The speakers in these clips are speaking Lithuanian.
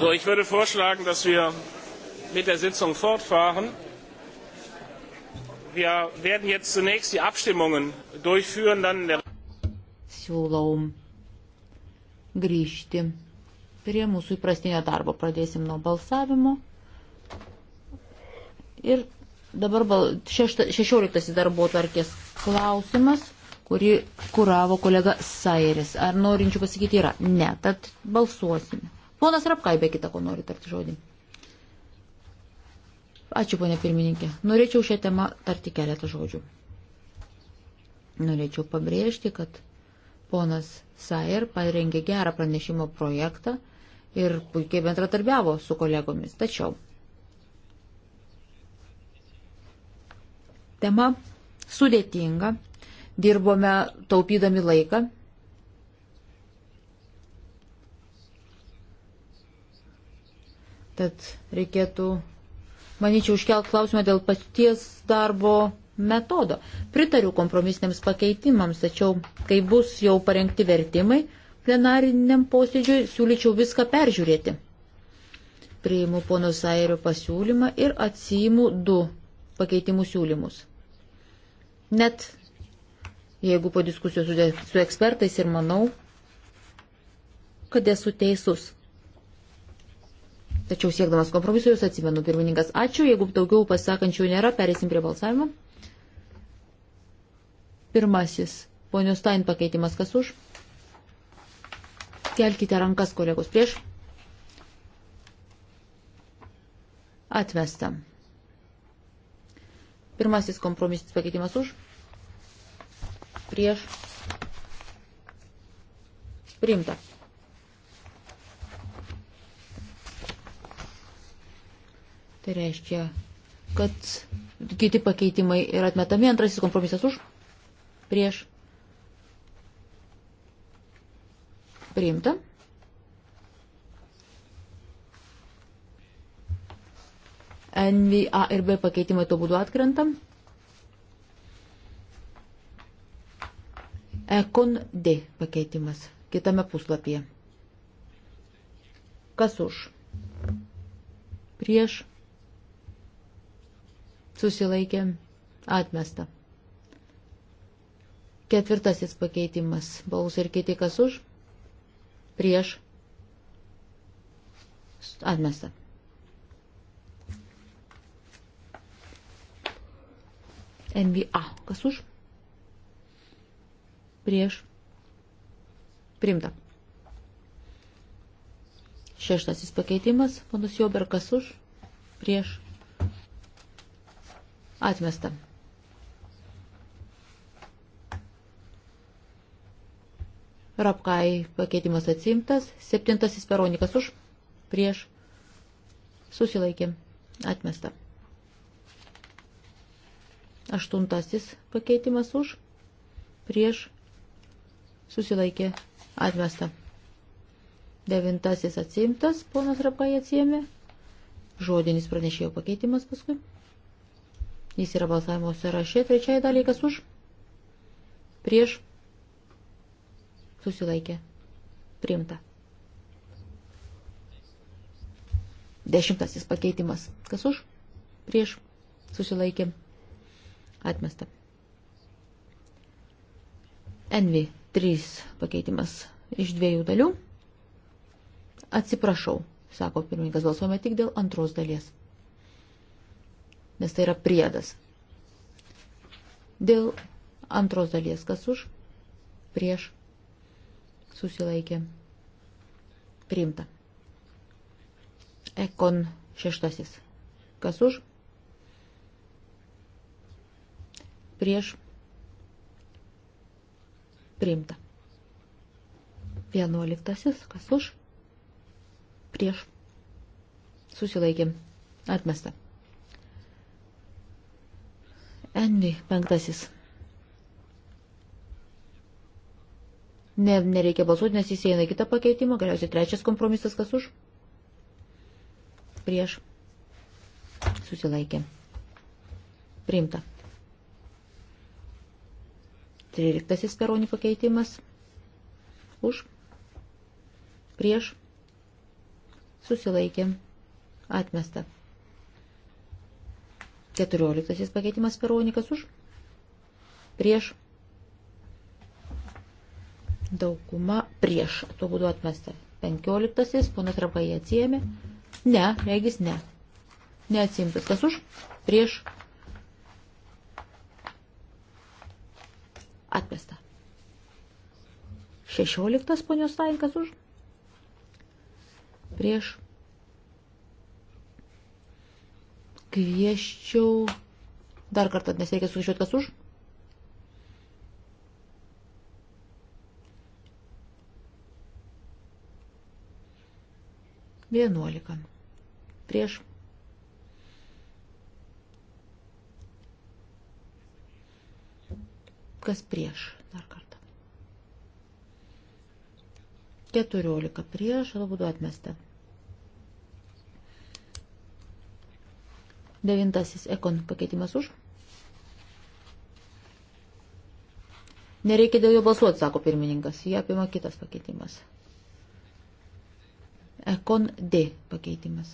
So, ich würde vorschlagen, dass wir mit der Sitzung fortfahren. Wir werden jetzt zunächst die Abstimmungen durchführen, dann der Siūlau grįžti prie mūsų įprastinio darbo. Pradėsim nuo balsavimo. Ir dabar bal... šešta... 16 darbo tvarkės klausimas, kurį kuravo kolega Sairis. Ar norinčių pasakyti yra? Ne, tad balsuosime. Ponas Rapkai, be kita ko nori tarti žodį. Ačiū, ponė pirmininkė. Norėčiau šią temą tarti keletą žodžių. Norėčiau pabrėžti, kad ponas Sair parengė gerą pranešimo projektą ir puikiai bendratarbiavo su kolegomis. Tačiau tema sudėtinga, dirbome taupydami laiką Tad reikėtų, manyčiau, užkelt klausimą dėl paties darbo metodo. Pritariu kompromisiniams pakeitimams, tačiau kai bus jau parengti vertimai plenariniam posėdžiui, siūlyčiau viską peržiūrėti. Priimu pono Sairio pasiūlymą ir atsijimu du pakeitimų siūlymus. Net jeigu po diskusijos su, su ekspertais ir manau, kad esu teisus. Tačiau siekdamas kompromisu jūs atsimenu, pirmininkas, ačiū. Jeigu daugiau pasakančių nėra, perėsim prie balsavimo. Pirmasis. Ponios Stein pakeitimas kas už? Kelkite rankas, kolegos, prieš. Atmesta. Pirmasis kompromisis pakeitimas už. Prieš. Priimta. Tai reiškia, kad kiti pakeitimai yra atmetami. Antrasis kompromisas už, prieš, priimta. NV, A ir B pakeitimai tuo būdu atkrenta. Ekon D pakeitimas kitame puslapyje. Kas už? Prieš susilaikė atmesta. Ketvirtasis pakeitimas. Baus ir kiti kas už, prieš, atmesta. NBA. Kas už? Prieš. Primta. Šeštasis pakeitimas. Panas Jober. Kas už? Prieš. Atmesta. Rapkai pakeitimas atsimtas. Septintasis peronikas už. Prieš. Susilaikė. Atmesta. Aštuntasis pakeitimas už. Prieš. Susilaikė. Atmesta. Devintasis atsimtas. Ponas Rapkai atsėmė. Žodinis pranešėjo pakeitimas paskui. Jis yra balsavimo sąraše. Trečiai dalykas už. Prieš. Susilaikė. Priimta. Dešimtasis pakeitimas. Kas už? Prieš. Susilaikė. Atmesta. Envy. Trys pakeitimas iš dviejų dalių. Atsiprašau, sako pirmininkas, balsuojame tik dėl antros dalies nes tai yra priedas. Dėl antros dalies, kas už, prieš, susilaikė, priimta. Ekon šeštasis, kas už, prieš, priimta. Vienuoliktasis, kas už, prieš, susilaikė, atmesta. Envi penktasis. Ne, nereikia balsuoti, nes jis eina į kitą pakeitimą. Galiausiai trečias kompromisas, kas už? Prieš. Susilaikė. Priimta. Tryliktasis peronį pakeitimas. Už. Prieš. Susilaikė. Atmesta. Keturioliktasis pakeitimas Veronikas už. Prieš. Dauguma prieš. Tuo būdu atmesta. Penkioliktasis. Ponas Rabai atsijėmė. Ne, regis ne. Neatsimtas. Kas už? Prieš. Atmesta. Šešioliktas ponios Stainkas už. Prieš kvieščiau dar kartą, nes reikia suskaičiuoti, kas už. Vienuolika. Prieš. Kas prieš? Dar kartą. Keturiolika prieš, abu du atmesta. Devintasis ekon pakeitimas už. Nereikia dėl jo balsuoti, sako pirmininkas. Jie apima kitas pakeitimas. Ekon D pakeitimas.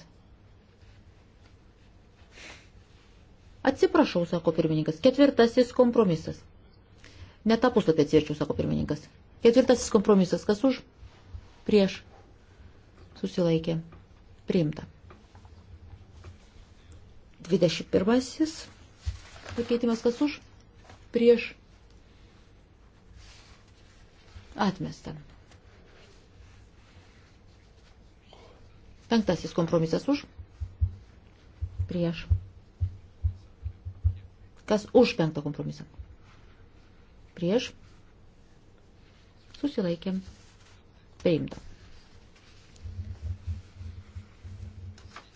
Atsiprašau, sako pirmininkas. Ketvirtasis kompromisas. Ne tą puslapį atsirčiau, sako pirmininkas. Ketvirtasis kompromisas. Kas už? Prieš. Susilaikė. Priimta. 21 pakeitimas kas už, prieš atmestą. Penktasis kompromisas už, prieš. Kas už penktą kompromisą? Prieš. Susilaikėm. Priimta.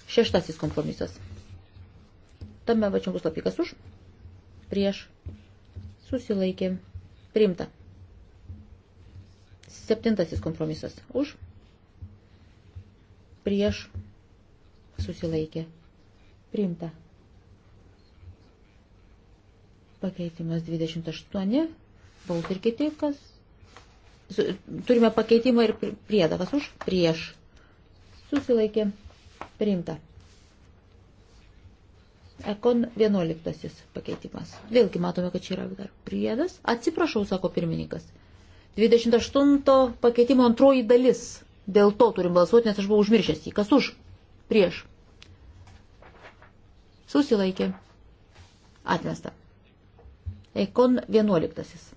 Šeštasis kompromisas tame vačiam puslapį. Kas už? Prieš. Susilaikė. Priimta. Septintasis kompromisas. Už. Prieš. Susilaikė. Priimta. Pakeitimas 28. Baus ir kiti, kas. Turime pakeitimą ir priedą. Kas už? Prieš. Susilaikė. Priimta. Ekon 11 pakeitimas. Vėlgi matome, kad čia yra dar priedas. Atsiprašau, sako pirmininkas. 28 pakeitimo antroji dalis. Dėl to turim balsuoti, nes aš buvau užmiršęs jį. Kas už? Prieš. Susilaikė. Atmesta. Ekon 11.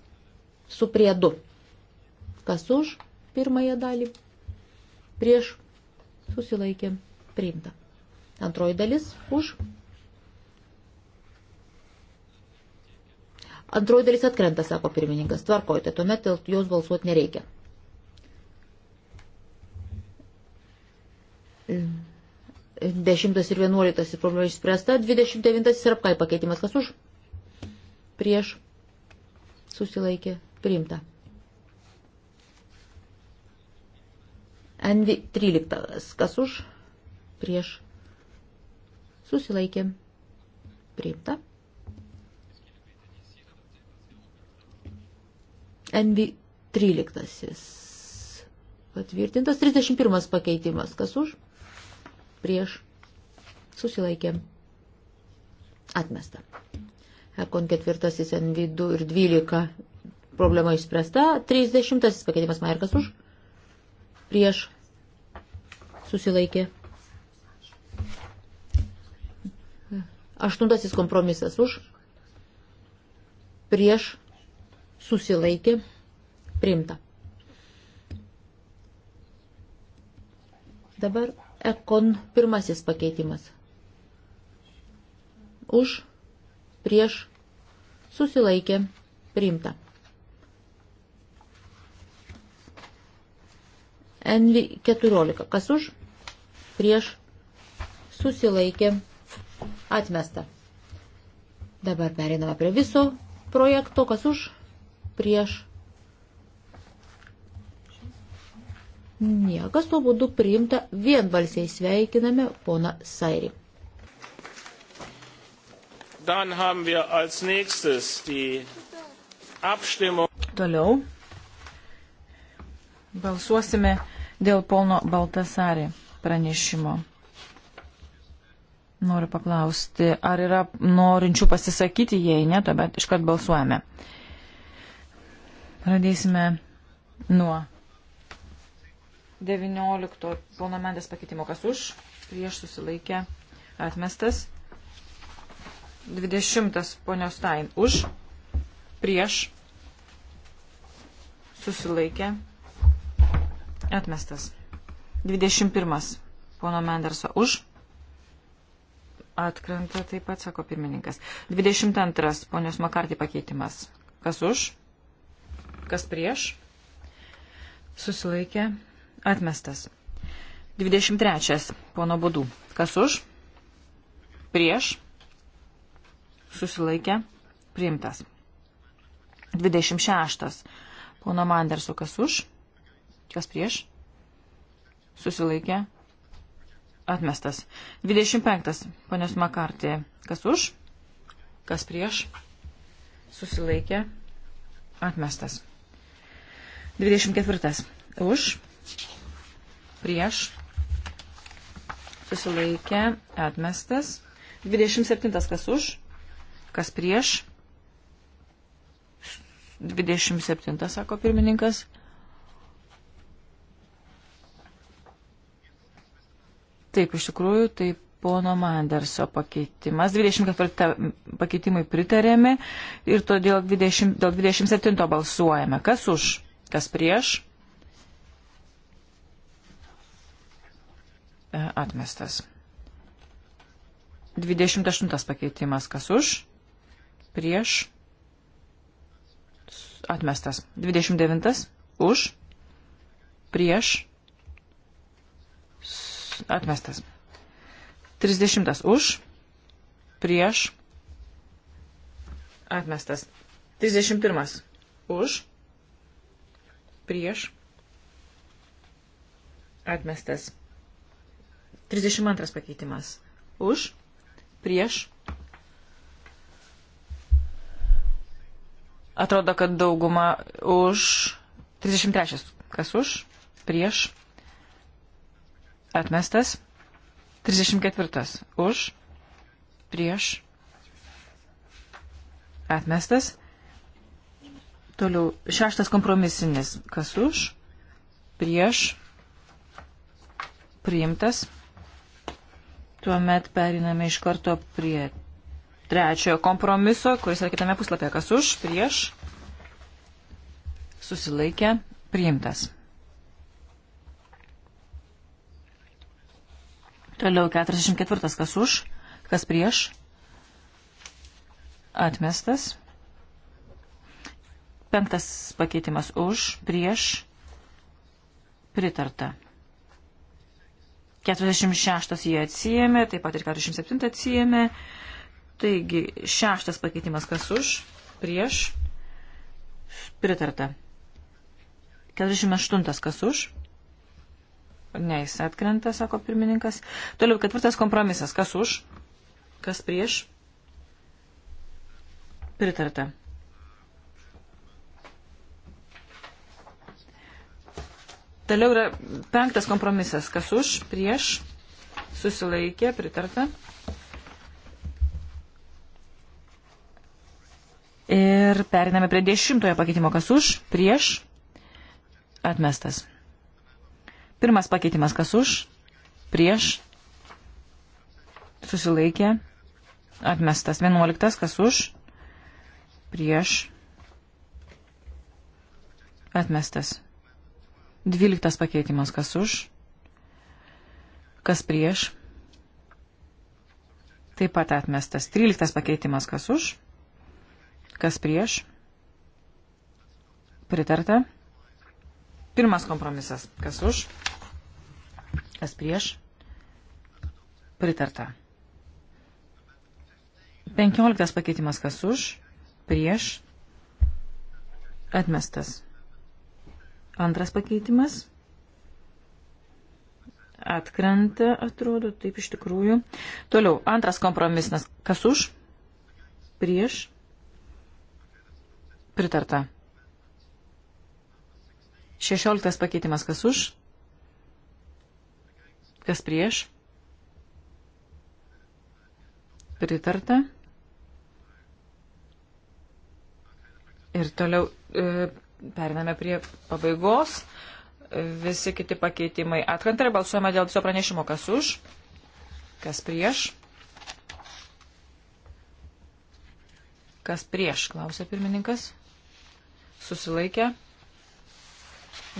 Su priedu. Kas už pirmąją dalį? Prieš. Susilaikė. Priimta. Antroji dalis už Antroji dalis atkrenta, sako pirmininkas. Tvarkojate, tuomet dėl jos balsuoti nereikia. Dešimtas ir vienuoliktas problema išspręsta. Dvidešimt devintasis ir apkai pakeitimas. Kas už? Prieš. Susilaikė. Priimta. Envi 13. Kas už? Prieš. Susilaikė. Priimta. NV 13. Patvirtintas 31 pakeitimas. Kas už? Prieš. Susilaikė. Atmesta. Ekon ketvirtasis NV2 ir 12. Problema išspręsta. 30 pakeitimas Mairkas už. Prieš. Susilaikė. Aštuntasis kompromisas už. Prieš susilaikė, priimta. Dabar ekon pirmasis pakeitimas. Už, prieš, susilaikė, priimta. Envi 14. Kas už, prieš, susilaikė, atmesta. Dabar perinama prie viso projekto, kas už, prieš. Niekas tuo būdu priimta vienbalsiai sveikiname pona Sairį. Dann haben wir als nächstes die Abstimmung. Toliau balsuosime dėl pono Baltasarį pranešimo. Noriu paklausti, ar yra norinčių pasisakyti, jei ne, tuomet iškart balsuojame. Pradėsime nuo 19 pono Mendes pakeitimo, kas už, prieš susilaikė atmestas. 20 ponio Stein už, prieš susilaikė atmestas. 21 pono Menderso už. Atkrenta taip pat, sako pirmininkas. 22 ponios Makartį pakeitimas. Kas už? Kas prieš? Susilaikė. Atmestas. 23. Pono būdų. Kas už? Prieš? Susilaikė. Priimtas. 26. Pono Manderso. Kas už? Kas prieš? Susilaikė. Atmestas. 25. Ponios Makartė. Kas už? Kas prieš? Susilaikė. Atmestas. 24. Už, prieš, susilaikė, atmestas. 27. Kas už, kas prieš. 27, sako pirmininkas. Taip, iš tikrųjų, tai pono Manderso pakeitimas. 24 pakeitimui pritarėme ir todėl 20, dėl 27 balsuojame. Kas už? Kas prieš? E, atmestas. 28 pakeitimas. Kas už? Prieš? Atmestas. 29 už? Prieš? Atmestas. 30 už? Prieš? Atmestas. 31 už? prieš atmestas. 32 pakeitimas už prieš. Atrodo, kad dauguma už 33. Kas už? Prieš. Atmestas. 34. Už. Prieš. Atmestas. Toliau šeštas kompromisinis. Kas už? Prieš. Priimtas. Tuomet periname iš karto prie trečiojo kompromiso, kuris yra kitame puslapyje. Kas už? Prieš. Susilaikė. Priimtas. Toliau 44. Kas už? Kas prieš? Atmestas. Penktas pakeitimas už, prieš, pritarta. 46 jie atsijėmė, taip pat ir 47 atsijėmė. Taigi, šeštas pakeitimas kas už, prieš, pritarta. 48 kas už, ne, jis atkrenta, sako pirmininkas. Toliau ketvirtas kompromisas, kas už, kas prieš, pritarta. Toliau yra penktas kompromisas. Kas už, prieš, susilaikė, pritarta. Ir periname prie dešimtojo pakeitimo. Kas už, prieš, atmestas. Pirmas pakeitimas. Kas už, prieš, susilaikė, atmestas. Vienuoliktas. Kas už, prieš, atmestas. Dvyliktas pakeitimas, kas už, kas prieš. Taip pat atmestas. Tryliktas pakeitimas, kas už, kas prieš. Pritarta. Pirmas kompromisas, kas už, kas prieš. Pritarta. Penkioliktas pakeitimas, kas už, prieš. Atmestas. Antras pakeitimas. Atkrenta, atrodo, taip iš tikrųjų. Toliau, antras kompromisnas. Kas už? Prieš? Pritarta. Šešioliktas pakeitimas. Kas už? Kas prieš? Pritarta. Ir toliau. E, Periname prie pabaigos. Visi kiti pakeitimai atkrenta ir balsuojame dėl viso pranešimo, kas už, kas prieš. Kas prieš, klausė pirmininkas. Susilaikė.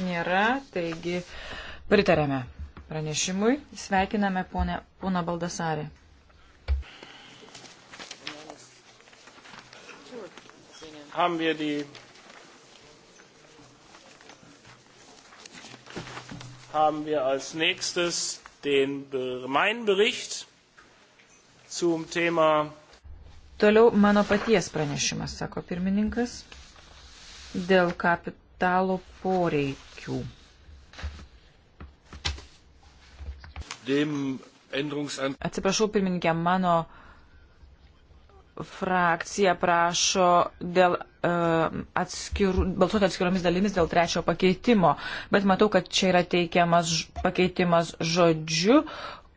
Nėra, taigi pritarėme pranešimui. Sveikiname ponę Pūną Baldasarį. Haben wir die haben wir als nächstes den, meinen Bericht zum Thema. Toliau mano paties pranešimas, sako pirmininkas, dėl kapitalo poreikių. Atsiprašau, pirmininkė, mano frakcija prašo dėl Um, atskir, balsuoti atskiromis dalimis dėl trečio pakeitimo, bet matau, kad čia yra teikiamas pakeitimas žodžiu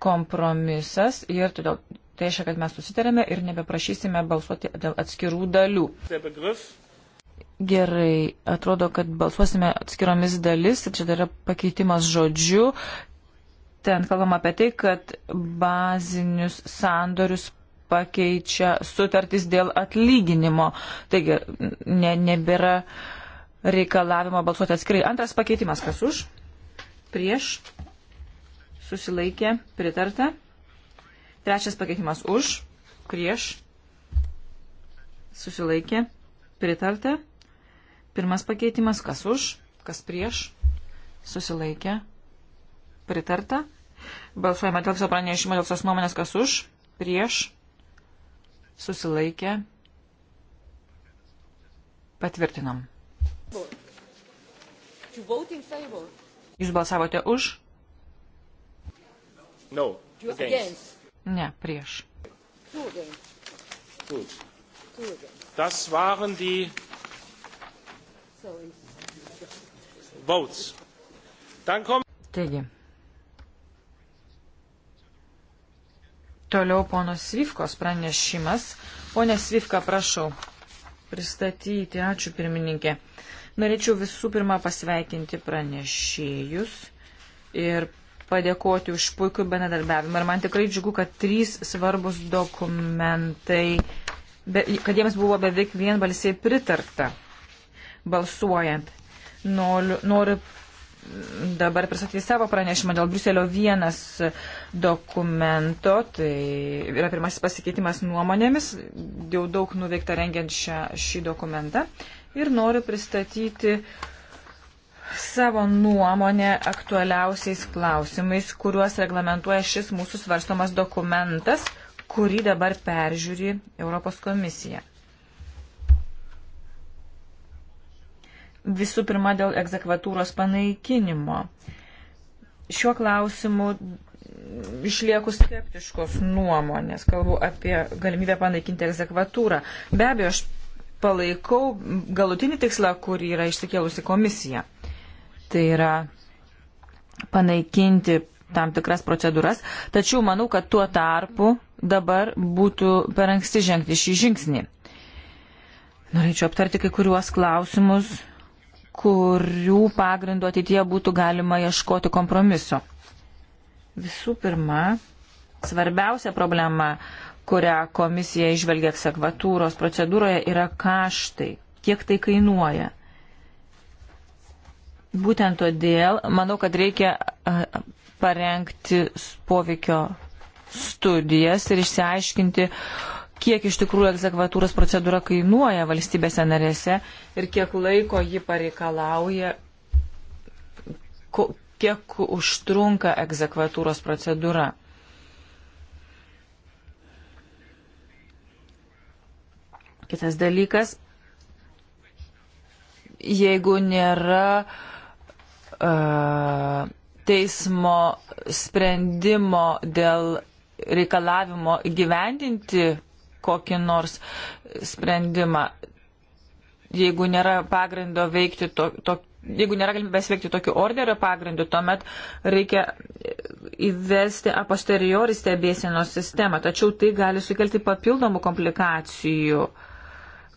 kompromisas ir todėl tai reiškia, kad mes susitarėme ir nebeprašysime balsuoti dėl atskirų dalių. Gerai, atrodo, kad balsuosime atskiromis dalis, čia dar yra pakeitimas žodžiu. Ten kalbama apie tai, kad bazinius sandorius pakeičia sutartis dėl atlyginimo. Taigi ne, nebėra reikalavimo balsuoti atskirai. Antras pakeitimas, kas už? Prieš. Susilaikė. Pritarta. Trečias pakeitimas už. Prieš. Susilaikė. Pritarta. Pirmas pakeitimas, kas už, kas prieš. Susilaikė. Pritarta. Balsuojame dėl viso pranešimo, dėl visos nuomonės, kas už, prieš, susilaikė, patvirtinam. Jūs balsavote už? No. Against. Ne, prieš. Gut. Das waren die votes. Dann kommen Taigi, Toliau ponos Svifkos pranešimas. Pone Svifka, prašau pristatyti. Ačiū pirmininkė. Norėčiau visų pirma pasveikinti pranešėjus ir padėkoti už puikų bendradarbiavimą. Ir man tikrai džiugu, kad trys svarbus dokumentai, be, kad jiems buvo beveik vienbalsiai pritarta balsuojant. Noriu, noriu dabar pristatys savo pranešimą dėl Bruselio vienas dokumento. Tai yra pirmasis pasikeitimas nuomonėmis, jau daug nuveikta rengiant šią, šį dokumentą. Ir noriu pristatyti savo nuomonę aktualiausiais klausimais, kuriuos reglamentuoja šis mūsų svarstomas dokumentas, kurį dabar peržiūri Europos komisija. Visų pirma, dėl egzekvatūros panaikinimo. Šiuo klausimu išlieku skeptiškos nuomonės, kalbu apie galimybę panaikinti egzekvatūrą. Be abejo, aš palaikau galutinį tikslą, kurį yra išsikėlusi komisija. Tai yra panaikinti tam tikras procedūras, tačiau manau, kad tuo tarpu dabar būtų per anksti žengti šį žingsnį. Norėčiau aptarti kai kuriuos klausimus, kurių pagrindų ateityje būtų galima ieškoti kompromiso. Visų pirma, svarbiausia problema, kurią komisija išvelgia eksekvatūros procedūroje, yra kaštai. Kiek tai kainuoja? Būtent todėl, manau, kad reikia parengti poveikio studijas ir išsiaiškinti, kiek iš tikrųjų egzekvatūros procedūra kainuoja valstybėse narėse ir kiek laiko ji pareikalauja, kiek užtrunka egzekvatūros procedūra. Kitas dalykas, jeigu nėra uh, teismo sprendimo dėl reikalavimo gyvendinti kokį nors sprendimą, jeigu nėra pagrindo veikti to. to Jeigu nėra galimybės veikti tokiu orderio pagrindu, tuomet reikia įvesti a posteriori stebėsienos sistemą, tačiau tai gali sukelti papildomų komplikacijų,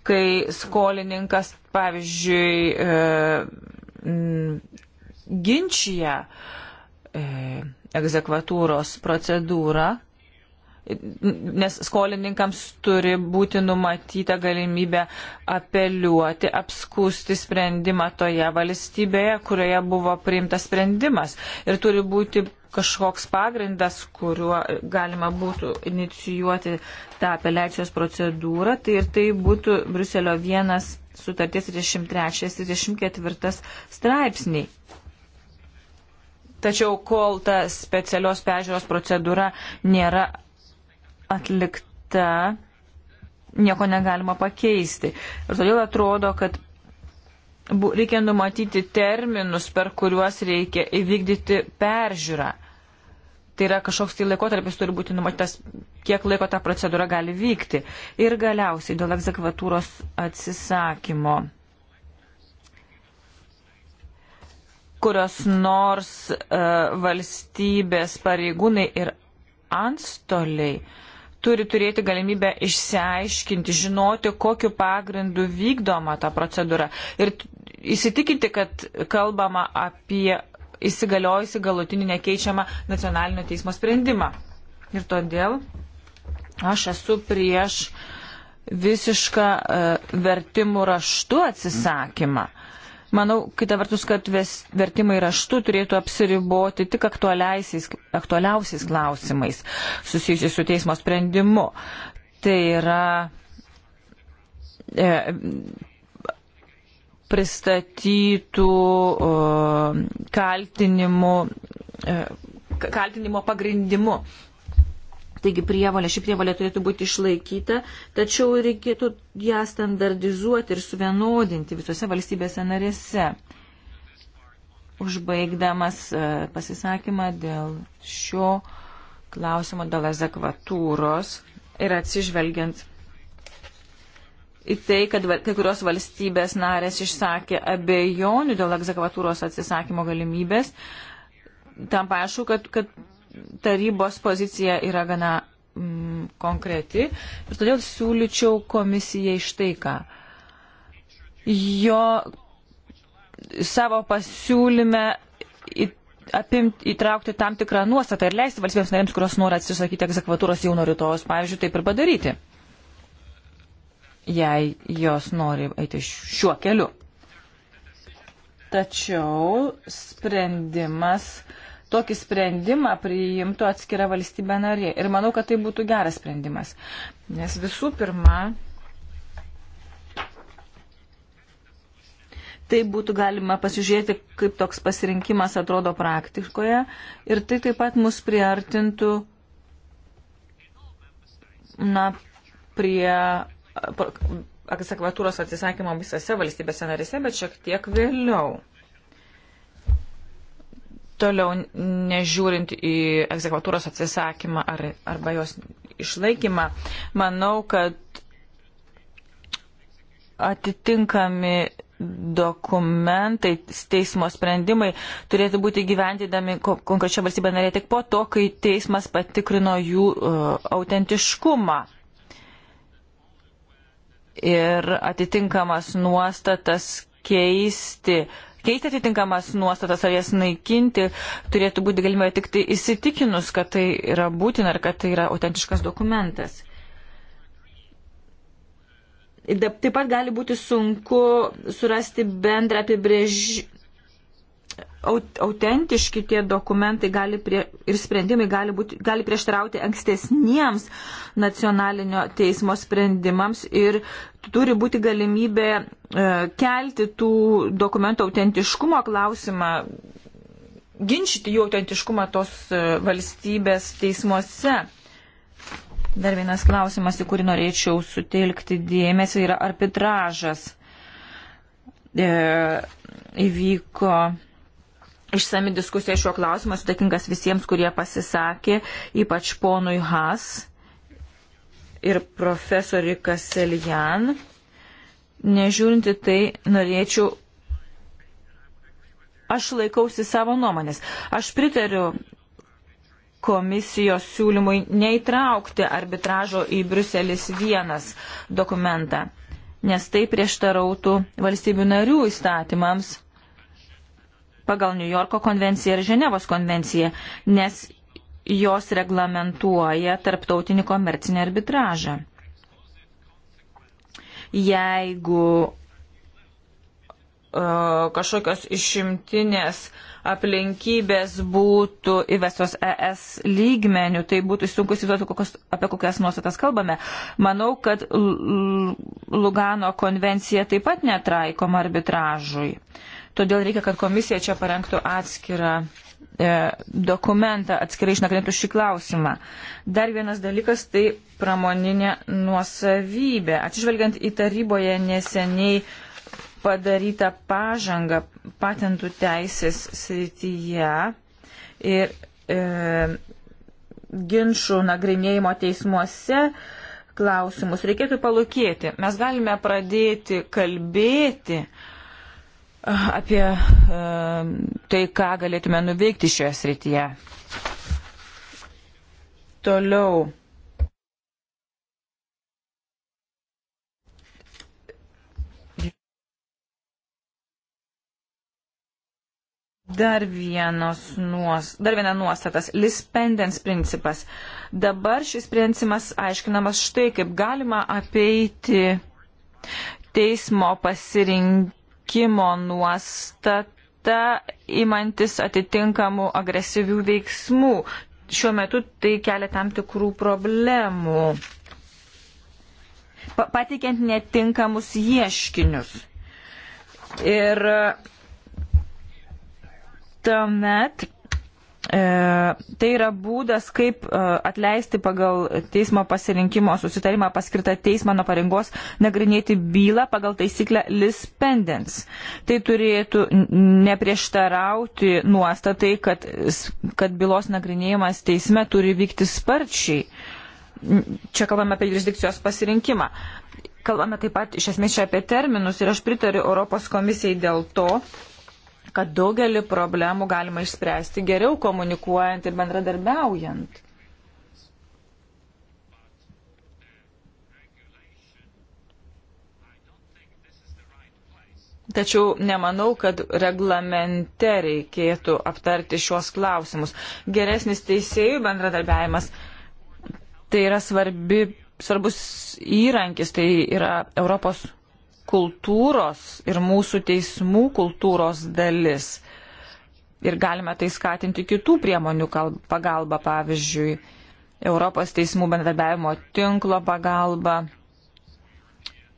kai skolininkas, pavyzdžiui, e, ginčia e, egzekvatūros procedūrą nes skolininkams turi būti numatyta galimybė apeliuoti, apskūsti sprendimą toje valstybėje, kurioje buvo priimtas sprendimas. Ir turi būti kažkoks pagrindas, kuriuo galima būtų inicijuoti tą apeliacijos procedūrą. Tai ir tai būtų Bruselio 1 sutarties 33-34 straipsniai. Tačiau kol ta specialios pežiūros procedūra nėra atlikta, nieko negalima pakeisti. Ir todėl atrodo, kad reikia numatyti terminus, per kuriuos reikia įvykdyti peržiūrą. Tai yra kažkoks tai laikotarpis turi būti numatytas, kiek laiko ta procedūra gali vykti. Ir galiausiai dėl egzekvatūros atsisakymo. kurios nors uh, valstybės pareigūnai ir anstoliai uh, turi turėti galimybę išsiaiškinti, žinoti, kokiu pagrindu vykdoma ta procedūra ir įsitikinti, kad kalbama apie įsigaliojusi galutinį nekeičiamą nacionalinio teismo sprendimą. Ir todėl aš esu prieš visišką uh, vertimų raštų atsisakymą. Uh, Manau, kita vertus, kad vertimai raštu turėtų apsiriboti tik aktualiausiais klausimais susijusiais su teismo sprendimu. Tai yra e, pristatytų e, kaltinimų, e, kaltinimo pagrindimu Taigi prievalė, ši prievalė turėtų būti išlaikyta, tačiau reikėtų ją standardizuoti ir suvienodinti visose valstybėse narėse. Užbaigdamas e, pasisakymą dėl šio klausimo, dėl ezekvatūros ir atsižvelgiant į tai, kad kai kurios valstybės narės išsakė abejonių dėl egzekvatūros atsisakymo galimybės, tam paaišku, kad, kad tarybos pozicija yra gana mm, konkreti ir todėl siūlyčiau komisijai štai ką. Jo savo pasiūlyme į, apimti, įtraukti tam tikrą nuostatą ir leisti valstybėms narėms, kurios nori atsisakyti egzekvatūros jau nuo rytojus, pavyzdžiui, taip ir padaryti, jei jos nori eiti šiuo keliu. Tačiau sprendimas uh, tokį sprendimą priimtų atskira valstybė narė. Ir manau, kad tai būtų geras sprendimas. Nes visų pirma, tai būtų galima pasižiūrėti, kaip toks pasirinkimas atrodo praktikoje ir tai taip pat mus priartintų na, prie aksekvatūros atsisakymo visose valstybėse narėse, bet šiek tiek vėliau toliau nežiūrint į egzekvatūros atsisakymą ar, arba jos išlaikymą, manau, kad atitinkami dokumentai, teismo sprendimai turėtų būti gyvendydami konkrečia valstybė narė tik po to, kai teismas patikrino jų uh, autentiškumą. Ir atitinkamas nuostatas keisti uh, keisti atitinkamas nuostatas ar jas naikinti turėtų būti galimybė tik tai įsitikinus, kad tai yra būtina ar kad tai yra autentiškas dokumentas. Taip pat gali būti sunku surasti bendrą apibrėž, autentiški tie dokumentai prie, ir sprendimai gali, būti, gali prieštarauti ankstesniems nacionalinio teismo sprendimams ir turi būti galimybė e, kelti tų dokumentų autentiškumo klausimą, ginčyti jų autentiškumą tos e, valstybės teismuose. Dar vienas klausimas, į kurį norėčiau sutelkti dėmesį, yra arbitražas. E, įvyko išsami diskusija šiuo klausimu. Esu dėkingas visiems, kurie pasisakė, ypač ponui Has ir profesoriui Kaselijan. Nežiūrinti tai, norėčiau. Aš laikausi savo nuomonės. Aš pritariu komisijos siūlymui neįtraukti arbitražo į Bruselis vienas dokumentą, nes tai prieštarautų valstybių narių įstatymams pagal New Yorko konvenciją ir Ženevos konvenciją, nes jos reglamentuoja tarptautinį komercinį arbitražą. Jeigu e, kažkokios išimtinės aplinkybės būtų įvestos ES lygmenių, tai būtų sunku įsivaizduoti, apie kokias nuostatas kalbame. Manau, kad Lugano konvencija taip pat netraikoma arbitražui. Uh, Todėl reikia, kad komisija čia parengtų atskirą e, dokumentą, atskirai išnagrinėtų šį klausimą. Dar vienas dalykas - tai pramoninė nuosavybė. Atsižvelgiant į taryboje neseniai padarytą pažangą patentų teisės srityje ir e, ginčių nagrinėjimo teismuose klausimus reikėtų palūkėti. Mes galime pradėti kalbėti apie ehm, tai, ką galėtume nuveikti šioje srityje. Toliau. Dar, nuos, dar viena nuostatas - lispendens principas. Dabar šis principas aiškinamas štai, kaip galima apeiti teismo pasirink, veikimo nuostata imantis atitinkamų agresyvių veiksmų. Šiuo metu tai kelia tam tikrų problemų. Pateikiant netinkamus ieškinius. Ir tuomet E, tai yra būdas, kaip e, atleisti pagal teismo pasirinkimo susitarimą paskirtą teismą nuo pareigos nagrinėti bylą pagal taisyklę lispendens. Tai turėtų neprieštarauti nuostatai, kad, kad bylos nagrinėjimas teisme turi vykti sparčiai. Čia kalbame apie jurisdikcijos pasirinkimą. Kalbame taip pat iš esmės čia apie terminus ir aš pritariu Europos komisijai dėl to, kad daugelį problemų galima išspręsti geriau komunikuojant ir bendradarbiaujant. Tačiau nemanau, kad reglamente reikėtų aptarti šios klausimus. Geresnis teisėjų bendradarbiavimas tai yra svarbi, svarbus įrankis, tai yra Europos kultūros ir mūsų teismų kultūros dalis. Ir galime tai skatinti kitų priemonių pagalba, pavyzdžiui, Europos teismų bendradarbiavimo tinklo pagalba,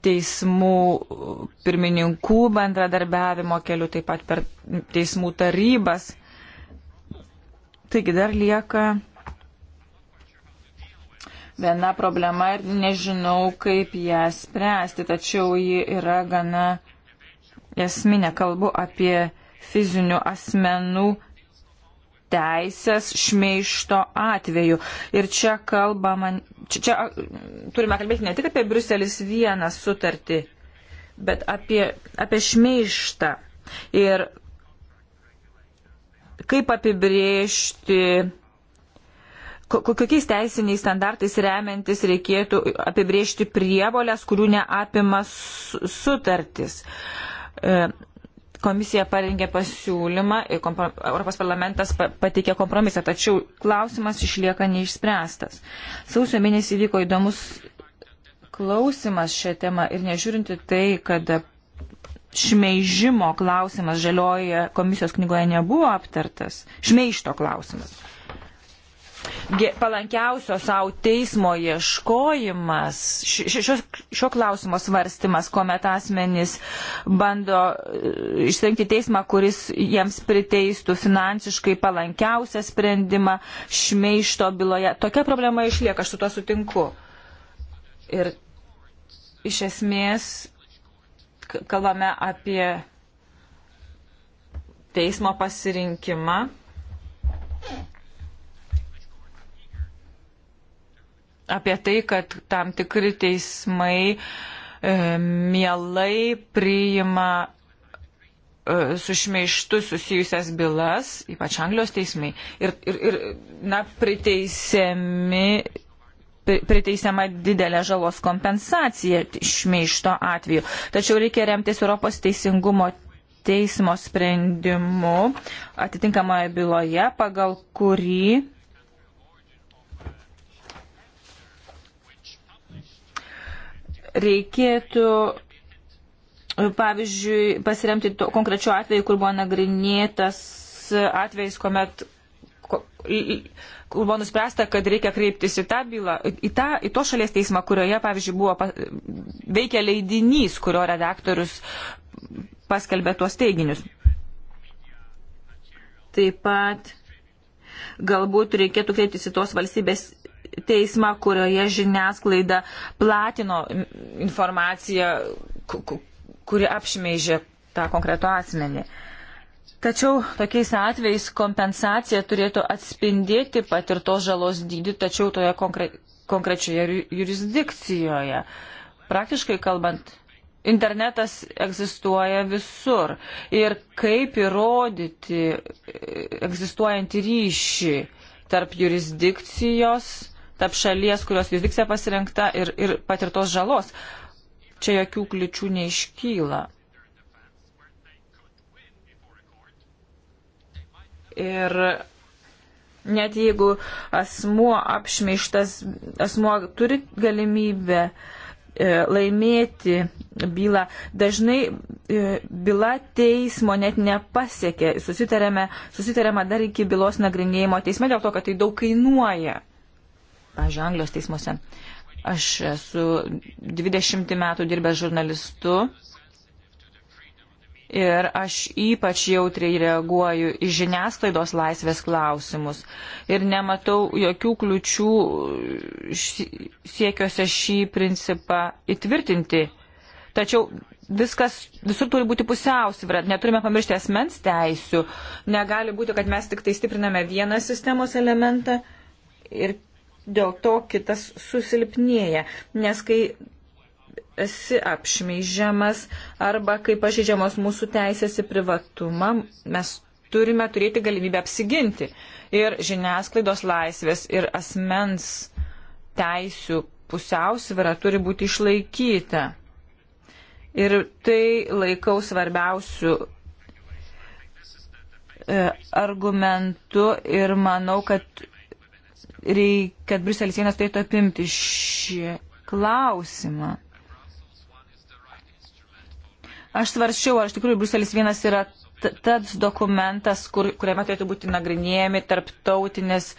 teismų uh, pirmininkų bendradarbiavimo keliu, taip pat per teismų tarybas. Taigi dar lieka viena problema ir nežinau, kaip ją spręsti, tačiau ji yra gana esminė. Kalbu apie fizinių asmenų teisės šmeišto atveju. Ir čia kalbama, čia, čia turime kalbėti ne tik apie Bruselis vieną sutartį, bet apie, apie šmeištą. Ir kaip apibriežti kokiais teisiniais standartais remiantis reikėtų apibriežti prievolės, kurių neapima sutartis. E, komisija parengė pasiūlymą, Europos parlamentas pateikė kompromisą, tačiau klausimas išlieka neišspręstas. Sausio mėnesį vyko įdomus klausimas šią temą ir nežiūrinti tai, kad šmeižimo klausimas žalioje komisijos knygoje nebuvo aptartas, šmeišto klausimas palankiausio savo teismo ieškojimas, šio, šio klausimo svarstymas, kuomet asmenys bando e, išrinkti teismą, kuris jiems priteistų finansiškai palankiausią sprendimą šmeišto byloje. Tokia problema išlieka, aš su tuo sutinku. Ir iš esmės kalbame apie teismo pasirinkimą apie tai, kad tam tikri teismai e, mielai priima e, su šmeištu susijusias bylas, ypač Anglijos teismai, ir, ir, ir na, priteisiami priteisiama didelė žalos kompensacija šmeišto atveju. Tačiau reikia remtis Europos teisingumo teismo sprendimu atitinkamoje byloje, pagal kurį reikėtų, pavyzdžiui, pasiremti to, konkrečiu atveju, kur buvo nagrinėtas atvejs, kuomet kur buvo nuspręsta, kad reikia kreiptis į tą bylą, į, tą, į to šalies teismą, kurioje, pavyzdžiui, buvo pa, veikia leidinys, kurio redaktorius paskelbė tuos teiginius. Taip pat galbūt reikėtų kreiptis į tos valstybės teismą, kurioje žiniasklaida platino informaciją, kuri apšmeižė tą konkretų asmenį. Tačiau tokiais atvejais kompensacija turėtų atspindėti patirtos žalos dydį, tačiau toje konkre konkrečioje jurisdikcijoje. Praktiškai kalbant, internetas egzistuoja visur. Ir kaip įrodyti e, egzistuojantį ryšį tarp jurisdikcijos tarp šalies, kurios jurisdikcija pasirinkta ir, ir patirtos žalos. Čia jokių kliučių neiškyla. Ir net jeigu asmuo apšmeištas, asmuo turi galimybę e, laimėti bylą. Dažnai e, byla teismo net nepasiekia. Susitarėme, susitarėme dar iki bylos nagrinėjimo teisme dėl to, kad tai daug kainuoja pažiūrėjau, Anglijos teismuose. Aš esu 20 metų dirbęs žurnalistu ir aš ypač jautriai reaguoju į žiniasklaidos laisvės klausimus ir nematau jokių kliučių siekiuose šį principą įtvirtinti. Tačiau viskas, visur turi būti pusiausvyrą, neturime pamiršti asmens teisių, negali būti, kad mes tik tai stipriname vieną sistemos elementą ir dėl to kitas susilpnėja, nes kai esi apšmeižiamas arba kai pažeidžiamos mūsų teisės į privatumą, mes turime turėti galimybę apsiginti. Ir žiniasklaidos laisvės ir asmens teisių pusiausvėra turi būti išlaikyta. Ir tai laikau svarbiausių e, argumentu ir manau, kad reik, kad Bruselis vienas turėtų apimti šį klausimą. Aš svarščiau, ar iš tikrųjų Bruselis vienas yra tas dokumentas, kur, kuriame turėtų būti nagrinėjami tarptautinės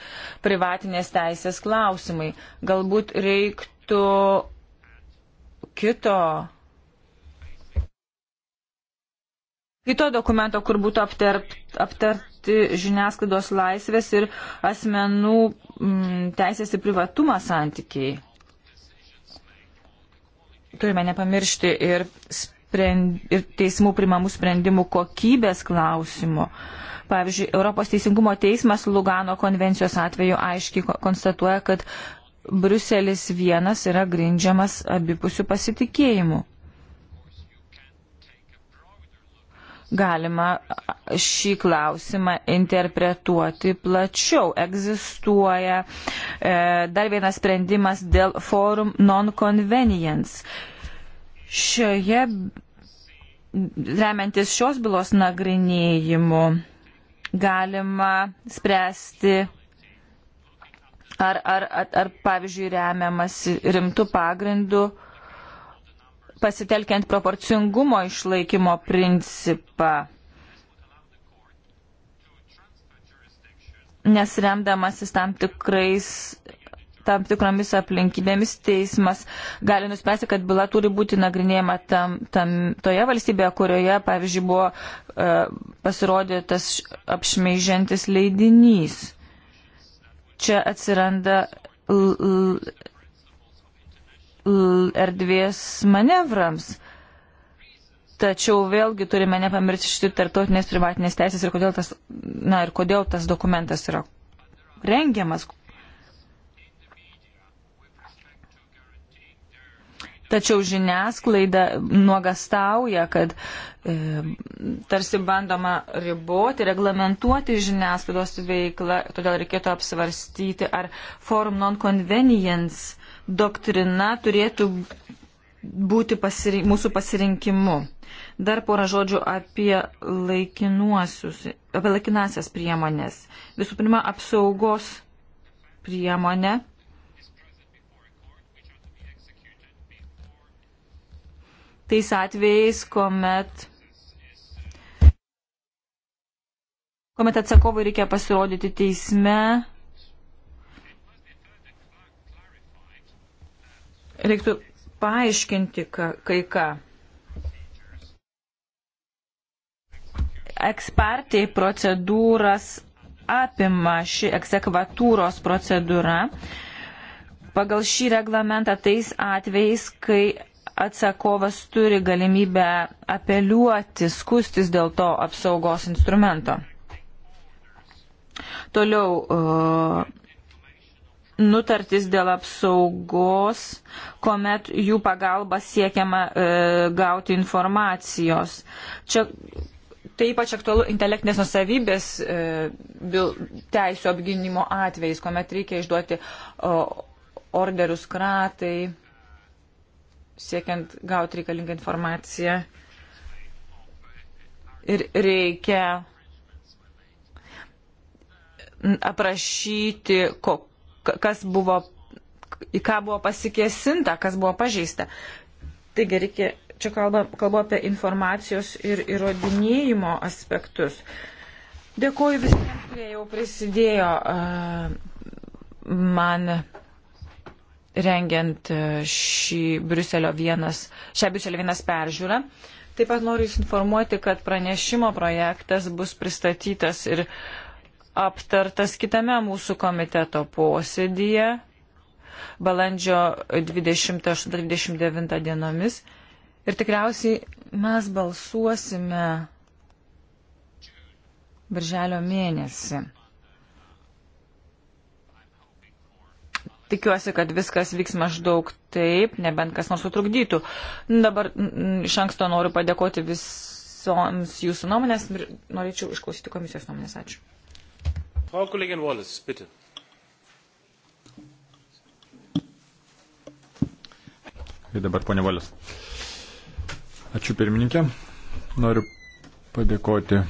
privatinės teisės klausimai. Galbūt reiktų kito. Kito dokumento, kur būtų aptart, aptart, nepažeisti žiniasklaidos laisvės ir asmenų m, mm, teisės į privatumą santykiai. Turime nepamiršti ir, sprend, ir teismų primamų sprendimų kokybės klausimų. Pavyzdžiui, Europos Teisingumo teismas Lugano konvencijos atveju aiškiai konstatuoja, kad Bruselis vienas yra grindžiamas abipusių pasitikėjimų. galima šį klausimą interpretuoti plačiau. Egzistuoja e, dar vienas sprendimas dėl forum non-convenience. Šioje, remiantis šios bylos nagrinėjimu, galima spręsti ar, ar, ar, ar pavyzdžiui, remiamas rimtų pagrindų pasitelkiant proporcingumo išlaikymo principą. Nes remdamasis tam tikrais tam tikromis aplinkybėmis teismas gali nuspręsti, kad byla turi būti nagrinėjama tam, tam, toje valstybėje, kurioje, pavyzdžiui, buvo e, pasirodytas apšmeižiantis leidinys. Čia atsiranda erdvės manevrams. Tačiau vėlgi turime nepamiršti šitų tarptautinės privatinės teisės ir kodėl tas, na, ir kodėl tas dokumentas yra rengiamas. Tačiau žiniasklaida nuogastauja, kad e, tarsi bandoma riboti, reglamentuoti žiniasklaidos veiklą, todėl reikėtų apsvarstyti, ar forum non-convenience doktrina turėtų būti pasirink, mūsų pasirinkimu. Dar porą žodžių apie, apie laikinasias priemonės. Visų pirma, apsaugos priemonė. Tais atvejais, kuomet, kuomet atsakovui reikia pasirodyti teisme Reiktų paaiškinti ka, kai ką. Ekspartiai procedūras apima ši eksekvatūros procedūra. Pagal šį reglamentą tais atvejais, kai atsakovas turi galimybę apeliuoti, skustis dėl to apsaugos instrumento. Toliau nutartis dėl apsaugos, kuomet jų pagalba siekiama e, gauti informacijos. Čia tai ypač aktualu intelektinės nusavybės e, teisų apginimo atvejais, kuomet reikia išduoti o, orderius kratai, siekiant gauti reikalingą informaciją. Ir reikia aprašyti, ko, kas buvo, į ką buvo pasikėsinta, kas buvo pažeista. Taigi reikia, čia kalba, kalbu apie informacijos ir įrodinėjimo aspektus. Dėkuoju visiems, kurie jau prisidėjo uh, man rengiant šį Briuselio vienas, šią Briuselio vienas peržiūrą. Taip pat noriu Jūs informuoti, kad pranešimo projektas bus pristatytas ir uh, aptartas kitame mūsų komiteto posėdyje balandžio 28-29 dienomis ir tikriausiai mes balsuosime birželio mėnesį. Tikiuosi, kad viskas vyks maždaug taip, nebent kas nors sutrukdytų. Dabar iš anksto noriu padėkoti visoms jūsų nuomonės ir norėčiau išklausyti komisijos nuomonės. Ačiū. Frau Kollegin Wallace, bitte. Ir dabar ponia Valis. Ačiū pirmininkė. Noriu padėkoti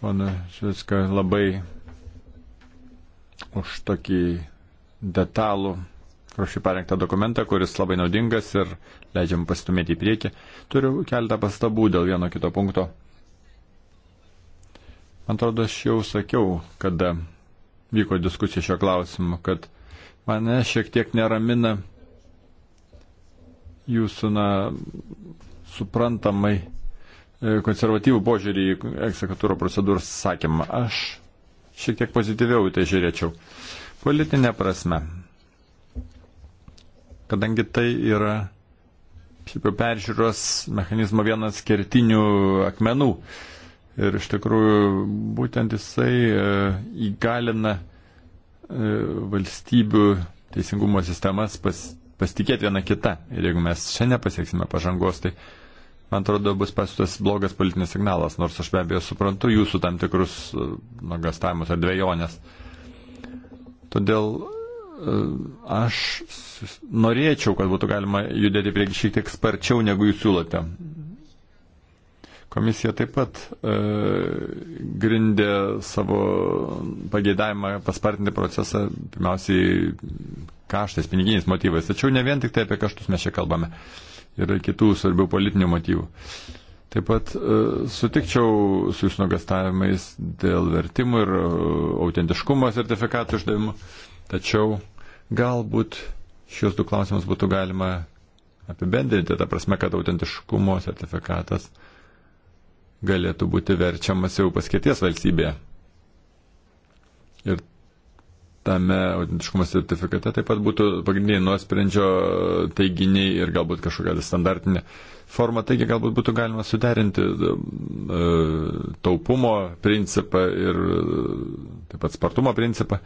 pana Šviską labai už tokį detalų, kruošį parengtą dokumentą, kuris labai naudingas ir leidžiam pastumėti į priekį. Turiu keletą pastabų dėl vieno kito punkto. Man atrodo, aš jau sakiau, kada vyko diskusija šio klausimu, kad mane šiek tiek neramina jūsų, na, suprantamai e, konservatyvų požiūrį į eksekutūro procedūros sakymą. Aš šiek tiek pozityviau į tai žiūrėčiau. Politinė prasme. Kadangi tai yra šiaip jau peržiūros mechanizmo vienas kertinių akmenų. Uh, Ir iš tikrųjų būtent jisai e, įgalina e, valstybių teisingumo sistemas pas, pasitikėti viena kita. Ir jeigu mes šiandien pasieksime pažangos, tai man atrodo bus pasiūtas blogas politinis signalas, nors aš be abejo suprantu jūsų tam tikrus e, nuogastavimus ar dviejonės. Todėl aš norėčiau, kad būtų galima judėti prieki šiek tiek sparčiau, negu jūs siūlote. Komisija taip pat e, grindė savo pageidavimą paspartinti procesą pirmiausiai kaštais, piniginiais motyvais. Tačiau ne vien tik tai apie kaštus mes čia kalbame. Yra kitų svarbių politinių motyvų. Taip pat e, sutikčiau su jūsų nuogastavimais dėl vertimų ir e, autentiškumo sertifikatų išdavimo. Tačiau galbūt šios du klausimus būtų galima apibendrinti, ta prasme, kad autentiškumo sertifikatas galėtų būti verčiamas jau paskirties valstybėje. Ir tame autentiškumo sertifikate taip pat būtų pagrindiniai nuosprendžio teiginiai ir galbūt kažkokia standartinė forma, taigi galbūt būtų galima suderinti e, taupumo principą ir e, taip pat spartumo principą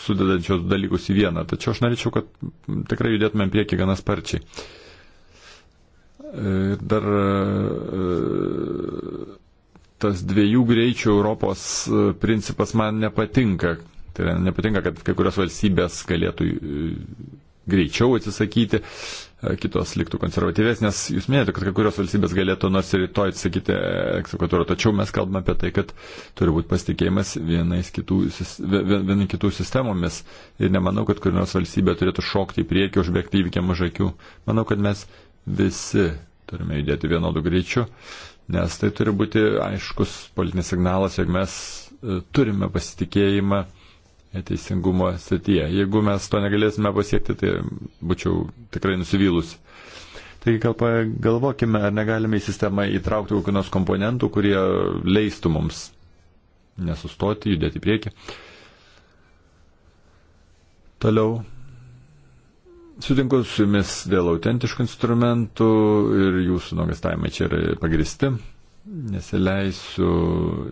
sudedančios dalykus į vieną. Tačiau aš norėčiau, kad tikrai judėtumėm prieki gana sparčiai. Uh, dar e, tas dviejų greičių Europos e, principas man nepatinka. Tai yra, nepatinka, kad kai kurios valstybės galėtų e, greičiau atsisakyti, kitos liktų konservatyvesnės. Jūs minėjote, kad kai kurios valstybės galėtų nors ir rytoj atsisakyti eksekvatūrą, tačiau mes kalbame apie tai, kad turi būti pasitikėjimas vienais kitų, vieni kitų sistemomis. Ir nemanau, kad kur nors valstybė turėtų šokti į priekį, užbėgti įvykiam už akių. Manau, kad mes visi turime judėti vienodu greičiu, nes tai turi būti aiškus politinis signalas, jog mes e, turime pasitikėjimą teisingumo srityje. Jeigu mes to negalėsime pasiekti, tai būčiau tikrai nusivylusi. Taigi galvokime, ar negalime į sistemą įtraukti kokių nors komponentų, kurie leistų mums nesustoti, judėti į priekį. Toliau Sutinku su jumis dėl autentiškų instrumentų ir jūsų nuogastavimai čia yra pagristi. Nesileisiu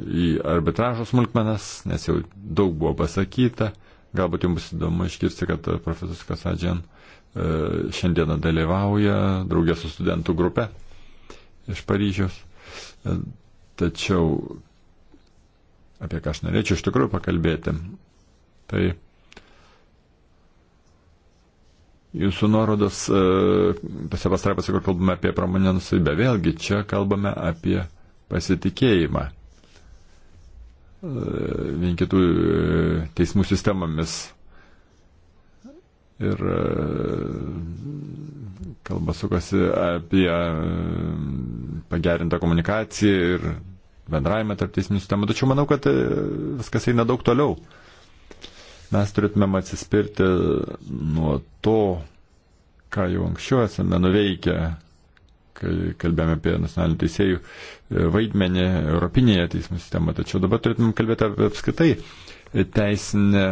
į arbitražo smulkmenas, nes jau daug buvo pasakyta. Galbūt jums bus įdomu iškirsti, kad profesorius Kasadžian e, šiandieną dalyvauja draugė su studentų grupe iš Paryžiaus. E, tačiau apie ką aš norėčiau iš tikrųjų pakalbėti, tai Jūsų nuorodos e, tose pastraipose, kur kalbame apie pramonę nusavybę, vėlgi čia kalbame apie pasitikėjimą e, vien kitų e, teismų sistemomis. Ir kalba sukasi apie pagerintą komunikaciją ir bendravimą tarp teisminių sistemų. Tačiau manau, kad viskas eina daug toliau. Mes turėtumėm atsispirti nuo to, ką jau anksčiau esame nuveikę, kai kalbėjome apie nacionalinių teisėjų e, vaidmenį Europinėje teismų sistemoje. Tačiau dabar turėtumėm kalbėti apie apskaitai teisinę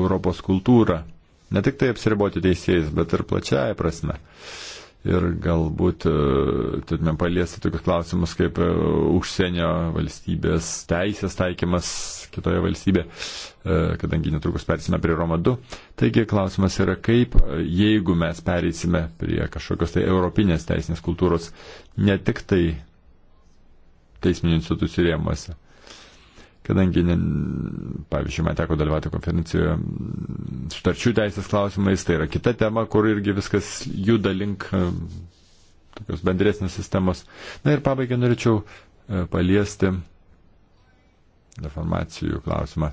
Europos kultūrą. Ne tik tai apsiriboti teisėjais, bet ir plačiaja prasme. Uh, ir galbūt e, turime paliesti tokius klausimus kaip e, užsienio valstybės teisės taikymas kitoje valstybėje, e, kadangi netrukus persime prie Roma 2. Taigi klausimas yra, kaip jeigu mes pereisime prie kažkokios tai europinės teisinės kultūros, ne tik tai teisminių institucijų rėmuose kadangi, pavyzdžiui, man teko dalyvauti konferencijoje sutarčių teisės klausimais, tai yra kita tema, kur irgi viskas juda link tokios bendresnės sistemos. Na ir pabaigai norėčiau e, paliesti reformacijų klausimą.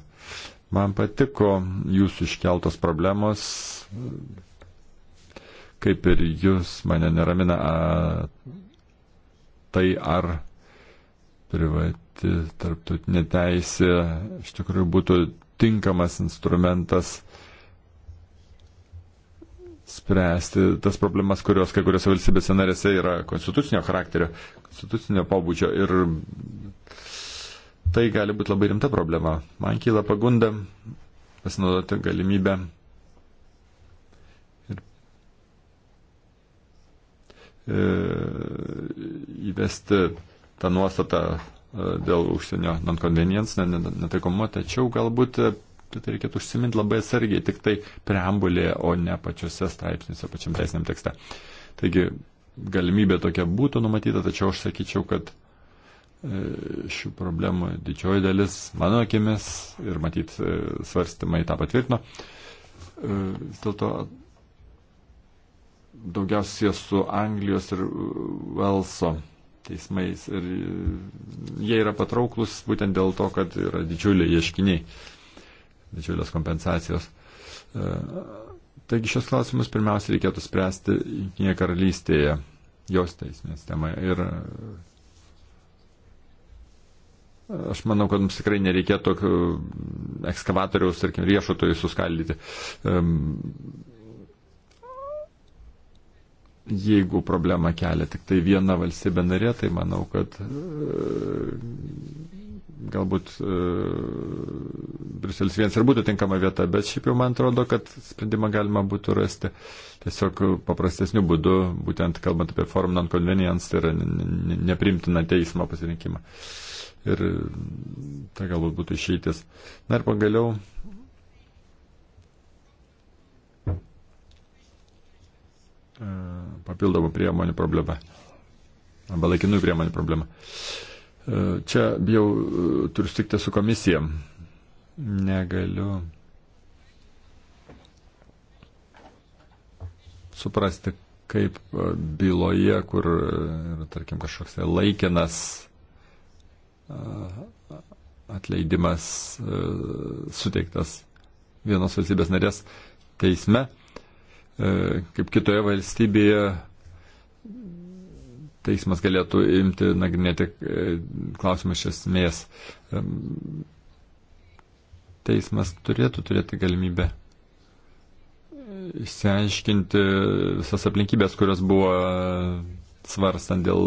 Man patiko jūsų iškeltos problemos, kaip ir jūs mane neramina a, tai, ar privati tarptautinė teisė iš tikrųjų būtų tinkamas instrumentas spręsti tas problemas, kurios kai kuriuose valstybėse narėse yra konstitucinio charakterio, konstitucinio pobūdžio ir tai gali būti labai rimta problema. Man kyla pagunda pasinaudoti galimybę ir e, įvesti ta nuostata e, dėl užsienio non-convenience netaikoma, tačiau galbūt e, tai reikėtų užsiminti labai atsargiai, tik tai preambulėje, o ne pačiuose straipsniuose, pačiam teisiniam tekste. Taigi galimybė tokia būtų numatyta, tačiau aš sakyčiau, kad e, šių problemų didžioji dalis, mano akimis, ir matyt svarstymai tą patvirtino, vis dėlto daugiausiai su Anglijos ir Velso teismais. Ir jie yra patrauklus būtent dėl to, kad yra didžiuliai ieškiniai, didžiulės kompensacijos. E, taigi šios klausimus pirmiausia reikėtų spręsti Jungtinėje karalystėje, jos teisinės temoje. Ir e, Aš manau, kad mums tikrai nereikėtų ekskavatoriaus, tarkim, riešutojų suskaldyti. Um, jeigu problema kelia tik tai viena valstybė narė, tai manau, kad e, galbūt e, Bruselis vienas ir būtų tinkama vieta, bet šiaip jau man atrodo, kad sprendimą galima būtų rasti tiesiog paprastesniu būdu, būtent kalbant apie form non-convenience, tai yra neprimtina teismo pasirinkimą. Ir e, tai galbūt būtų išeitis. Na ir pagaliau E, papildomų priemonių problema. Arba laikinų priemonių problema. E, čia jau e, turiu stikti su komisija. Negaliu suprasti, kaip byloje, kur, tarkim, kažkoks tai laikinas atleidimas suteiktas vienos valstybės narės teisme, E, kaip kitoje valstybėje teismas galėtų imti nagrinėti e, klausimą iš esmės. E, teismas turėtų turėti galimybę išsiaiškinti visas aplinkybės, kurios buvo svarstant dėl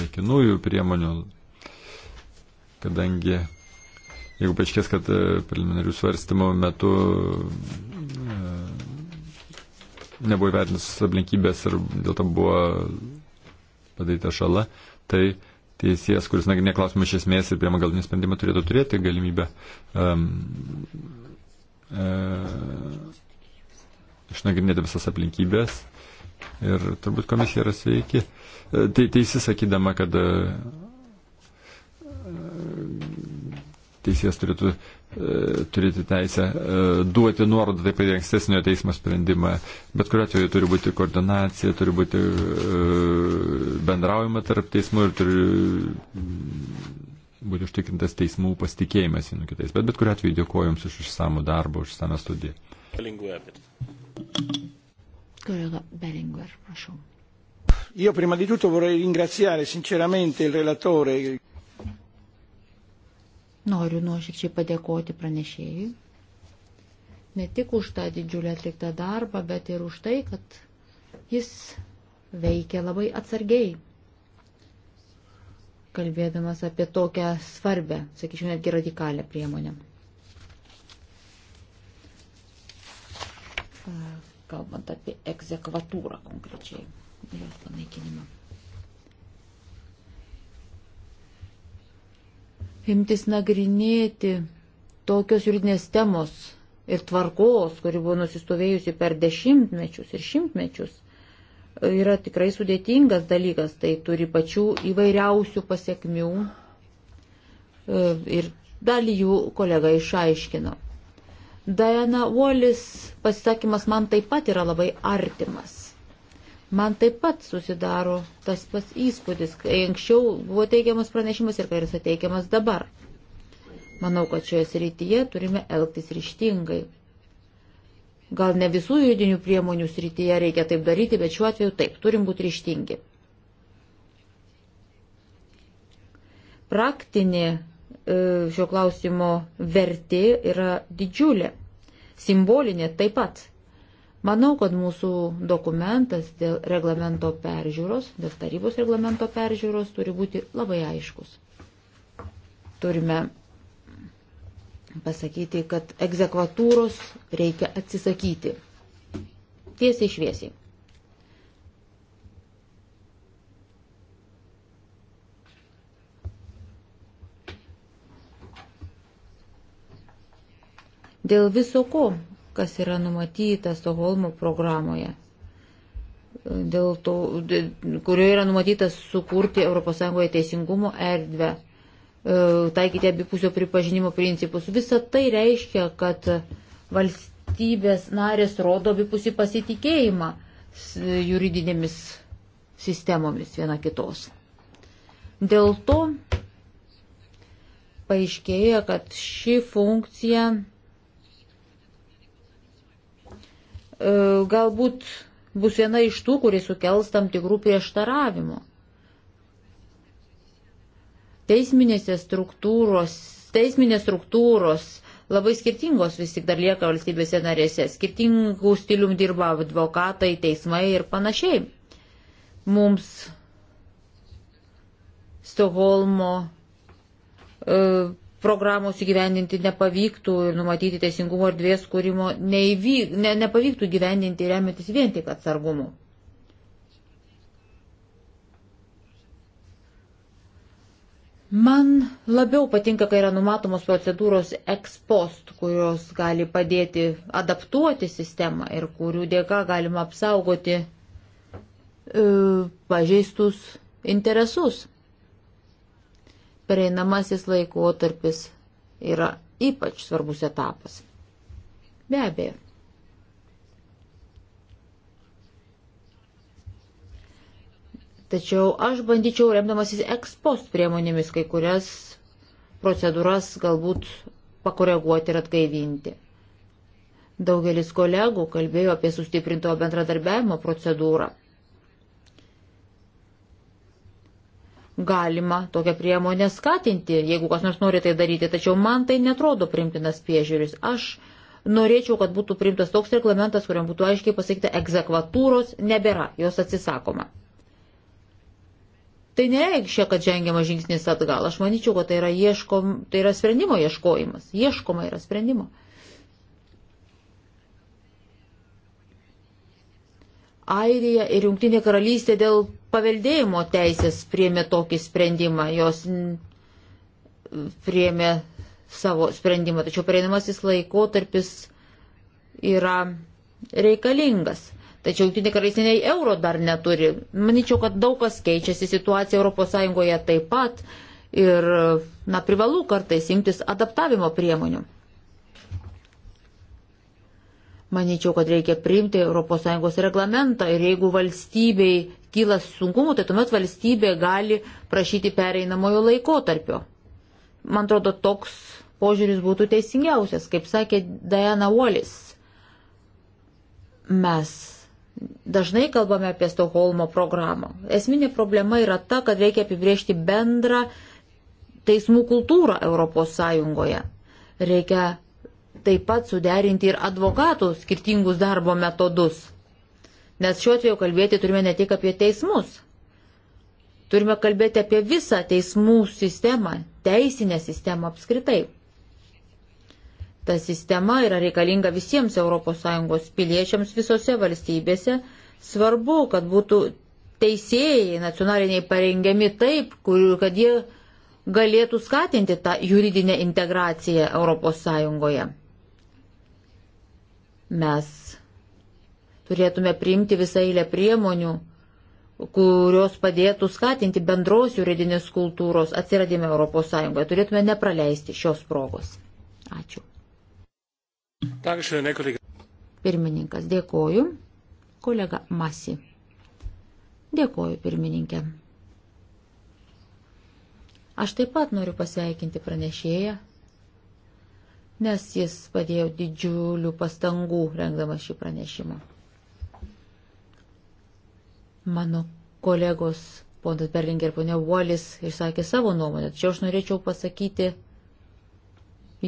laikinųjų priemonių, kadangi jeigu paaiškės, kad preliminarių svarstymų metu nebuvo įvertintas aplinkybės ir dėl to buvo padaryta žala, tai teisėjas, kuris nagrinė klausimą iš esmės ir priema galutinį sprendimą, turėtų turėti galimybę um, uh, išnagrinėti visas aplinkybės. Ir turbūt komisija yra sveiki. Tai teisi sakydama, kad uh, teisėjas turėtų E, turėti teisę e, duoti nuorodą taip pat į ankstesnio teismo sprendimą. Bet kuriuo atveju turi būti koordinacija, turi būti e, bendraujama tarp teismų ir turi būti užtikrintas teismų pasitikėjimas vienu kitais. Bet bet kuriuo atveju dėkuoju Jums už išsamų darbą, už išsamę studiją. Kolega Bellinguer, prašau. Io prima di tutto vorrei ringraziare sinceramente il relatore. Noriu nuoširdžiai padėkoti pranešėjui. Ne tik už tą didžiulį atliktą darbą, bet ir už tai, kad jis veikia labai atsargiai, kalbėdamas apie tokią svarbę, sakyčiau, netgi radikalę priemonę. Kalbant apie egzekvatūrą konkrečiai, jos panaikinimą. imtis nagrinėti tokios juridinės temos ir tvarkos, kuri buvo nusistovėjusi per dešimtmečius ir šimtmečius, yra tikrai sudėtingas dalykas. Tai turi pačių įvairiausių pasiekmių e, ir dalį jų kolega išaiškino. Diana Wallis pasisakymas man taip pat yra labai artimas. Man taip pat susidaro tas pats įspūdis, kai anksčiau buvo teikiamas pranešimas ir kai jis ateikiamas dabar. Manau, kad šioje srityje turime elgtis ryštingai. Gal ne visų judinių priemonių srityje reikia taip daryti, bet šiuo atveju taip, turim būti ryštingi. Praktinė e, šio klausimo vertė yra didžiulė, simbolinė taip pat Manau, kad mūsų dokumentas dėl reglamento peržiūros, dėl tarybos reglamento peržiūros turi būti labai aiškus. Turime pasakyti, kad egzekvatūros reikia atsisakyti. Tiesiai šviesiai. Dėl viso ko kas yra numatyta Stoholmo programoje, dėl to, kurioje yra numatytas sukurti ES teisingumo erdvę, e, taikyti abipusio pripažinimo principus. Visa tai reiškia, kad valstybės narės rodo abipusį pasitikėjimą juridinėmis sistemomis viena kitos. Dėl to paaiškėja, kad ši funkcija E, galbūt bus viena iš tų, kuris sukels tam tikrų prieštaravimų. Teisminėse struktūros, teisminės struktūros labai skirtingos vis tik dar lieka valstybėse narėse, skirtingų stilium dirba advokatai, teismai ir panašiai. Mums Stoholmo e, programos įgyvendinti nepavyktų ir numatyti teisingumo erdvės kūrimo neįvyk, ne, nepavyktų gyvendinti remiantis vien tik atsargumu. Man labiau patinka, kai yra numatomos procedūros ex post, kurios gali padėti adaptuoti sistemą ir kurių dėka galima apsaugoti e, pažeistus interesus. Pereinamasis laikotarpis yra ypač svarbus etapas. Be abejo. Tačiau aš bandyčiau remdamasis ekspost priemonėmis kai kurias procedūras galbūt pakoreguoti ir atgaivinti. Daugelis kolegų kalbėjo apie sustiprinto bendradarbiavimo procedūrą. galima tokią priemonę skatinti, jeigu kas nors nori tai daryti, tačiau man tai netrodo primtinas priežiūris. Aš norėčiau, kad būtų primtas toks reglamentas, kuriam būtų aiškiai pasakyta, egzekvatūros nebėra, jos atsisakoma. Tai nereikšia, kad žengiama žingsnis atgal. Aš manyčiau, kad tai yra, ieškom, tai yra sprendimo ieškojimas. Ieškoma yra sprendimo. Airija ir Junktinė karalystė dėl paveldėjimo teisės priemė tokį sprendimą, jos priemė savo sprendimą, tačiau prieinamasis laikotarpis yra reikalingas. Tačiau jungtinė karalystė nei euro dar neturi. Manyčiau, kad daug kas keičiasi, situacija ES taip pat ir na, privalu kartais imtis adaptavimo priemonių. Manyčiau, kad reikia priimti ES reglamentą ir jeigu valstybei kyla sunkumų, tai tuomet valstybė gali prašyti pereinamojo laikotarpio. Man atrodo, toks požiūris būtų teisingiausias, kaip sakė Diana Wallis. Mes dažnai kalbame apie Stokholmo programą. Esminė problema yra ta, kad reikia apibriežti bendrą teismų kultūrą Europos Sąjungoje. Reikia taip pat suderinti ir advokatų skirtingus darbo metodus. Nes šiuo atveju kalbėti turime ne tik apie teismus. Turime kalbėti apie visą teismų sistemą, teisinę sistemą apskritai. Ta sistema yra reikalinga visiems ES piliečiams visose valstybėse. Svarbu, kad būtų teisėjai nacionaliniai parengiami taip, kur, kad jie galėtų skatinti tą juridinę integraciją ES. Mes Turėtume priimti visą eilę priemonių, kurios padėtų skatinti bendros juridinės kultūros atsiradimą ES. Turėtume nepraleisti šios progos. Ačiū. Pirmininkas, dėkoju. Kolega Masi. Dėkoju, pirmininkė. Aš taip pat noriu pasveikinti pranešėją, nes jis padėjo didžiulių pastangų rengdamas šį pranešimą. Mano kolegos ponas Berlinger ir ponia Uolis išsakė savo nuomonę, tačiau aš norėčiau pasakyti,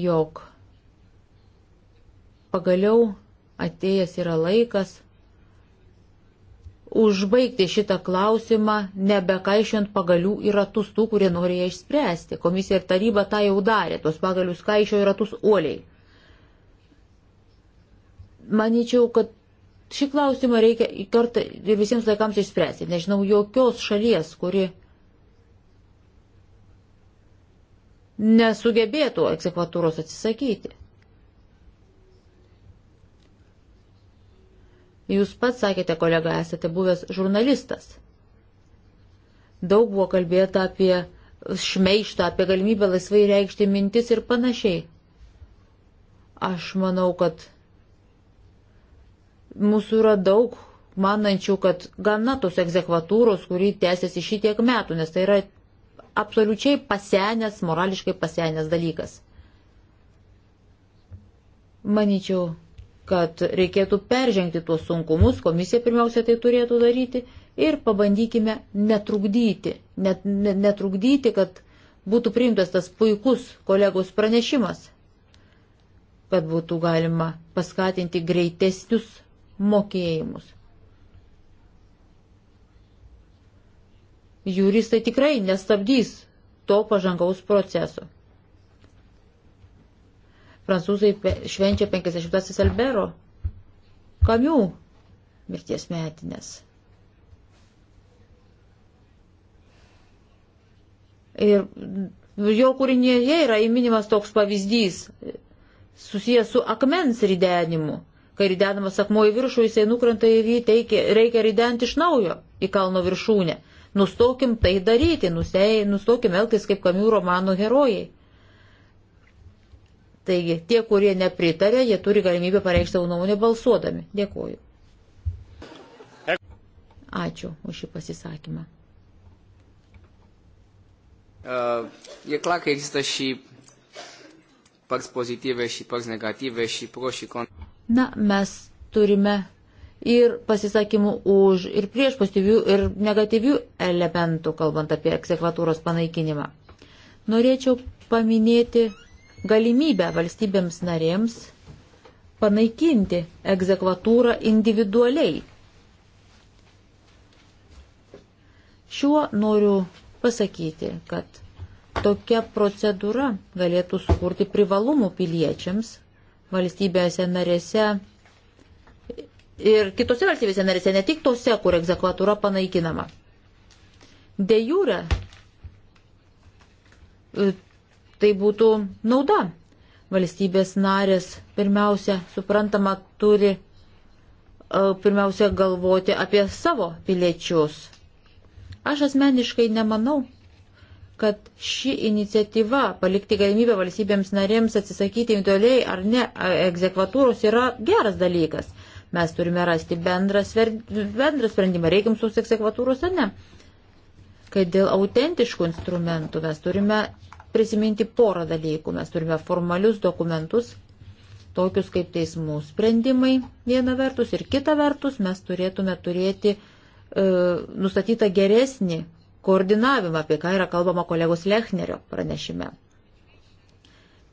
jog pagaliau atėjęs yra laikas užbaigti šitą klausimą, nebekaišiant pagalių į ratus tų, kurie nori ją išspręsti. Komisija ir taryba tą jau darė, tuos pagalius kaišio į ratus uoliai. Maničiau, kad šį klausimą reikia kartą ir visiems laikams išspręsti. Nežinau jokios šalies, kuri nesugebėtų eksekvatūros atsisakyti. Jūs pats sakėte, kolega, esate buvęs žurnalistas. Daug buvo kalbėta apie šmeištą, apie galimybę laisvai reikšti mintis ir panašiai. Aš manau, kad mūsų yra daug manančių, kad gana tos egzekvatūros, kuri tęsiasi šitiek metų, nes tai yra absoliučiai pasenęs, morališkai pasenęs dalykas. Maničiau, kad reikėtų peržengti tuos sunkumus, komisija pirmiausia tai turėtų daryti ir pabandykime netrukdyti, net, net, netrukdyti, kad būtų priimtas tas puikus kolegos pranešimas, kad būtų galima paskatinti greitesnius mokėjimus. Juristai tikrai nestabdys to pažangaus proceso. Prancūzai švenčia 50-asis Albero kamių mirties metinės. Ir jo kūrinėje yra įminimas toks pavyzdys susijęs su akmens ridenimu. Kai ridenamas akmuo į viršų, jisai nukrenta ir jį teikia, reikia ridenti iš naujo į kalno viršūnę. Nustokim tai daryti, nustei, nustokim elgtis kaip kamių romanų herojai. Taigi, tie, kurie nepritarė, jie turi galimybę pareikšti savo nuomonę balsuodami. Dėkuoju. Ačiū už šį pasisakymą. Uh, e clar că există și părți pozitive și părți negative și pro și contra. Na, mes turime ir pasisakymų už, ir prieš pozityvių, ir negatyvių elementų, kalbant apie eksekvatūros panaikinimą. Norėčiau paminėti galimybę valstybėms narėms panaikinti egzekvatūrą individualiai. Šiuo noriu pasakyti, kad tokia procedūra galėtų sukurti privalumų piliečiams, valstybėse narėse ir kitose valstybėse narėse, ne tik tose, kur egzekvatūra panaikinama. De jūre e, tai būtų nauda. Valstybės narės pirmiausia, suprantama, turi e, pirmiausia galvoti apie savo piliečius. Aš asmeniškai nemanau, kad ši iniciatyva palikti galimybę valstybėms narėms atsisakyti individualiai ar ne egzekvatūros yra geras dalykas. Mes turime rasti bendrą, sver, bendrą sprendimą, reikim sus egzekvatūros ar ne. Kai dėl autentiškų instrumentų mes turime prisiminti porą dalykų. Mes turime formalius dokumentus, tokius kaip teismų sprendimai viena vertus ir kita vertus mes turėtume turėti e, nustatytą geresnį koordinavimą, apie ką yra kalbama kolegos Lechnerio pranešime.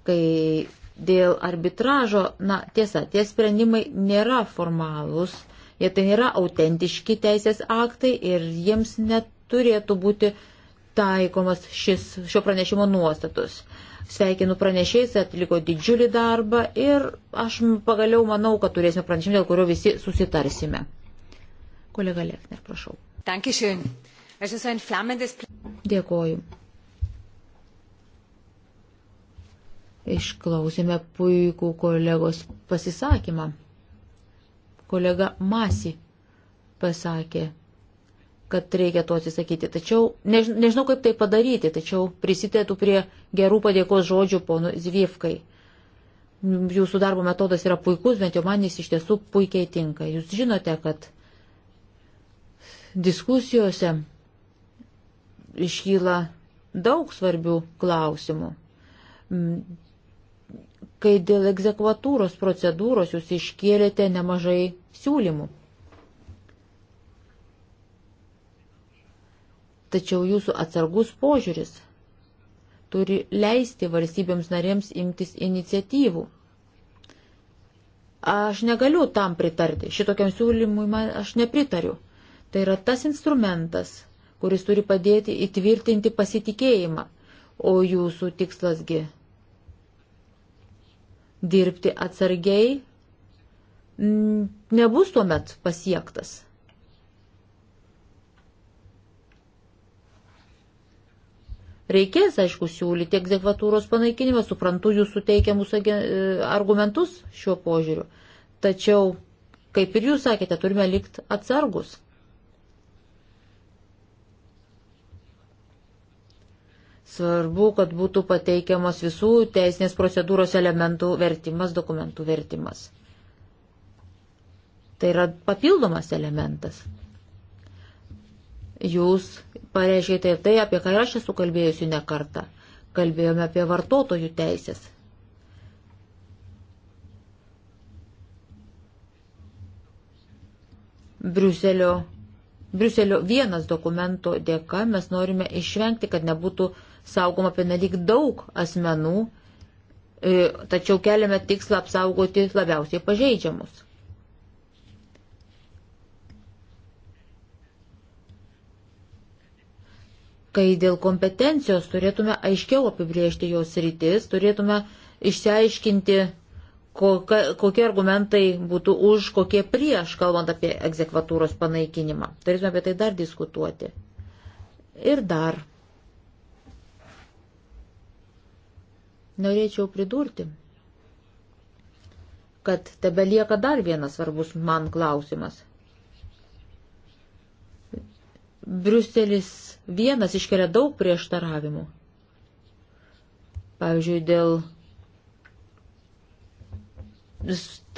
Kai dėl arbitražo, na tiesa, tie sprendimai nėra formalūs, jie tai nėra autentiški teisės aktai ir jiems neturėtų būti taikomas šis, šio pranešimo nuostatus. Sveikinu pranešėjais, atliko didžiulį darbą ir aš pagaliau manau, kad turėsime pranešimą, dėl kurio visi susitarsime. Kolega Lechner, prašau. Dankeschön. Dėkoju. Išklausėme puikų kolegos pasisakymą. Kolega Masi pasakė, kad reikia to atsisakyti. Tačiau než, nežinau, kaip tai padaryti, tačiau prisidėtų prie gerų padėkos žodžių ponų Zviefkai. Jūsų darbo metodas yra puikus, bent jau man jis iš tiesų puikiai tinka. Jūs žinote, kad diskusijose iškyla daug svarbių klausimų. Mm, Kai dėl egzekvatūros procedūros jūs iškėlėte nemažai siūlymų. Tačiau jūsų atsargus požiūris turi leisti valstybėms narėms imtis iniciatyvų. Aš negaliu tam pritarti, šitokiam siūlymui man aš nepritariu. Tai yra tas instrumentas, kuris turi padėti įtvirtinti pasitikėjimą. O jūsų tikslasgi dirbti atsargiai nebus tuomet pasiektas. Reikės, aišku, siūlyti egzekvatūros panaikinimą, suprantu jūsų teikiamus e, argumentus šiuo požiūriu. Tačiau, kaip ir jūs sakėte, turime likti atsargus. Svarbu, kad būtų pateikiamas visų teisinės procedūros elementų vertimas, dokumentų vertimas. Tai yra papildomas elementas. Jūs pareiškite ir tai, apie ką ir aš esu kalbėjusi ne kartą. Kalbėjome apie vartotojų teisės. Briuselio Briuselio vienas dokumento dėka mes norime išvengti, kad nebūtų uh, saugoma penelik daug asmenų, e, tačiau keliame tikslą apsaugoti labiausiai pažeidžiamus. Kai dėl kompetencijos turėtume aiškiau apibriežti jos rytis, turėtume išsiaiškinti, koka, kokie argumentai būtų už, kokie prieš, kalbant apie egzekvatūros panaikinimą. Turėtume apie tai dar diskutuoti. Ir dar Norėčiau pridurti, kad tebe lieka dar vienas svarbus man klausimas. Briuselis vienas iškelia daug prieštaravimų. Pavyzdžiui, dėl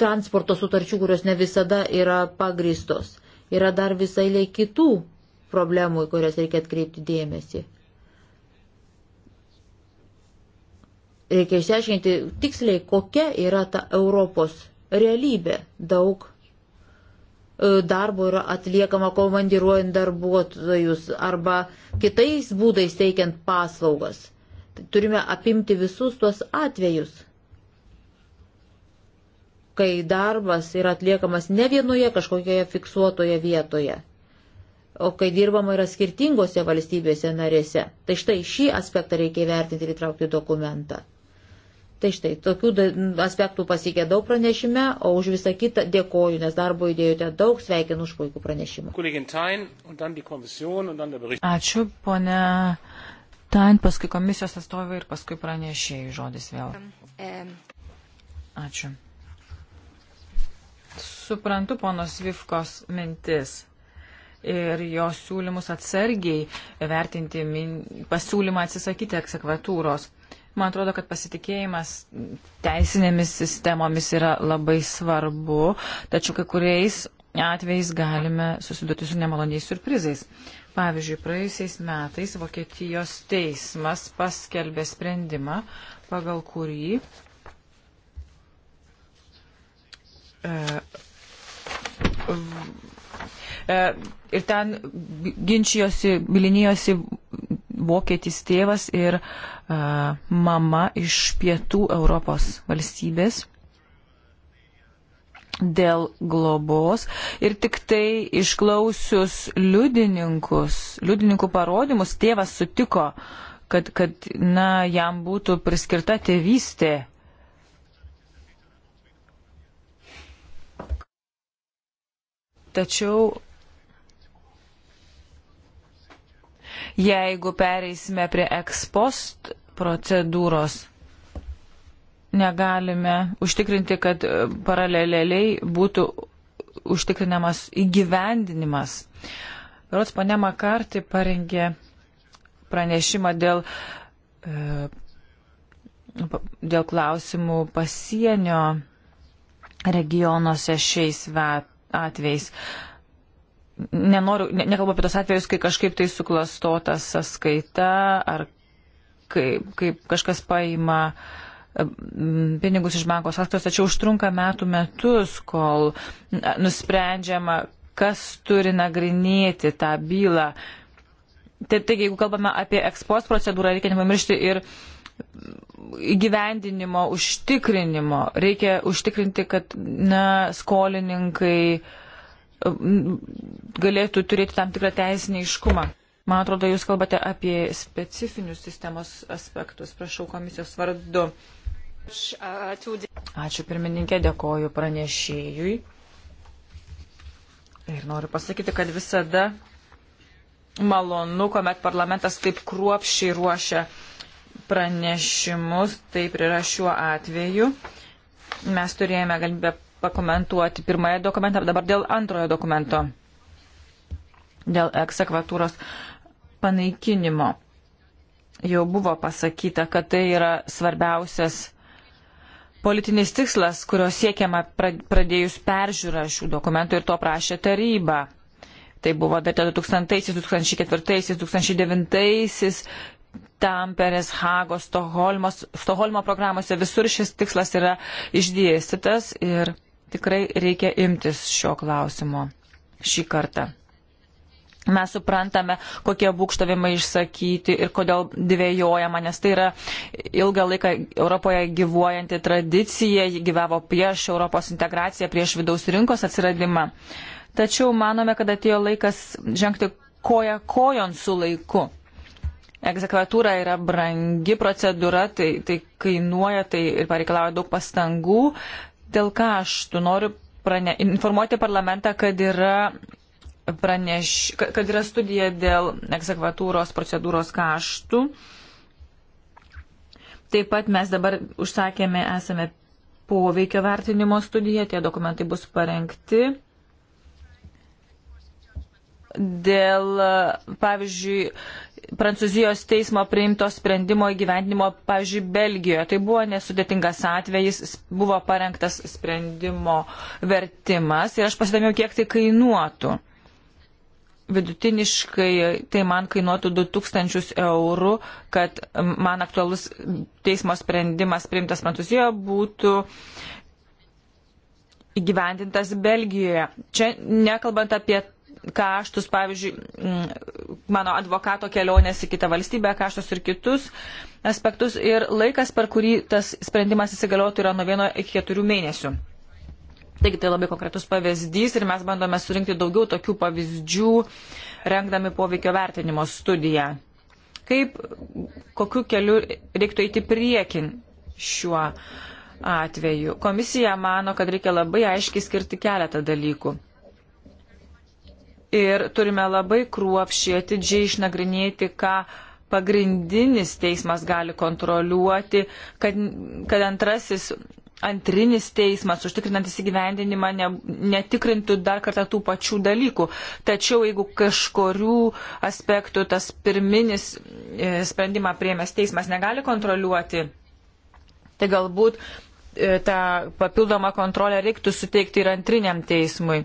transporto sutarčių, kurios ne visada yra pagristos. Yra dar visai lei kitų problemų, į kurias reikia atkreipti dėmesį. Reikia išsiaiškinti tiksliai, kokia yra ta Europos realybė. Daug e, darbo yra atliekama komandiruojant darbuotojus arba kitais būdais teikiant paslaugas. Tai turime apimti visus tuos atvejus, kai darbas yra atliekamas ne vienoje kažkokioje fiksuotoje vietoje, o kai dirbama yra skirtingose valstybėse narėse. Tai štai šį aspektą reikia vertinti ir įtraukti dokumentą. Tai štai, tokių aspektų pasikė daug pranešime, o už visą kitą dėkoju, nes darbo įdėjote daug, sveikinu už puikų pranešimą. Ačiū, ponė Tain, paskui komisijos atstovai ir paskui pranešėjai žodis vėl. Um, um, Ačiū. Suprantu ponos Vivkos mintis ir jos siūlymus atsargiai vertinti min, pasiūlymą atsisakyti eksekvatūros Man atrodo, kad pasitikėjimas teisinėmis sistemomis yra labai svarbu, tačiau kai kuriais atvejais galime susidurti su nemaloniais surprizais. Pavyzdžiui, praėjusiais metais Vokietijos teismas paskelbė sprendimą, pagal kurį e, E, ir ten ginčijosi, bilinijosi vokietis tėvas ir e, mama iš pietų Europos valstybės dėl globos ir tik tai išklausius liudininkus, liudininkų parodymus, tėvas sutiko, kad, kad na, jam būtų priskirta tėvystė. Tačiau jeigu pereisime prie ekspost procedūros, negalime užtikrinti, kad e, paraleliai būtų užtikrinamas įgyvendinimas. Rots pane Makarti parengė pranešimą dėl, e, dėl klausimų pasienio regionuose šiais atvejais nenoriu, ne, nekalbu apie tos atvejus, kai kažkaip tai suklastota sąskaita ar kaip, kaip kažkas paima e, pinigus iš banko sąskaitos, tačiau užtrunka metų metus, kol nusprendžiama, kas turi nagrinėti tą bylą. Taip, taigi, jeigu kalbame apie ekspos procedūrą, reikia nepamiršti ir įgyvendinimo, užtikrinimo. Reikia užtikrinti, kad na, skolininkai uh, galėtų turėti tam tikrą teisinį iškumą. Man atrodo, jūs kalbate apie specifinius sistemos aspektus. Prašau komisijos vardu. Ačiū pirmininkė, dėkoju pranešėjui. Ir noriu pasakyti, kad visada malonu, kuomet parlamentas taip kruopšiai ruošia pranešimus, taip ir yra šiuo atveju. Mes turėjome galimybę pakomentuoti pirmąją dokumentą, dabar dėl antrojo dokumento, dėl eksekvatūros panaikinimo. Jau buvo pasakyta, kad tai yra svarbiausias politinis tikslas, kurio siekiama pradėjus peržiūrą šių dokumentų ir to prašė taryba. Tai buvo dar 2000, 2004, 2009 Tamperės, Hagos, Stoholmo, Stoholmo programuose visur šis tikslas yra išdėstytas ir tikrai reikia imtis šio klausimo šį kartą. Mes suprantame, kokie būkštavimai išsakyti ir kodėl dvėjojama, nes tai yra ilgą laiką Europoje gyvuojanti tradicija, ji gyvavo prieš Europos integraciją, prieš vidaus rinkos atsiradimą. Tačiau manome, kad atėjo laikas žengti koja kojon su laiku. Egzekvatūra yra brangi procedūra, tai, tai kainuoja, tai ir pareikalauja daug pastangų, Dėl kaštų noriu prane, informuoti parlamentą, kad yra, praneš, kad yra studija dėl egzekvatūros procedūros kaštų. Taip pat mes dabar užsakėme, esame poveikio vertinimo studiją, tie dokumentai bus parengti. Dėl, pavyzdžiui, Prancūzijos teismo priimto sprendimo įgyvendinimo, pavyzdžiui, Belgijoje. Tai buvo nesudėtingas atvejis, buvo parengtas sprendimo vertimas ir aš pasidomėjau, kiek tai kainuotų. Vidutiniškai tai man kainuotų 2000 eurų, kad man aktualus teismo sprendimas priimtas Prancūzijoje būtų įgyvendintas Belgijoje. Čia nekalbant apie kaštus, pavyzdžiui, mm, mano advokato kelionės į kitą valstybę, kaštus ir kitus aspektus ir laikas, per kurį tas sprendimas įsigaliotų, yra nuo vieno iki keturių mėnesių. Taigi tai labai konkretus pavyzdys ir mes bandome surinkti daugiau tokių pavyzdžių, rengdami poveikio vertinimo studiją. Kaip, kokiu keliu reiktų eiti priekin šiuo atveju? Komisija mano, kad reikia labai aiškiai skirti keletą dalykų ir turime labai kruopšiai atidžiai išnagrinėti, ką pagrindinis teismas gali kontroliuoti, kad, kad antrasis, antrinis teismas, užtikrinantis įgyvendinimą, ne, netikrintų dar kartą tų pačių dalykų. Tačiau jeigu kažkurių aspektų tas pirminis e, sprendimą priemęs teismas negali kontroliuoti, tai galbūt E, tą papildomą kontrolę reiktų suteikti ir antriniam teismui.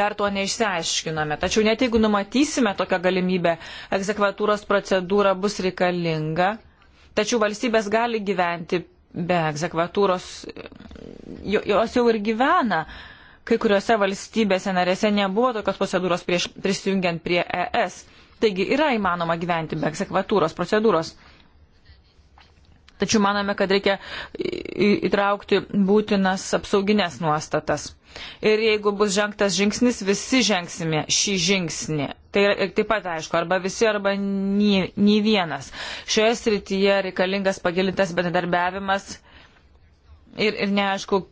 Dar to neišsiaiškinome. Tačiau net jeigu numatysime tokią galimybę, egzekvatūros procedūra bus reikalinga. Tačiau valstybės gali gyventi be egzekvatūros, jos jau ir gyvena. Kai kuriuose valstybėse narėse nebuvo tokios procedūros prieš, prisijungiant prie ES. Taigi yra įmanoma gyventi be egzekvatūros procedūros. Tačiau manome, kad reikia įtraukti būtinas apsauginės nuostatas. Ir jeigu bus žengtas žingsnis, visi žengsime šį žingsnį. Tai taip pat aišku, arba visi, arba nei vienas. Šioje srityje reikalingas pagilintas bendradarbiavimas ir, ir neaišku,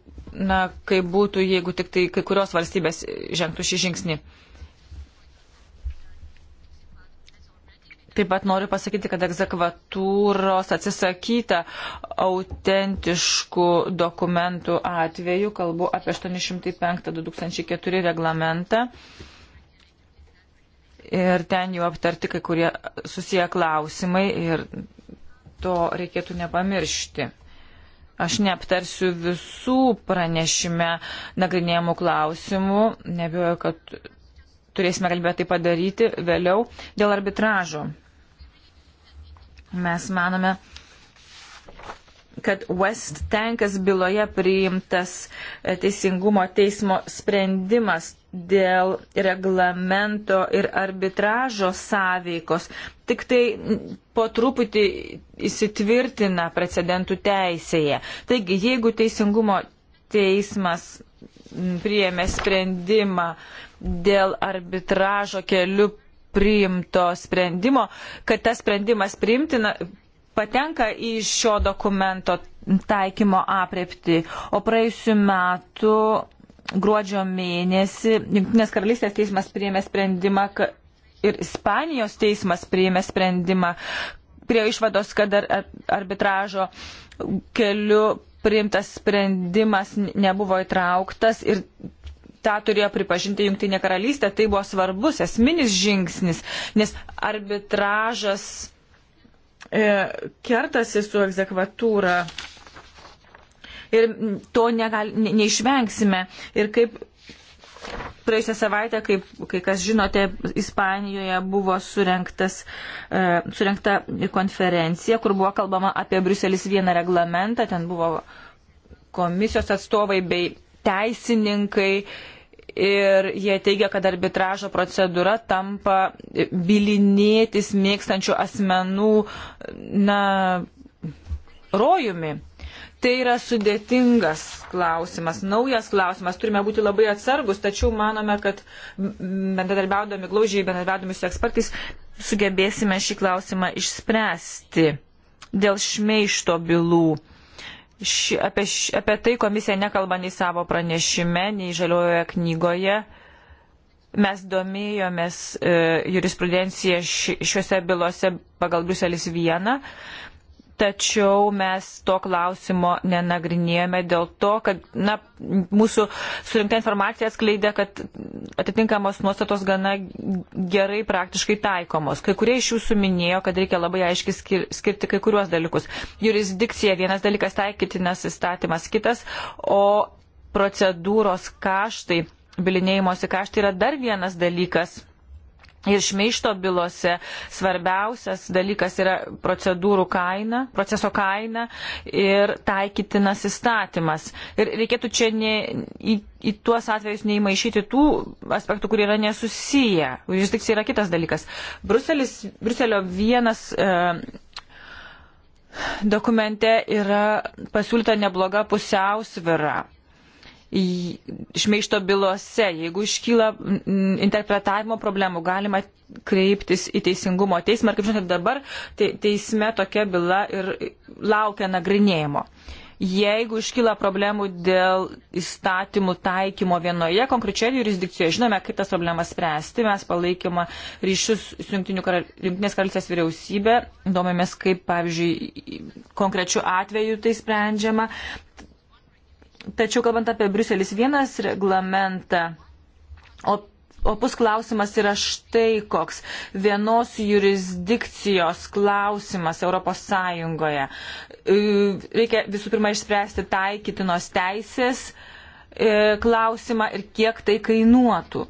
na, kaip būtų, jeigu tik tai kai kurios valstybės žengtų šį žingsnį. Taip pat noriu pasakyti, kad egzekvatūros atsisakyta autentiškų dokumentų atveju, kalbu apie 805-2004 reglamentą. Ir ten jau aptarti kai kurie susiję klausimai ir to reikėtų nepamiršti. Aš neaptarsiu visų pranešime nagrinėjimų klausimų, nebijoju, kad turėsime galimybę tai padaryti vėliau dėl arbitražo. Mes manome, kad West Tankas byloje priimtas e, teisingumo teismo sprendimas dėl reglamento ir arbitražo sąveikos. Tik tai po truputį įsitvirtina precedentų teisėje. Taigi, jeigu teisingumo teismas priėmė sprendimą dėl arbitražo keliu priimto sprendimo, kad tas sprendimas priimtina patenka į šio dokumento taikymo aprepti. O praėjusiu metu gruodžio mėnesį Junktinės karalystės teismas priėmė sprendimą ir Ispanijos teismas priėmė sprendimą prie išvados, kad ar, arbitražo keliu priimtas sprendimas nebuvo įtrauktas ir tą turėjo pripažinti Junktinė karalystė, tai buvo svarbus esminis žingsnis, nes arbitražas e, kertasi su egzekvatūra ir to negal, ne, neišvengsime. Ir kaip praėjusią savaitę, kaip kai kas žinote, Ispanijoje buvo surinktas, e, surinkta konferencija, kur buvo kalbama apie Bruselis vieną reglamentą, ten buvo komisijos atstovai bei teisininkai ir jie teigia, kad arbitražo procedūra tampa bilinėtis mėgstančių asmenų na, rojumi. Tai yra sudėtingas klausimas, naujas klausimas, turime būti labai atsargus, tačiau manome, kad bendradarbiaudami glaužiai, bendradarbiaudami su ekspertais, sugebėsime šį klausimą išspręsti dėl šmeišto bylų Ši, apie, š, apie tai komisija nekalba nei savo pranešime, nei žaliojoje knygoje. Mes domėjomės e, jurisprudenciją ši, šiuose bylose pagal Bruselis 1 tačiau mes to klausimo nenagrinėjome dėl to, kad na, mūsų surinkta informacija atskleidė, kad atitinkamos nuostatos gana gerai praktiškai taikomos. Kai kurie iš jūsų minėjo, kad reikia labai aiškiai skir skirti kai kuriuos dalykus. Jurisdikcija vienas dalykas taikytinas įstatymas kitas, o procedūros kaštai, bilinėjimosi kaštai yra dar vienas dalykas Ir šmeišto bylose svarbiausias dalykas yra procedūrų kaina, proceso kaina ir taikytinas įstatymas. Ir reikėtų čia ne, į, į tuos atvejus neįmaišyti tų aspektų, kurie yra nesusiję. Jurisdikcija yra kitas dalykas. Bruselis, Bruselio vienas. E, Dokumente yra pasiūlyta nebloga pusiausvyra šmeišto bylose. Jeigu iškyla interpretavimo problemų, galima kreiptis į teisingumo teismą. Ir kaip žinote, dabar teisme tokia byla ir laukia nagrinėjimo. Jeigu iškyla problemų dėl įstatymų taikymo vienoje konkrečioje jurisdikcijoje, žinome, kaip tas problemas spręsti. Mes palaikymą ryšius su karal... Junktinės karalystės vyriausybė, domėmės, kaip, pavyzdžiui, konkrečiu atveju tai sprendžiama. Tačiau kalbant apie Bruselis vienas reglamentą, opus klausimas yra štai koks. Vienos jurisdikcijos klausimas Europos Sąjungoje. E, reikia visų pirma išspręsti taikytinos teisės e, klausimą ir kiek tai kainuotų.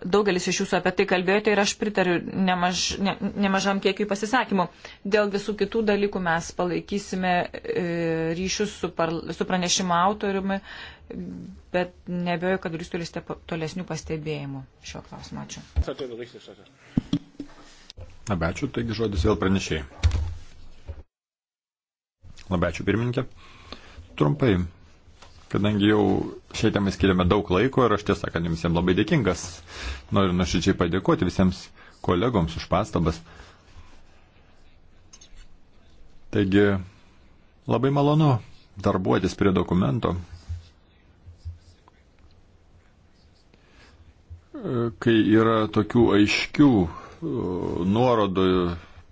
Daugelis iš jūsų apie tai kalbėjote ir aš pritariu nemaž, ne, nemažam kiekiui pasisakymų. Dėl visų kitų dalykų mes palaikysime e, ryšius su, par, su pranešimo autoriumi, bet nebejoju, kad jūs turite tolesnių pastebėjimų šiuo klausimu. Ačiū. Labai ačiū, taigi žodis vėl pranešėjai. Labai ačiū pirmininkė. Trumpai Kadangi jau šiai temai skiriame daug laiko ir aš tiesą sakant visiems labai dėkingas, noriu nuoširdžiai padėkoti visiems kolegoms už pastabas. Taigi, labai malonu darbuotis prie dokumento, kai yra tokių aiškių nuorodų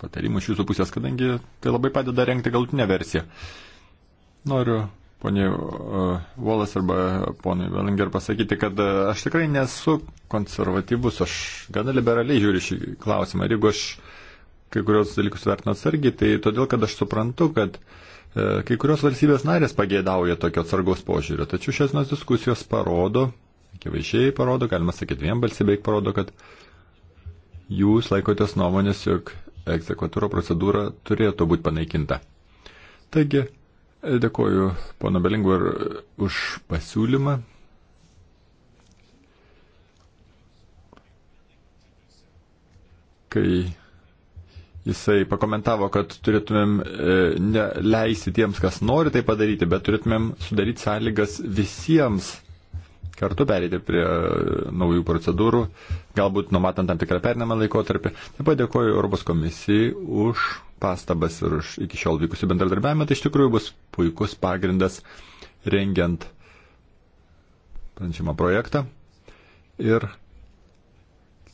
patarimų iš jūsų pusės, kadangi tai labai padeda renkti galutinę versiją. Noriu poniai Volas e, arba ponui Velinger pasakyti, kad e, aš tikrai nesu konservatyvus, aš gana liberaliai žiūriu šį klausimą. Ir jeigu aš kai kurios dalykus vertinu atsargiai, tai todėl, kad aš suprantu, kad e, kai kurios valstybės narės pagėdauja tokio atsargos požiūrio. Tačiau šios nors diskusijos parodo, akivaizdžiai parodo, galima sakyti, vienbalsiai beveik parodo, kad jūs laikotės nuomonės, jog egzekvatūro procedūra turėtų būti panaikinta. Taigi, Dėkuoju pono Belingu ir už pasiūlymą. Kai jisai pakomentavo, kad turėtumėm e, neleisti tiems, kas nori tai padaryti, bet turėtumėm sudaryti sąlygas visiems kartu pereiti prie e, naujų procedūrų, galbūt numatant tam tikrą pernamą laikotarpį. Taip pat dėkoju Europos komisijai už pastabas ir už iki šiol vykusių bendradarbiavimą, tai iš tikrųjų bus puikus pagrindas rengiant pranešimą projektą. Ir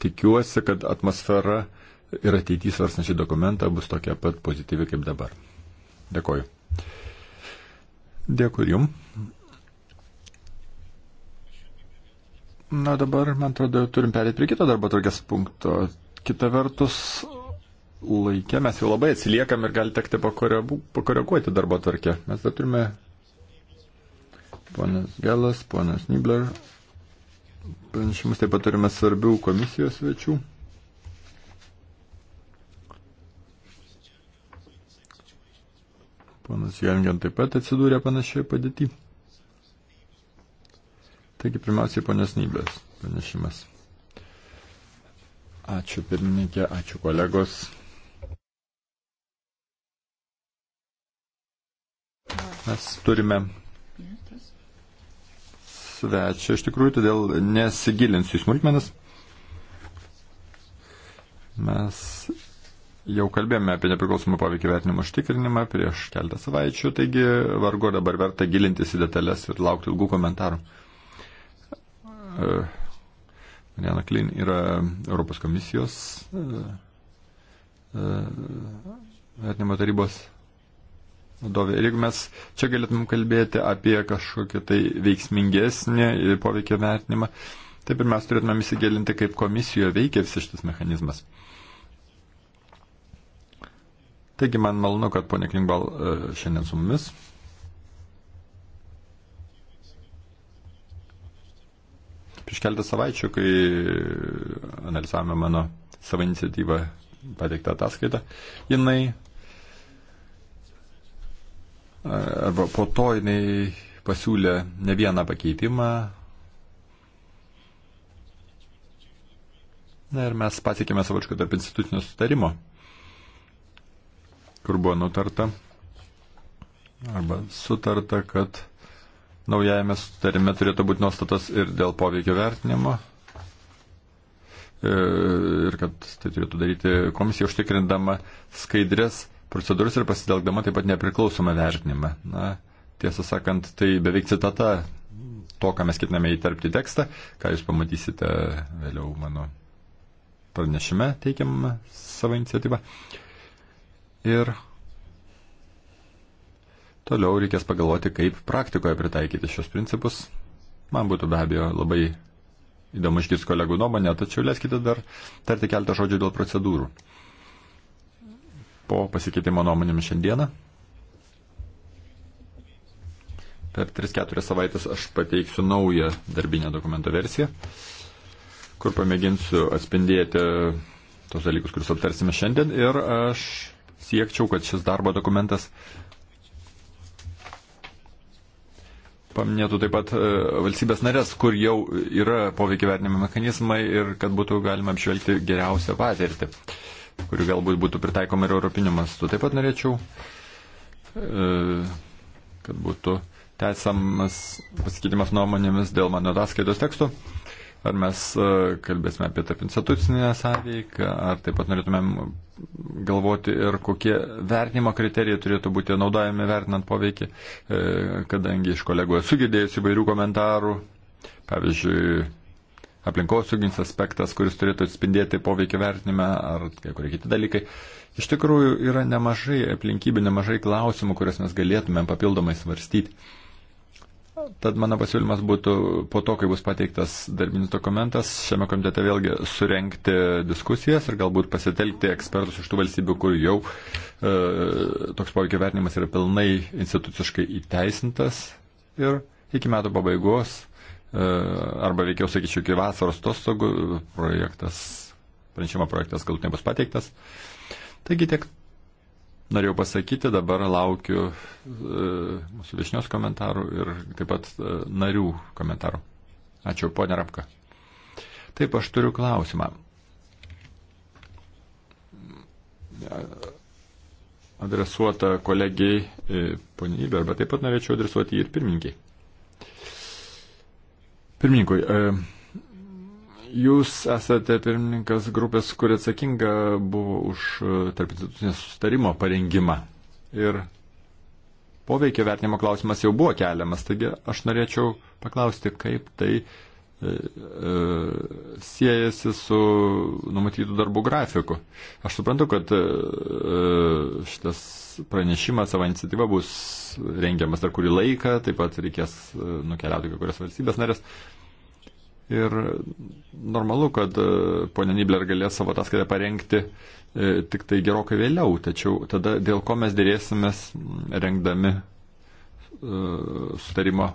tikiuosi, kad atmosfera ir ateityje svarstančių dokumentą bus tokia pat pozityvi kaip dabar. Dėkoju. Dėkui Jum. Na dabar, man atrodo, turim perėti prie kito darbo tokias punkto. Kita vertus, laike mes jau labai atsiliekam ir gali tekti pakoreguoti darbo tvarkę. Mes dar turime ponas Gelas, ponas Nibler. Pranešimus taip pat turime svarbių komisijos svečių. Ponas Jangen taip pat atsidūrė panašioje padėtyje. Taigi, pirmiausiai, ponios Nybės pranešimas. Ačiū pirmininkė, ačiū kolegos. Mes turime svečią iš tikrųjų, todėl nesigilinsiu į smulkmenas. Mes jau kalbėjome apie nepriklausomą poveikį vertinimo užtikrinimą prieš keletą savaičių, taigi vargu dabar verta gilintis į detalės ir laukti ilgų komentarų. E, Mariana Klin yra Europos komisijos e, e, vertinimo tarybos vadovė. Ir jeigu mes čia galėtum kalbėti apie kažkokį tai veiksmingesnį poveikio vertinimą, tai pirmiausia turėtumėm įsigilinti, kaip komisijoje veikia visas šitas mechanizmas. Taigi man malonu, kad ponė Klingbal e, šiandien su mumis. Prieš keletą savaičių, kai analizavome mano savo iniciatyvą pateiktą ataskaitą, jinai arba po to jinai pasiūlė ne vieną pakeitimą. Na ir mes pasiekėme savočko tarp institucinio sutarimo, kur buvo nutarta arba sutarta, kad naujajame sutarime turėtų būti nuostatos ir dėl poveikio vertinimo e, ir kad tai turėtų daryti komisija užtikrindama skaidrės procedūras ir pasitelkdama taip pat nepriklausomą vertinimą. Na, tiesą sakant, tai beveik citata to, ką mes ketiname įterpti tekstą, ką jūs pamatysite vėliau mano pranešime teikiam savo iniciatyvą. Ir toliau reikės pagalvoti, kaip praktikoje pritaikyti šios principus. Man būtų be abejo labai įdomu išgirsti kolegų nuomonę, tačiau leiskite dar tarti keletą žodžių dėl procedūrų po pasikeitimo nuomonėmis šiandieną. Per 3-4 savaitės aš pateiksiu naują darbinę dokumento versiją, kur pamėginsiu atspindėti tos dalykus, kuriuos aptarsime šiandien. Ir aš siekčiau, kad šis darbo dokumentas paminėtų taip pat e, valstybės narės, kur jau yra poveikia vertinimo mechanizmai ir kad būtų galima apžvelgti geriausią patirtį. Uh, kuri galbūt būtų pritaikoma ir europiniu mastu. Taip pat norėčiau, e, kad būtų tęsiamas pasikeitimas nuomonėmis dėl mano ataskaitos tekstų. Ar mes e, kalbėsime apie tarp institucinę sąveiką, ar taip pat norėtumėm galvoti ir kokie vertinimo kriterijai turėtų būti naudojami vertinant poveikį, e, kadangi iš kolegų esu girdėjęs įvairių komentarų, pavyzdžiui, aplinkosauginis aspektas, kuris turėtų atspindėti poveikį vertinime ar kai kurie kiti dalykai. Iš tikrųjų yra nemažai aplinkybių, nemažai klausimų, kurias mes galėtumėm papildomai svarstyti. Tad mano pasiūlymas būtų po to, kai bus pateiktas darbinis dokumentas, šiame komitete vėlgi surenkti diskusijas ir galbūt pasitelkti ekspertus iš tų valstybių, kur jau e, toks poveikio vertinimas yra pilnai instituciškai įteisintas ir iki metų pabaigos E, arba veikiau sakyčiau iki vasaros atostogų projektas, pranešimo projektas galbūt nebus pateiktas. Taigi tiek norėjau pasakyti, dabar laukiu e, mūsų viešnios komentarų ir taip pat e, narių komentarų. Ačiū, ponė Rapka. Taip, aš turiu klausimą. Adresuota kolegijai ponybė, arba taip pat norėčiau adresuoti jį ir pirmininkiai. Pirmininkui, e, jūs esate pirmininkas grupės, kuri atsakinga buvo už e, tarp institucinės sustarimo parengimą. Ir poveikio vertinimo klausimas jau buvo keliamas, taigi aš norėčiau paklausti, kaip tai E, e, siejasi su numatytų darbų grafiku. Aš suprantu, kad e, šitas pranešimas savo iniciatyva bus rengiamas dar kurį laiką, taip pat reikės nukeliauti kai kurias valstybės narės. Ir normalu, kad ponė Nibler galės savo ataskaitą parengti tik tai gerokai vėliau, tačiau tada dėl ko mes dėrėsimės rengdami sutarimo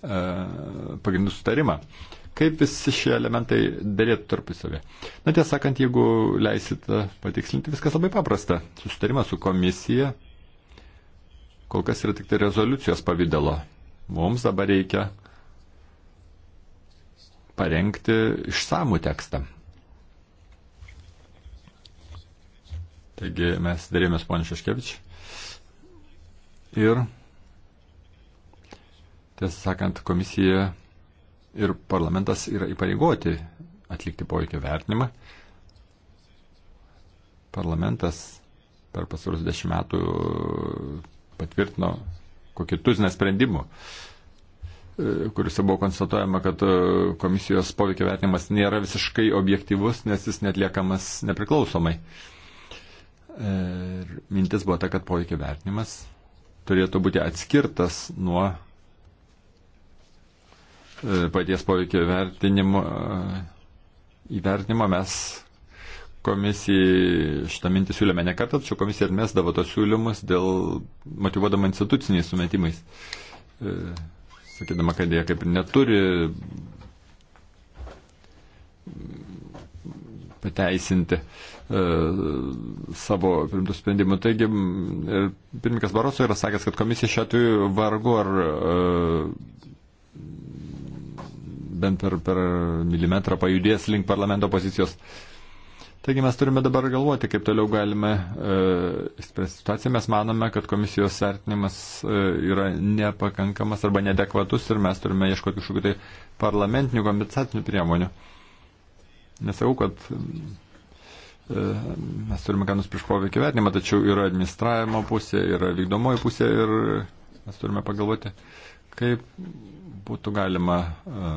pagrindų sutarimą. Uh, Kaip visi šie elementai dėlėtų tarpusavė? Na tiesą sakant, jeigu leisit patikslinti, viskas labai paprasta. Sustarimas su komisija kol kas yra tik tai rezoliucijos pavydalo. Mums dabar reikia parengti išsamų tekstą. Taigi mes darėmės ponį Šeškevič. Ir, tiesą sakant, komisija ir parlamentas yra įpareigoti atlikti poveikio vertinimą. Parlamentas per pasarus dešimt metų patvirtino kokį tuziną sprendimų, e, kuriuose buvo konstatuojama, kad e, komisijos poveikio vertinimas nėra visiškai objektivus, nes jis netliekamas nepriklausomai. E, ir mintis buvo ta, kad poveikio vertinimas turėtų būti atskirtas nuo E, paties poveikio vertinimo, e, įvertinimo mes komisijai šitą mintį siūlėme ne kartą, tačiau komisija atmesdavo tos siūlymus dėl motivuodama instituciniais sumetimais, e, sakydama, kad jie kaip ir neturi pateisinti e, savo primtų sprendimų. Taigi, pirmininkas Baroso yra sakęs, kad komisija šiuo atveju vargu ar e, bent per, per milimetrą pajudės link parlamento pozicijos. Taigi mes turime dabar galvoti, kaip toliau galime e, spręsti situaciją. Mes manome, kad komisijos vertinimas e, yra nepakankamas arba nedekvatus ir mes turime ieškoti kažkokių tai parlamentinių kompensacinių priemonių. Nesakau, kad e, mes turime ganus prieš poveikį vertinimą, tačiau yra administravimo pusė, yra vykdomoji pusė ir mes turime pagalvoti. Uh, kaip būtų galima e,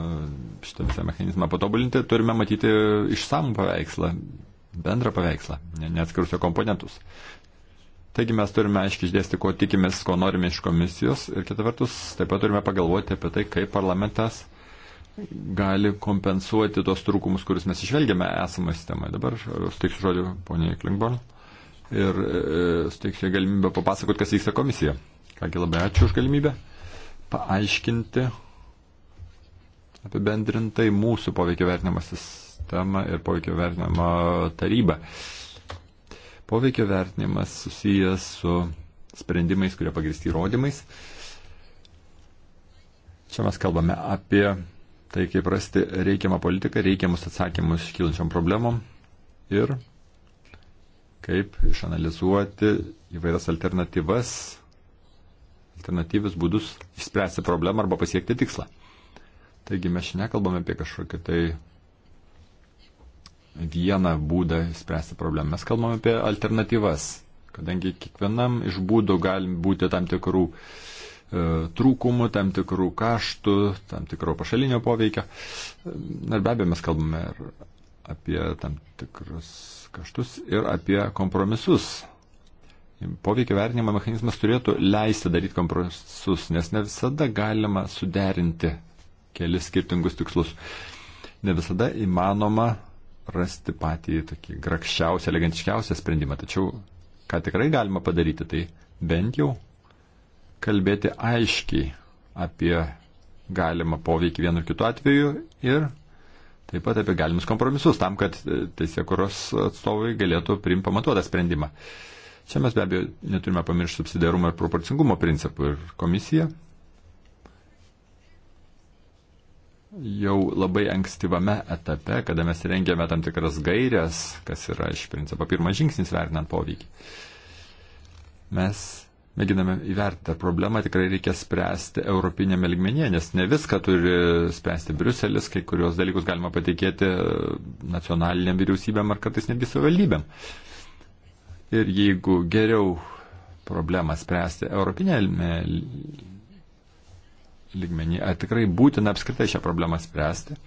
šitą visą mechanizmą patobulinti, turime matyti išsamų paveikslą, bendrą paveikslą, neatskirus jo komponentus. Taigi mes turime aiškiai išdėsti, ko tikimės, ko norime iš komisijos ir kita vertus taip pat turime pagalvoti apie tai, kaip parlamentas gali kompensuoti tos trūkumus, kuris mes išvelgiame esamą sistemą. Dabar suteiksiu žodį poniai Klingborn ir e, suteiksiu galimybę papasakoti, kas vyksta komisija. Kągi labai ačiū už galimybę paaiškinti apibendrintai mūsų poveikio vertinimo sistemą ir poveikio vertinimo tarybą. Poveikio vertinimas susijęs su sprendimais, kurie pagristi įrodymais. Čia mes kalbame apie tai, kaip rasti reikiamą politiką, reikiamus atsakymus iškylančiam problemom ir kaip išanalizuoti įvairias alternatyvas alternatyvius būdus išspręsti problemą arba pasiekti tikslą. Taigi mes čia nekalbame apie kažkokį tai vieną būdą spręsti problemą. Mes kalbame apie alternatyvas, kadangi kiekvienam iš būdų gali būti tam tikrų e, trūkumų, tam tikrų kaštų, tam tikro pašalinio poveikio. Ir be abejo mes kalbame ir apie tam tikrus kaštus ir apie kompromisus poveikio vertinimo mechanizmas turėtų leisti daryti kompromisus, nes ne visada galima suderinti kelis skirtingus tikslus. Ne visada įmanoma rasti patį tokį grakščiausią, elegantiškiausią sprendimą. Tačiau ką tikrai galima padaryti, tai bent jau kalbėti aiškiai apie galimą poveikį vienu ar kitu atveju ir taip pat apie galimus kompromisus tam, kad teisėkuros atstovai galėtų priimti pamatuotą sprendimą. Uh, Čia mes be abejo neturime pamiršti subsidiarumo ir proporcingumo principų ir komisija jau labai ankstyvame etape, kada mes rengėme tam tikras gairias, kas yra iš principo pirmas žingsnis vertinant poveikį. Mes mėginame įvertinti, ar problemą tikrai reikia spręsti europinėme ligmenyje, nes ne viską turi spręsti Briuselis, kai kurios dalykus galima patikėti nacionaliniam vyriausybėm ar kartais netgi savivaldybėm. Uh, Ir jeigu geriau problemą spręsti europinėme lygmenį, ar tikrai būtina apskritai šią problemą spręsti,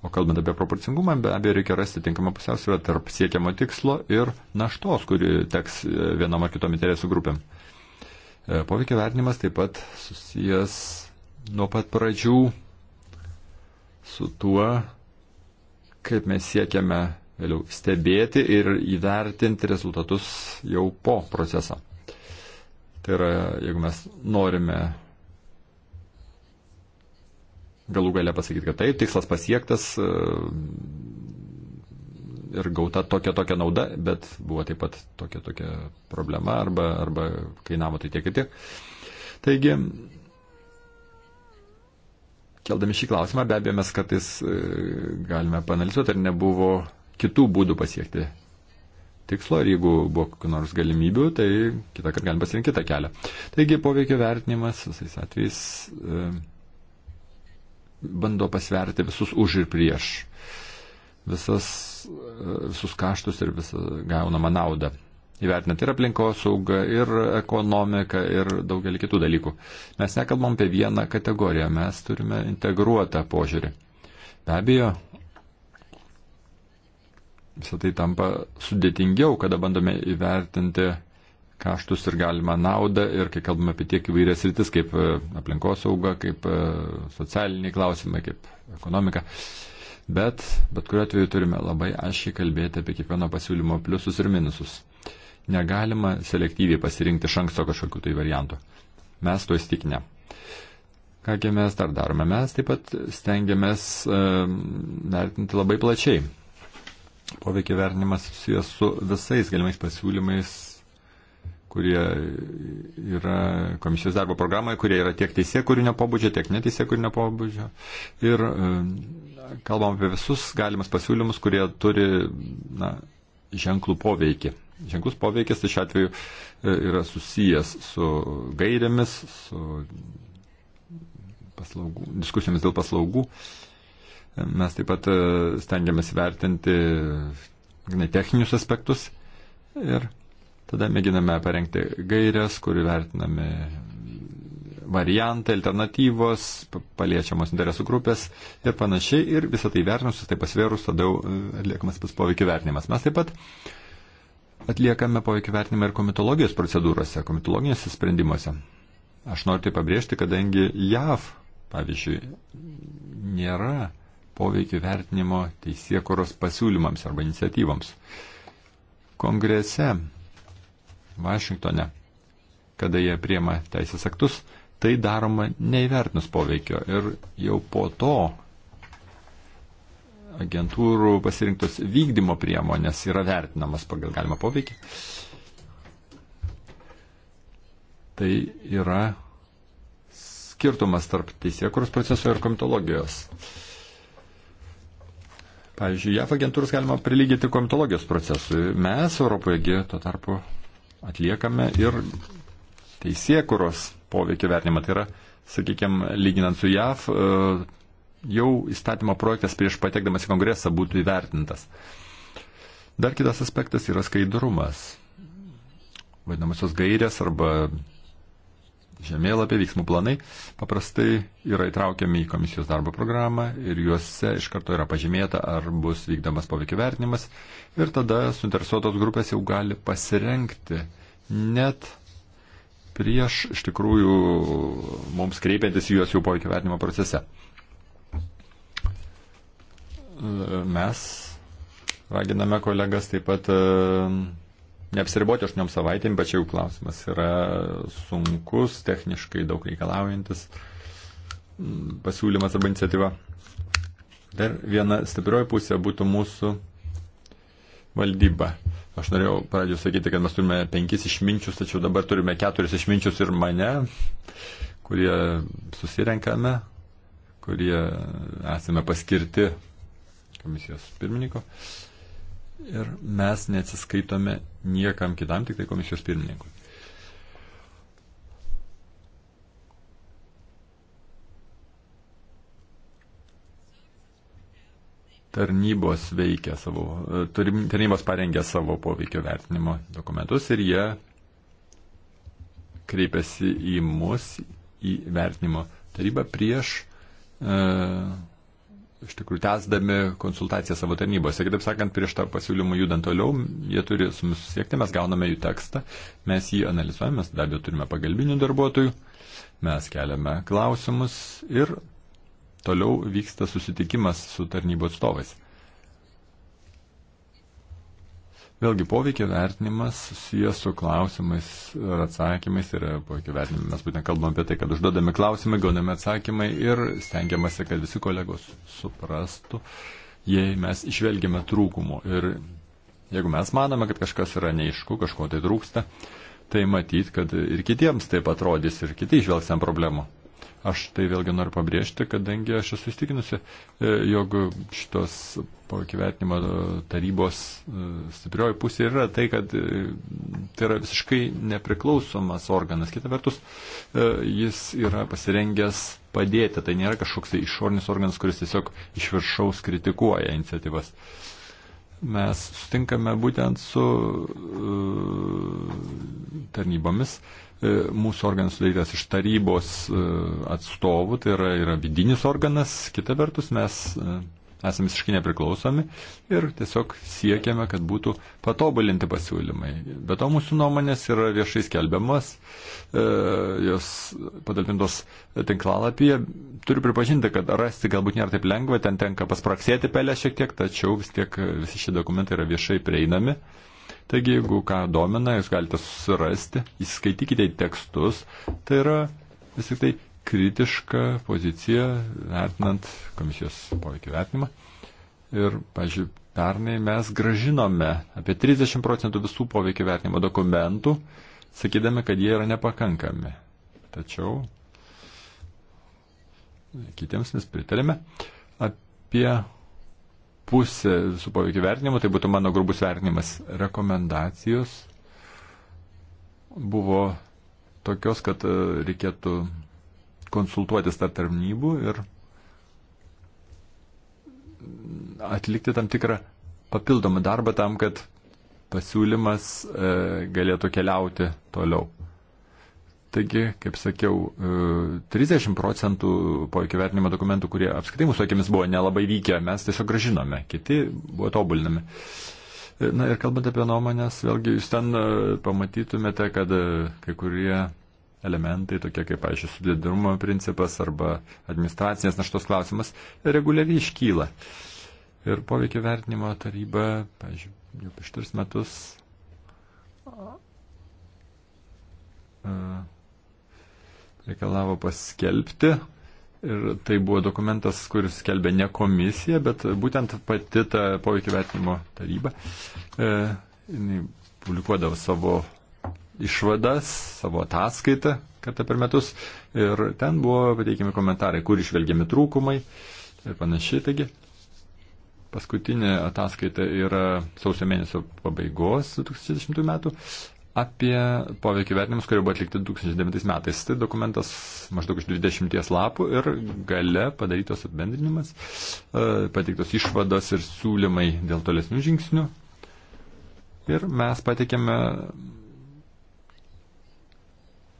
O kalbant apie proporcingumą, be abejo, reikia rasti tinkamą pusiausvyrą tarp siekiamo tikslo ir naštos, kuri teks e, vienam ar kitom interesų grupėm. E, poveikio vertinimas taip pat susijęs nuo pat pradžių su tuo, kaip mes siekiame vėliau stebėti ir įvertinti rezultatus jau po proceso. Tai yra, jeigu mes norime galų galę pasakyti, kad taip, tikslas pasiektas e, ir gauta tokia tokia nauda, bet buvo taip pat tokia tokia problema arba, arba kainavo tai tiek ir tiek. Taigi, keldami šį klausimą, be abejo, mes kartais e, galime panalizuoti, ar nebuvo kitų būdų pasiekti tikslo ir jeigu buvo kokių nors galimybių, tai kitą kartą galim pasirinkti kitą kelią. Taigi poveikio vertinimas visais atvejais e, bando pasverti visus už ir prieš, visas, e, visus kaštus ir visą gaunamą naudą. Įvertinant ir aplinkosaugą, ir ekonomiką, ir daugelį kitų dalykų. Mes nekalbam apie vieną kategoriją, mes turime integruotą požiūrį. Be abejo, visą tai tampa sudėtingiau, kada bandome įvertinti kaštus ir galima naudą ir kai kalbame apie tiek įvairias rytis kaip e, aplinkosauga, kaip e, socialiniai klausimai, kaip ekonomika. Bet, bet kuriuo atveju turime labai aiškiai kalbėti apie kiekvieno pasiūlymo pliusus ir minusus. Negalima selektyviai pasirinkti iš anksto kažkokių tai variantų. Mes to įstikinę. Kągi mes dar darome? Mes taip pat stengiamės e, vertinti labai plačiai. Poveikia vertinimas susijęs su visais galimais pasiūlymais, kurie yra komisijos darbo programoje, kurie yra tiek teisėkūrinio pobūdžio, tiek neteisėkūrinio pobūdžio. Ir e, kalbam apie visus galimas pasiūlymus, kurie turi na, ženklų poveikį. Ženklus poveikis tai šiuo atveju e, yra susijęs su gairėmis, su paslaugų, diskusijomis dėl paslaugų. Uh, Mes taip pat e, stengiamės vertinti techninius aspektus ir tada mėginame parengti gairias, kurių vertinami variantai, alternatyvos, paliečiamos interesų grupės ir panašiai. Ir visą tai vertinus, tai pasvėrus, tada jau e, atliekamas pats poveikio vertinimas. Mes taip pat atliekame poveikio vertinimą ir komitologijos procedūrose, komitologinėse sprendimuose. Aš noriu tai pabrėžti, kadangi JAV, pavyzdžiui, nėra poveikio vertinimo teisėkoros pasiūlymams arba iniciatyvams. Kongrese Vašingtone, kada jie priema teisės aktus, tai daroma neįvertinus poveikio ir jau po to agentūrų pasirinktos vykdymo priemonės yra vertinamas pagal galimą poveikį. Tai yra skirtumas tarp teisėkuros proceso ir komitologijos. Pavyzdžiui, JAF agentūros galima prilygyti komitologijos procesui. Mes Europoje tuo tarpu atliekame ir teisėkuros poveikio vertinimą. Tai yra, sakykime, lyginant su JAF, e, jau įstatymo projektas prieš patekdamas į kongresą būtų įvertintas. Dar kitas aspektas yra skaidrumas. Vadinamosios gairės arba žemėlapiai, veiksmų planai paprastai yra įtraukiami į komisijos darbo programą ir juose iš karto yra pažymėta, ar bus vykdomas poveikio vertinimas ir tada suinteresuotos grupės jau gali pasirenkti net prieš iš tikrųjų mums kreipiantis į juos jau poveikio vertinimo procese. Mes raginame kolegas taip pat neapsiriboti aštuoniom savaitėm, bet čia jau klausimas yra sunkus, techniškai daug reikalaujantis pasiūlymas arba iniciatyva. Dar viena stiprioji pusė būtų mūsų valdyba. Aš norėjau pradžio sakyti, kad mes turime penkis išminčius, tačiau dabar turime keturis išminčius ir mane, kurie susirenkame, kurie esame paskirti komisijos pirmininko. Uh, ir mes neatsiskaitome niekam kitam, tik tai komisijos pirmininkui. Tarnybos veikia savo, tarnybos parengia savo poveikio vertinimo dokumentus ir jie kreipiasi į mus, į vertinimo tarybą prieš uh, e, iš tikrųjų tęsdami konsultaciją savo tarnybose. Kitaip sakant, prieš tą pasiūlymą judant toliau, jie turi su mumis susiekti, mes gauname jų tekstą, mes jį analizuojame, mes be abejo turime pagalbinių darbuotojų, mes keliame klausimus ir toliau vyksta susitikimas su tarnybo atstovais. Vėlgi poveikio vertinimas susijęs su klausimais ir atsakymais ir e, poveikio vertinimas. Mes būtent kalbam apie tai, kad užduodami klausimai, gaunami atsakymai ir stengiamasi, kad visi kolegos suprastų, jei mes išvelgiame trūkumų. Ir jeigu mes manome, kad kažkas yra neišku, kažko tai trūksta, tai matyt, kad ir kitiems taip atrodys ir kiti išvelgsiam problemų. Aš tai vėlgi noriu pabrėžti, kadangi aš esu įstikinusi, e, jog šitos pakivertinimo e, tarybos e, stiprioji pusė yra tai, kad tai yra visiškai nepriklausomas organas. Kita vertus, jis yra pasirengęs padėti. Tai nėra kažkoks tai išornis organas, kuris tiesiog iš viršaus kritikuoja iniciatyvas mes sutinkame būtent su e, tarnybomis, E, mūsų organas sudarytas iš tarybos e, atstovų, tai yra, yra vidinis organas, kita vertus mes e, esame visiškai nepriklausomi ir tiesiog siekiame, kad būtų patobulinti pasiūlymai. Be to mūsų nuomonės yra viešai skelbiamas, e, jos padalpintos tinklalapyje. Turiu pripažinti, kad rasti galbūt nėra taip lengva, ten tenka paspraksėti pelę šiek tiek, tačiau vis tiek visi šie dokumentai yra viešai prieinami. Taigi, jeigu ką domina, jūs galite susirasti, įskaitykite į tekstus. Tai yra vis tik tai kritiška pozicija, vertinant komisijos poveikį vertinimą. Ir, pažiūrėjau, pernai mes gražinome apie 30 procentų visų poveikį vertinimo dokumentų, sakydami, kad jie yra nepakankami. Tačiau kitiems mes pritarėme apie pusė su poveikiu vertinimu, tai būtų mano grubus vertinimas. Rekomendacijos buvo tokios, kad e, reikėtų konsultuotis tarp tarnybų ir atlikti tam tikrą papildomą darbą tam, kad pasiūlymas e, galėtų keliauti toliau. Taigi, kaip sakiau, 30 e, procentų poveikio vertinimo dokumentų, kurie apskritai mūsų akimis buvo nelabai vykę, mes tiesiog gražinome, kiti buvo tobulinami. E, na ir kalbant apie nuomonės, vėlgi jūs ten e, pamatytumėte, kad kai kurie elementai, tokie kaip, aišku, sudėdirumo principas arba administracinės naštos klausimas, reguliariai iškyla. Ir poveikio vertinimo taryba, pažiūrėjau, jau prieš tris metus. Uh reikalavo paskelbti. Ir tai buvo dokumentas, kuris skelbė ne komisija, bet būtent pati ta poveikio vertinimo taryba. E, publikuodavo savo išvadas, savo ataskaitą kartą per metus. Ir ten buvo pateikiami komentarai, kur išvelgiami trūkumai ir panašiai. Taigi, paskutinė ataskaita yra sausio mėnesio pabaigos 2010 metų apie poveikį vertinimus, kurie buvo atlikti 2009 metais. Tai dokumentas maždaug iš 20 lapų ir gale padarytos apibendrinimas, e, pateiktos išvados ir siūlymai dėl tolesnių žingsnių. Ir mes pateikėme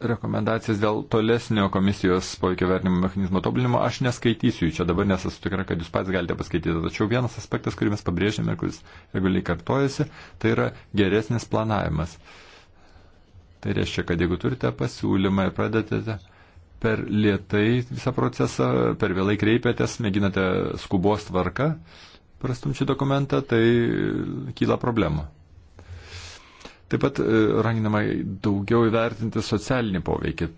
rekomendacijas dėl tolesnio komisijos poveikio vertinimo mechanizmo tobulinimo. Aš neskaitysiu jų čia dabar, nes esu tikra, kad jūs pats galite paskaityti. Tačiau vienas aspektas, kurį mes pabrėžėme, kuris reguliai kartojasi, tai yra geresnis planavimas. Uh, Tai reiškia, kad jeigu turite pasiūlymą ir pradedate per lietai visą procesą, per vėlai kreipiatės, mėginate skubos tvarką prastumčių dokumentą, tai kyla problema. Taip pat e, ranginama daugiau įvertinti socialinį poveikį.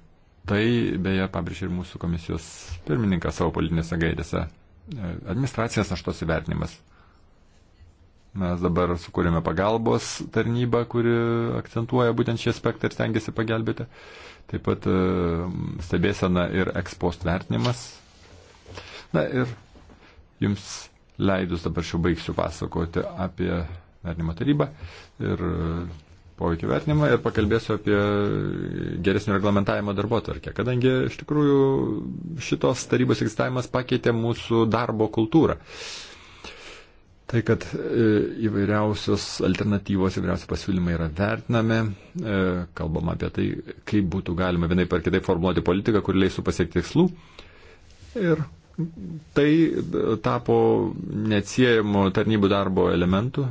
Tai beje pabrėžė ir mūsų komisijos pirmininkas savo politinėse gairėse. E, Administracinės naštos įvertinimas. Mes dabar sukūrėme pagalbos tarnybą, kuri akcentuoja būtent šį aspektą ir stengiasi pagelbėti. Taip pat e, stebėsena ir ekspost vertinimas. Na ir jums leidus dabar jau baigsiu pasakoti apie vertinimo tarybą ir e, poveikio vertinimą ir pakalbėsiu apie geresnio reglamentavimo darbo tvarkę, kadangi iš tikrųjų šitos tarybos egzistavimas pakeitė mūsų darbo kultūrą. Uh, Tai, kad e, įvairiausios alternatyvos, įvairiausi pasiūlymai yra vertinami, e, kalbam apie tai, kaip būtų galima vienai par kitai formuoti politiką, kuri leisų pasiekti tikslų. Ir tai tapo neatsiejamo tarnybų darbo elementų.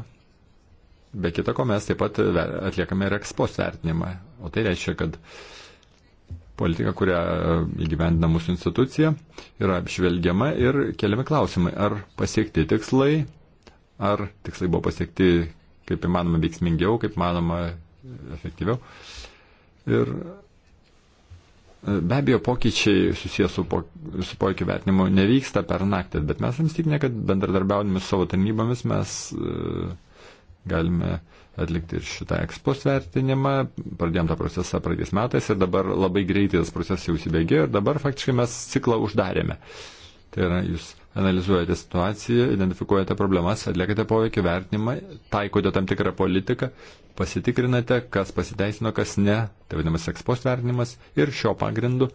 Be kita ko, mes taip pat atliekame ir ekspos vertinimą. O tai reiškia, kad politika, kurią įgyvendina mūsų institucija, yra apžvelgiama ir keliami klausimai, ar pasiekti tikslai ar tikslai buvo pasiekti kaip įmanoma veiksmingiau, kaip įmanoma efektyviau. Ir e, be abejo, pokyčiai susijęs su, po, su poveikio vertinimu nevyksta per naktį, bet mes amstikinė, kad bendradarbiaudami su savo tarnybomis mes uh, galime atlikti ir šitą ekspos vertinimą. Pradėjom tą procesą praeitais metais ir dabar labai greitai tas procesas jau įsibėgėjo ir dabar faktiškai mes ciklą uždarėme. Tai yra, jūs analizuojate situaciją, identifikuojate problemas, atliekate poveikį vertinimą, taikote tam tikrą politiką, pasitikrinate, kas pasiteisino, kas ne, tai vadinamas ekspost vertinimas ir šio pagrindu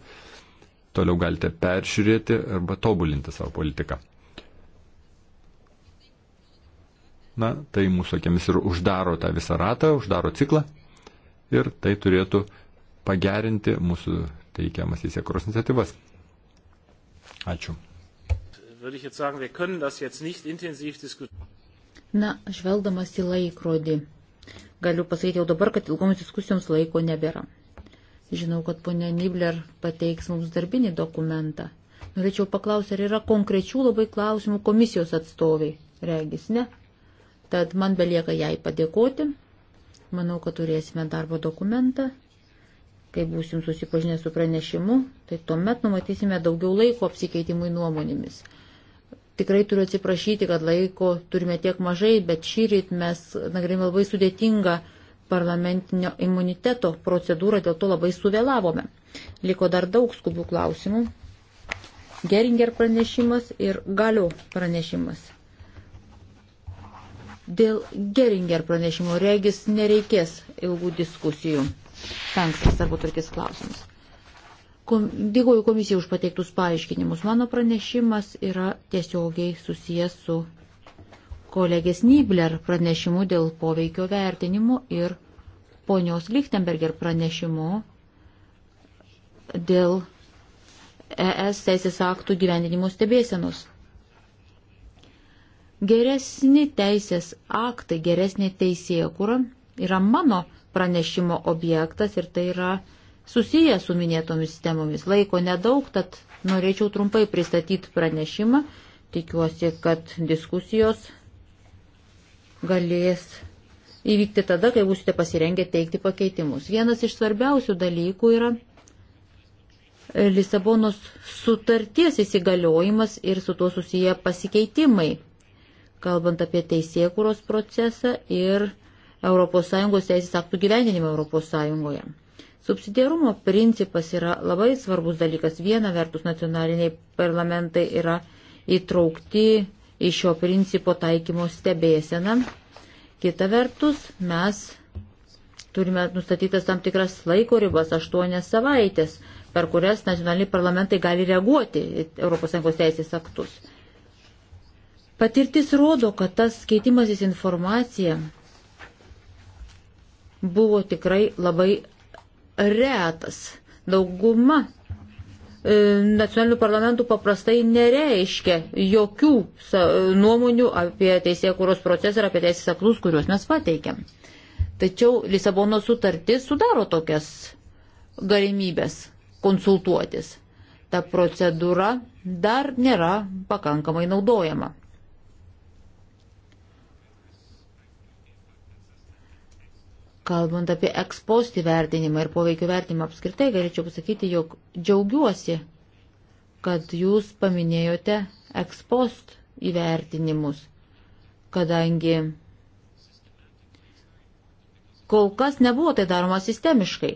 toliau galite peržiūrėti arba tobulinti savo politiką. Na, tai mūsų akiamis ir uždaro tą visą ratą, uždaro ciklą ir tai turėtų pagerinti mūsų teikiamas įsiekuros iniciatyvas. Ačiū würde ich jetzt sagen, wir können das jetzt nicht intensiv diskutieren. Na, žvelgdamas į laikrodį, galiu pasakyti jau dabar, kad ilgoms diskusijoms laiko nebėra. Žinau, kad ponia Nibler pateiks mums darbinį dokumentą. Norėčiau paklausti, ar yra konkrečių labai klausimų komisijos atstoviai. Regis, ne. Tad man belieka jai padėkoti. Manau, kad turėsime darbo dokumentą. Kai būsim susipažinę su pranešimu, tai tuomet numatysime daugiau laiko apsikeitimui nuomonėmis tikrai turiu atsiprašyti, kad laiko turime tiek mažai, bet šį rytą mes nagrinėjame labai sudėtingą parlamentinio imuniteto procedūrą, dėl to labai suvėlavome. Liko dar daug skubių klausimų. Geringer pranešimas ir galiu pranešimas. Dėl Geringer pranešimo regis nereikės ilgų diskusijų. Penktas darbo turkis klausimas. Kom, dėkuoju komisijai už pateiktus paaiškinimus. Mano pranešimas yra tiesiogiai susijęs su kolegės Nibler pranešimu dėl poveikio vertinimu ir ponios Lichtenberger pranešimu dėl ES teisės aktų gyvendinimo stebėsenos. Geresni teisės aktai, geresnė teisėkura yra mano pranešimo objektas ir tai yra susiję su minėtomis temomis. Laiko nedaug, tad norėčiau trumpai pristatyti pranešimą. Tikiuosi, kad diskusijos galės įvykti tada, kai būsite pasirengę teikti pakeitimus. Vienas iš svarbiausių dalykų yra Lisabonos sutarties įsigaliojimas ir su tuo susiję pasikeitimai, kalbant apie teisėkūros procesą ir ES teisės aktų gyveninimą ES. Subsidiarumo principas yra labai svarbus dalykas. Viena vertus nacionaliniai parlamentai yra įtraukti į šio principo taikymo stebėseną. Kita vertus mes turime nustatytas tam tikras laiko ribas - aštuonias savaitės, per kurias nacionaliniai parlamentai gali reaguoti į ES teisės aktus. Patirtis rodo, kad tas keitimasis informacija buvo tikrai labai retas. Dauguma e, nacionalinių parlamentų paprastai nereiškia jokių nuomonių apie teisė kūros procesą ir apie teisės aklus, kuriuos mes pateikėm. Tačiau Lisabono sutartis sudaro tokias galimybės konsultuotis. Ta procedūra dar nėra pakankamai naudojama. Kalbant apie ekspostį vertinimą ir poveikio vertinimą apskritai, galėčiau pasakyti, jog džiaugiuosi, kad jūs paminėjote ekspost įvertinimus, kadangi kol kas nebuvo tai daroma sistemiškai.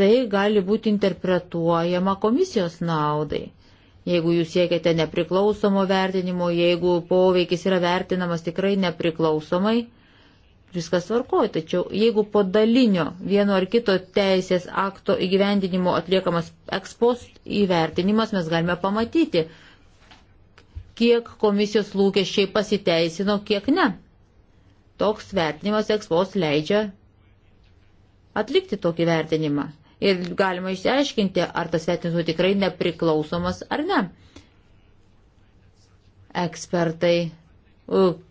Tai gali būti interpretuojama komisijos naudai jeigu jūs siekiate nepriklausomo vertinimo, jeigu poveikis yra vertinamas tikrai nepriklausomai, viskas svarkoja. Tačiau jeigu po dalinio vieno ar kito teisės akto įgyvendinimo atliekamas ekspost įvertinimas, mes galime pamatyti, kiek komisijos lūkesčiai pasiteisino, kiek ne. Toks vertinimas ekspos leidžia atlikti tokį vertinimą ir galima išsiaiškinti, ar tas vertinimas buvo tikrai nepriklausomas ar ne. Ekspertai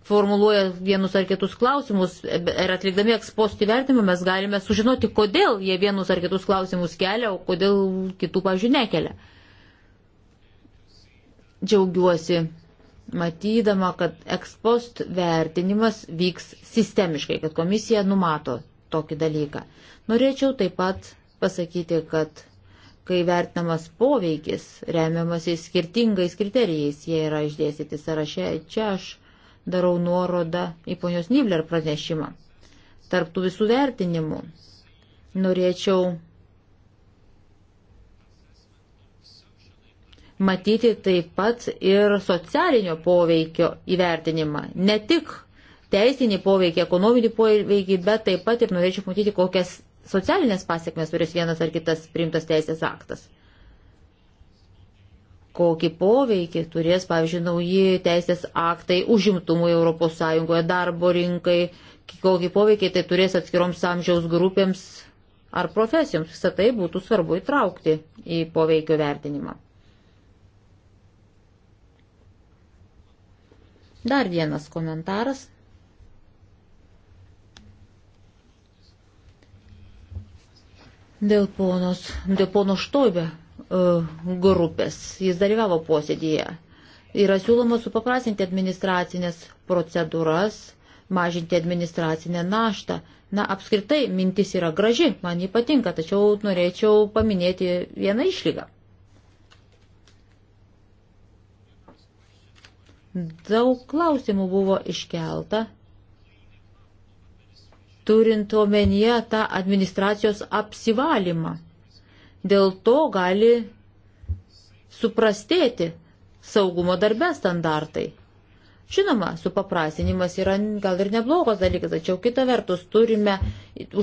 formuluoja vienus ar kitus klausimus ir atlikdami ekspostų įvertimą mes galime sužinoti, kodėl jie vienus ar kitus klausimus kelia, o kodėl kitų, pažiūrėjau, nekelia. Džiaugiuosi matydama, kad ekspost vertinimas vyks sistemiškai, kad komisija numato tokį dalyką. Norėčiau taip pat pasakyti, kad kai vertinamas poveikis, remiamas į skirtingais kriterijais, jie yra išdėstyti sąraše, čia aš darau nuorodą į ponios Nibler pranešimą. Tarptų visų vertinimų norėčiau matyti taip pat ir socialinio poveikio įvertinimą. Ne tik teisinį poveikį, ekonominį poveikį, bet taip pat ir norėčiau matyti, kokias socialinės pasiekmes turės vienas ar kitas priimtas teisės aktas. Kokį poveikį turės, pavyzdžiui, nauji teisės aktai užimtumui ES darbo rinkai, kokį poveikį tai turės atskiroms amžiaus grupėms ar profesijoms. Visą tai būtų svarbu įtraukti į poveikio vertinimą. Dar vienas komentaras Dėl, ponos, dėl pono Štoibė e, grupės. Jis dalyvavo posėdėje. Yra siūloma supaprasinti administracinės procedūras, mažinti administracinę naštą. Na, apskritai, mintis yra graži, man jį patinka, tačiau norėčiau paminėti vieną išlygą. Daug klausimų buvo iškelta turint omenyje tą administracijos apsivalymą. Dėl to gali suprastėti saugumo darbe standartai. Žinoma, supaprastinimas yra gal ir neblogas dalykas, tačiau kita vertus turime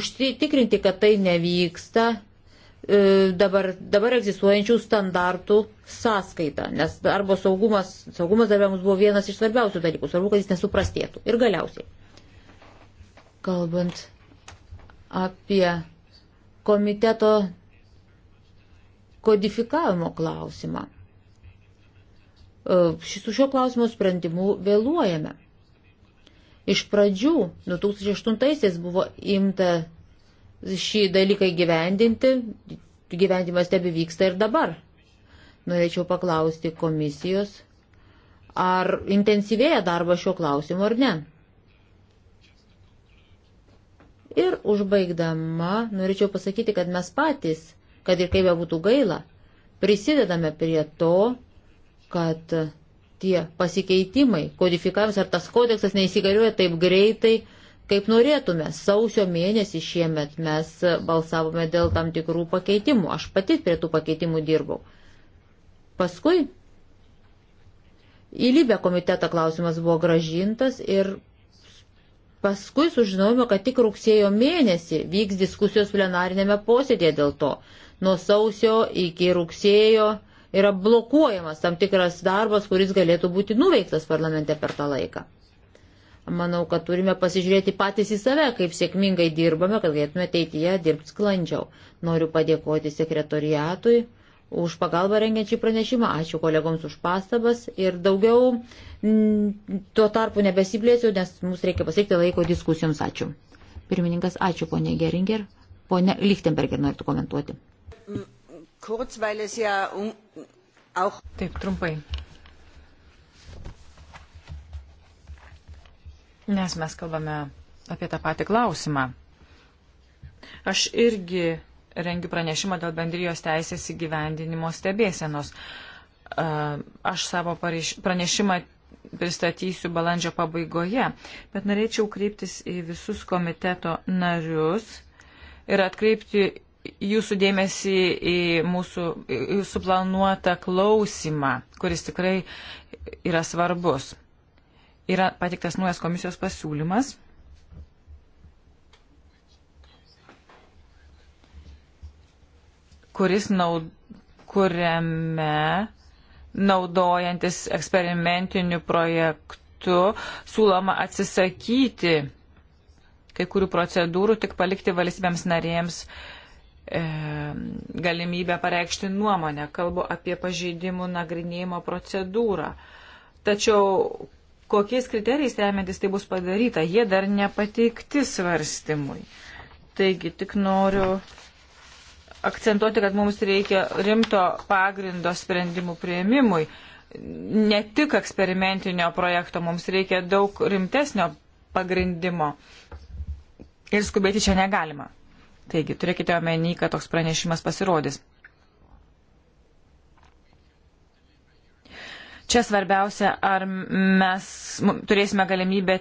užtikrinti, kad tai nevyksta e, dabar, dabar egzistuojančių standartų sąskaita, nes darbo saugumas, saugumas darbėms buvo vienas iš svarbiausių dalykų, svarbu, kad jis nesuprastėtų. Ir galiausiai kalbant apie komiteto kodifikavimo klausimą. E, su šio klausimo sprendimu vėluojame. Iš pradžių 2008-aisiais buvo imta šį dalyką įgyvendinti, gyvendimas tebi vyksta ir dabar. Norėčiau paklausti komisijos, ar intensyvėja darbas šiuo klausimu ar ne. Ir užbaigdama norėčiau pasakyti, kad mes patys, kad ir kaip būtų gaila, prisidedame prie to, kad tie pasikeitimai, kodifikavimas ar tas kodeksas neįsigaliuoja taip greitai, kaip norėtume. Sausio mėnesį šiemet mes balsavome dėl tam tikrų pakeitimų. Aš pati prie tų pakeitimų dirbau. Paskui į Libę komitetą klausimas buvo gražintas ir Paskui sužinojome, kad tik rugsėjo mėnesį vyks diskusijos plenarinėme posėdėje dėl to. Nuo sausio iki rugsėjo yra blokuojamas tam tikras darbas, kuris galėtų būti nuveiktas parlamente per tą laiką. Manau, kad turime pasižiūrėti patys į save, kaip sėkmingai dirbame, kad galėtume ateityje dirbti sklandžiau. Noriu padėkoti sekretoriatui už pagalbą rengiančią pranešimą. Ačiū kolegoms už pastabas ir daugiau Tuo tarpu nebesiblėsiu, nes mums reikia pasiekti laiko diskusijoms. Ačiū. Pirmininkas, ačiū ponė Geringer. Pone Lichtenberger norėtų komentuoti. Taip, trumpai. Nes mes kalbame apie tą patį klausimą. Aš irgi rengiu pranešimą dėl bendrijos teisės įgyvendinimo stebėsenos. Aš savo pranešimą pristatysiu balandžio pabaigoje, bet norėčiau kreiptis į visus komiteto narius ir atkreipti jūsų dėmesį į mūsų suplanuotą klausimą, kuris tikrai yra svarbus. Yra patiktas naujas komisijos pasiūlymas. kuris naud, kuriame naudojantis eksperimentiniu projektu, siūloma atsisakyti kai kurių procedūrų, tik palikti valstybėms narėms e, galimybę pareikšti nuomonę. Kalbu apie pažeidimų nagrinėjimo procedūrą. Tačiau kokiais kriterijais remiantis tai bus padaryta, jie dar nepateikti svarstymui. Taigi tik noriu akcentuoti, kad mums reikia rimto pagrindo sprendimų prieimimui. Ne tik eksperimentinio projekto, mums reikia daug rimtesnio pagrindimo. Ir skubėti čia negalima. Taigi, turėkite omeny, kad toks pranešimas pasirodys. Čia svarbiausia, ar mes turėsime galimybę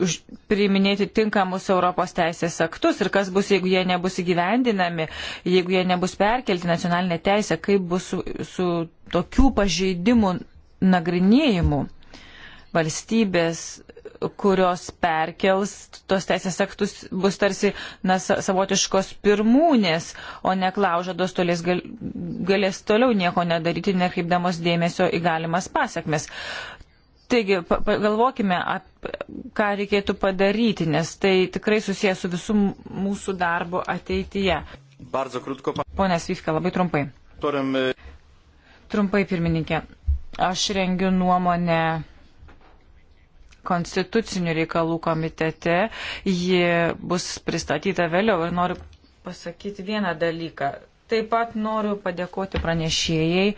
už, priiminėti tinkamus Europos teisės aktus ir kas bus, jeigu jie nebus įgyvendinami, jeigu jie nebus perkelti nacionalinę teisę, kaip bus su, su tokių pažeidimų nagrinėjimu valstybės kurios perkels tos teisės aktus bus tarsi na, savotiškos pirmūnės, o ne klaužados tolės gal, galės toliau nieko nedaryti, nekreipdamos dėmesio į galimas pasiekmes. Taigi, galvokime, ką reikėtų padaryti, nes tai tikrai susijęs su visų mūsų darbu ateityje. Pone Svifka, labai trumpai. E, trumpai, pirmininkė. Aš rengiu nuomonę konstitucinių reikalų komitete. Ji bus pristatyta vėliau ir noriu pasakyti vieną dalyką. Taip pat noriu padėkoti pranešėjai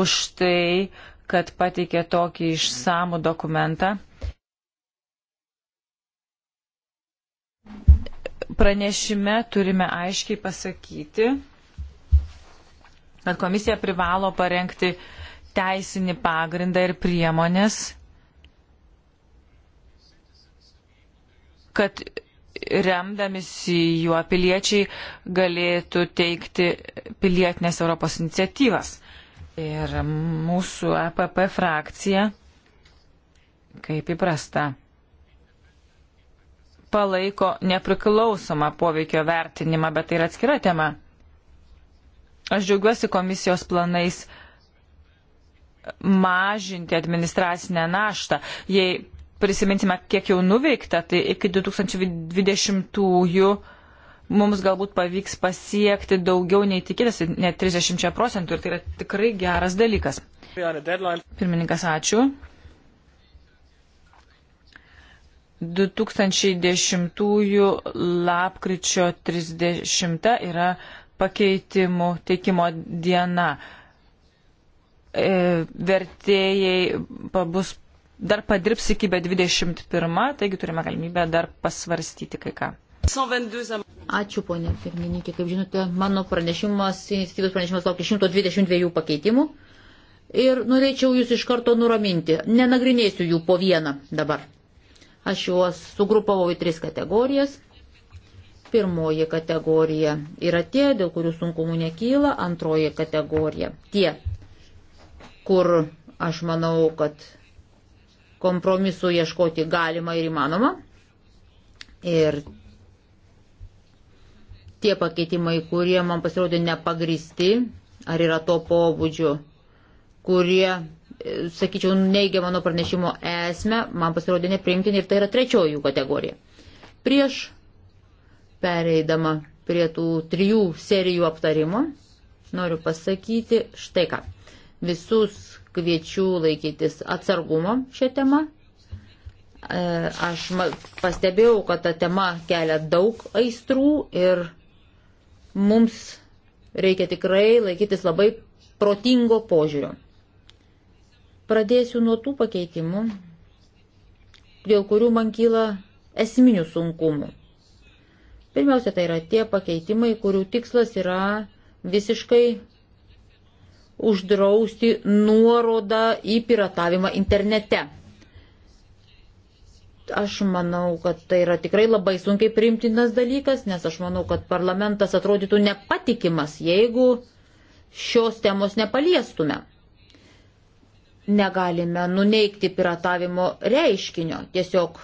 už tai, kad pateikė tokį išsamų dokumentą. Pranešime turime aiškiai pasakyti, kad komisija privalo parengti teisinį pagrindą ir priemonės, kad remdamisi juo piliečiai galėtų teikti pilietinės Europos iniciatyvas. Ir mūsų EPP frakcija, kaip įprasta, palaiko nepriklausomą poveikio vertinimą, bet tai yra atskira tema. Aš džiaugiuosi komisijos planais mažinti administracinę naštą. Jei prisiminsime, kiek jau nuveikta, tai iki 2020-ųjų mums galbūt pavyks pasiekti daugiau nei tikėtasi, net 30 procentų ir tai yra tikrai geras dalykas. Pirmininkas, ačiū. 2010 lapkričio 30 yra pakeitimų teikimo diena. E, vertėjai pabus, dar padirbs iki be 21, taigi turime galimybę dar pasvarstyti kai ką. Ačiū, ponė pirmininkė. Kaip žinote, mano pranešimas, institucijos pranešimas laukia 122 pakeitimų. Ir norėčiau jūs iš karto nuraminti. Nenagrinėsiu jų po vieną dabar. Aš juos sugrupavau į tris kategorijas. Pirmoji kategorija yra tie, dėl kurių sunkumų nekyla. Antroji kategorija tie, kur aš manau, kad kompromisų ieškoti galima ir įmanoma. Ir tie pakeitimai, kurie man pasirodė nepagristi, ar yra to pobūdžio, kurie, e, sakyčiau, neigia mano pranešimo esmę, man pasirodė neprimtini ir tai yra trečioji kategorija. Prieš pereidama prie tų trijų serijų aptarimo, noriu pasakyti štai ką. Visus kviečiu laikytis atsargumo šią temą. E, aš pastebėjau, kad ta tema kelia daug aistrų ir Mums reikia tikrai laikytis labai protingo požiūrio. Pradėsiu nuo tų pakeitimų, dėl kurių man kyla esminių sunkumų. Pirmiausia, tai yra tie pakeitimai, kurių tikslas yra visiškai uždrausti nuorodą į piratavimą internete. Aš manau, kad tai yra tikrai labai sunkiai priimtinas dalykas, nes aš manau, kad parlamentas atrodytų nepatikimas, jeigu šios temos nepaliestume. Negalime nuneikti piratavimo reiškinio, tiesiog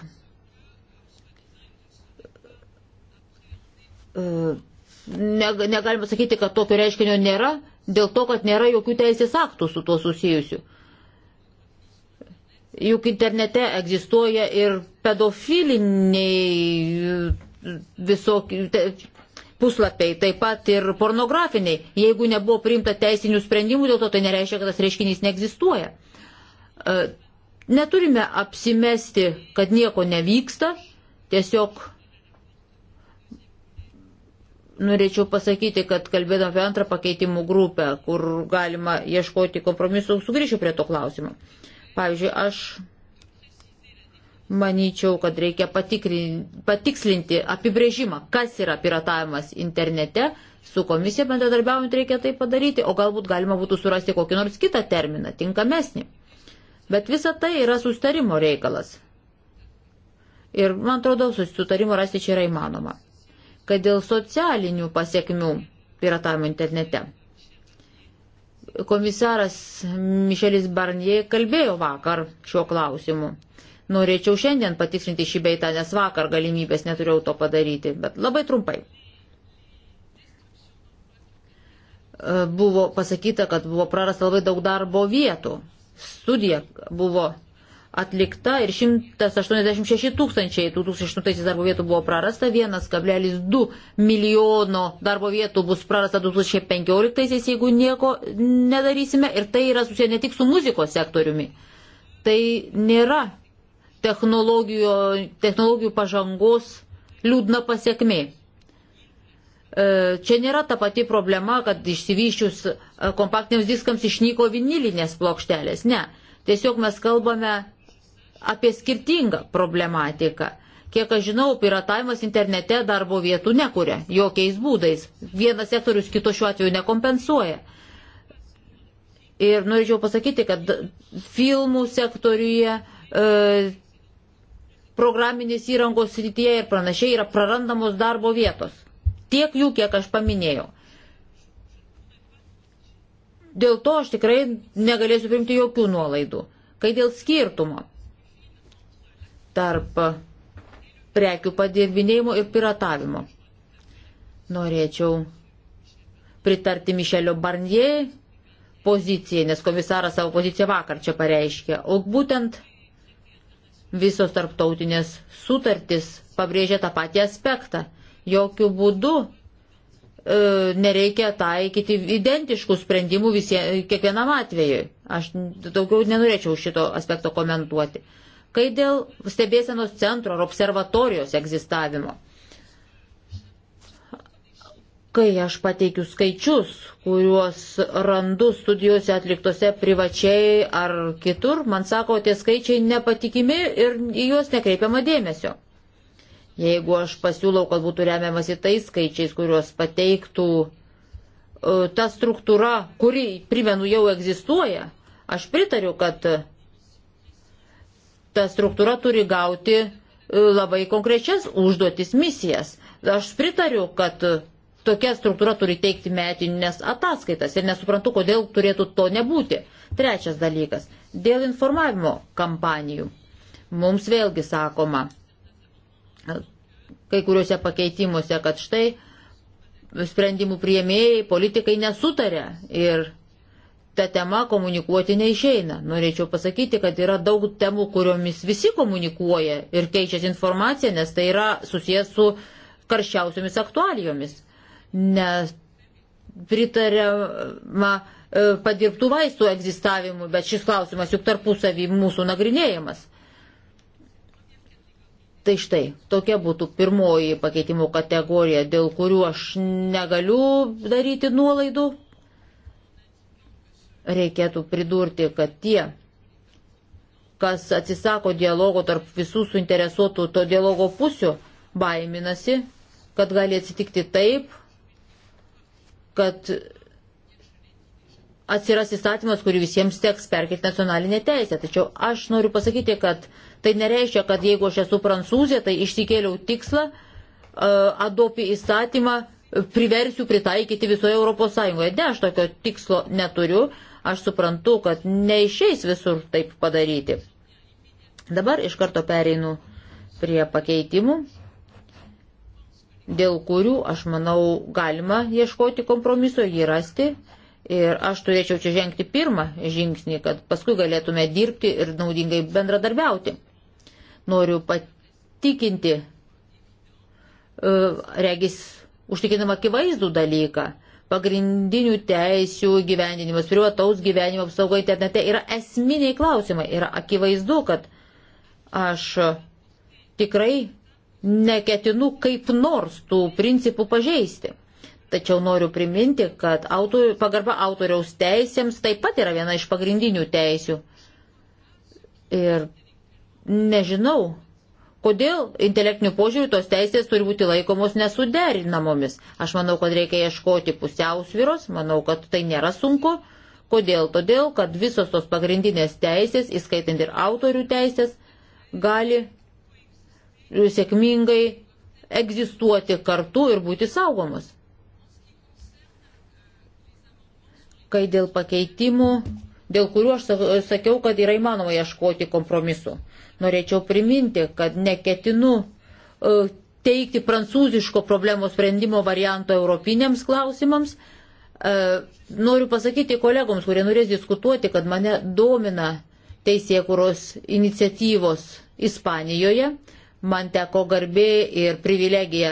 e, negalime sakyti, kad tokio reiškinio nėra, dėl to, kad nėra jokių teisės aktų su tuo susijusių. Juk internete egzistuoja ir pedofiliniai visokių puslapiai, taip pat ir pornografiniai. Jeigu nebuvo priimta teisinių sprendimų dėl to, tai nereiškia, kad tas reiškinys neegzistuoja. E, neturime apsimesti, kad nieko nevyksta, tiesiog norėčiau pasakyti, kad kalbėdam apie antrą pakeitimų grupę, kur galima ieškoti kompromisų, sugrįšiu prie to klausimo. Pavyzdžiui, aš manyčiau, kad reikia patikslinti apibrėžimą, kas yra piratavimas internete. Su komisija bendradarbiaujant reikia tai padaryti, o galbūt galima būtų surasti kokį nors kitą terminą, tinkamesnį. Bet visa tai yra sustarimo reikalas. Ir man atrodo, susitarimo rasti čia yra įmanoma. Kad dėl socialinių pasiekmių piratavimo internete Komisaras Mišelis Barnie kalbėjo vakar šiuo klausimu. Norėčiau šiandien patikslinti šį beitą, nes vakar galimybės neturėjau to padaryti, bet labai trumpai. E, buvo pasakyta, kad buvo prarasta labai daug darbo vietų. Studija buvo atlikta ir 186 tūkstančiai 2008 darbo vietų buvo prarasta, 1,2 milijono darbo vietų bus prarasta 2015, jeigu nieko nedarysime ir tai yra susiję ne tik su muzikos sektoriumi. Tai nėra technologijų, technologijų pažangos liūdna pasiekmė. E, čia nėra ta pati problema, kad išsivyščius e, kompaktiniams diskams išnyko vinilinės plokštelės. Ne. Tiesiog mes kalbame apie skirtingą problematiką. Kiek aš žinau, piratavimas internete darbo vietų nekuria jokiais būdais. Vienas sektorius kito šiuo atveju nekompensuoja. Ir norėčiau pasakyti, kad filmų sektoriuje, e, programinės įrangos srityje ir pranašiai yra prarandamos darbo vietos. Tiek jų, kiek aš paminėjau. Dėl to aš tikrai negalėsiu primti jokių nuolaidų. Kai dėl skirtumo tarp prekių padirbinėjimo ir piratavimo. Norėčiau pritarti Mišelio Barnier pozicijai, nes komisaras savo poziciją vakar čia pareiškė. O būtent visos tarptautinės sutartys pabrėžia tą patį aspektą. Jokių būdų e, nereikia taikyti identiškų sprendimų visie, kiekvienam atvejui. Aš daugiau nenorėčiau šito aspekto komentuoti kai dėl stebėsenos centro ar observatorijos egzistavimo. Kai aš pateikiu skaičius, kuriuos randu studijuose atliktose privačiai ar kitur, man sako, tie skaičiai nepatikimi ir į juos nekreipiama dėmesio. Jeigu aš pasiūlau, kad būtų remiamasi tais skaičiais, kuriuos pateiktų e, ta struktūra, kuri, primenu, jau egzistuoja, aš pritariu, kad ta struktūra turi gauti e, labai konkrečias užduotis, misijas. Aš pritariu, kad tokia struktūra turi teikti metinės ataskaitas ir nesuprantu, kodėl turėtų to nebūti. Trečias dalykas - dėl informavimo kampanijų. Mums vėlgi sakoma e, kai kuriuose pakeitimuose, kad štai sprendimų prieimėjai, politikai nesutarė ir tą temą komunikuoti neišeina. Norėčiau pasakyti, kad yra daug temų, kuriomis visi komunikuoja ir keičiasi informacija, nes tai yra susijęs su karščiausiomis aktualijomis. Nes pritariama e, padirbtų vaistų egzistavimu, bet šis klausimas juk tarpusavį mūsų nagrinėjamas. Tai štai, tokia būtų pirmoji pakeitimo kategorija, dėl kurių aš negaliu daryti nuolaidų reikėtų pridurti, kad tie, kas atsisako dialogo tarp visų suinteresuotų to dialogo pusių, baiminasi, kad gali atsitikti taip, kad atsiras įstatymas, kurį visiems teks perkelti nacionalinę teisę. Tačiau aš noriu pasakyti, kad tai nereiškia, kad jeigu aš esu prancūzė, tai išsikėliau tikslą uh, adopi įstatymą priversiu pritaikyti visoje Europos Sąjungoje. Ne, aš tokio tikslo neturiu. Aš suprantu, kad neišeis visur taip padaryti. Dabar iš karto pereinu prie pakeitimų, dėl kurių, aš manau, galima ieškoti kompromiso, jį rasti. Ir aš turėčiau čia žengti pirmą žingsnį, kad paskui galėtume dirbti ir naudingai bendradarbiauti. Noriu patikinti, e, regis, užtikinamą akivaizdų dalyką pagrindinių teisių gyvendinimas, privataus gyvenimo apsauga internete yra esminiai klausimai. Yra akivaizdu, kad aš tikrai neketinu kaip nors tų principų pažeisti. Tačiau noriu priminti, kad autor, pagarba autoriaus teisėms taip pat yra viena iš pagrindinių teisių. Ir nežinau, Kodėl intelektinių požiūrių tos teisės turi būti laikomos nesuderinamomis? Aš manau, kad reikia ieškoti pusiausviros, manau, kad tai nėra sunku. Kodėl? Todėl, kad visos tos pagrindinės teisės, įskaitant ir autorių teisės, gali sėkmingai egzistuoti kartu ir būti saugomos. Kai dėl pakeitimų dėl kurių aš sakiau, kad yra įmanoma ieškoti kompromisu. Norėčiau priminti, kad neketinu e, teikti prancūziško problemų sprendimo varianto europiniams klausimams. E, noriu pasakyti kolegoms, kurie norės diskutuoti, kad mane domina teisėkuros iniciatyvos Ispanijoje. Man teko garbė ir privilegija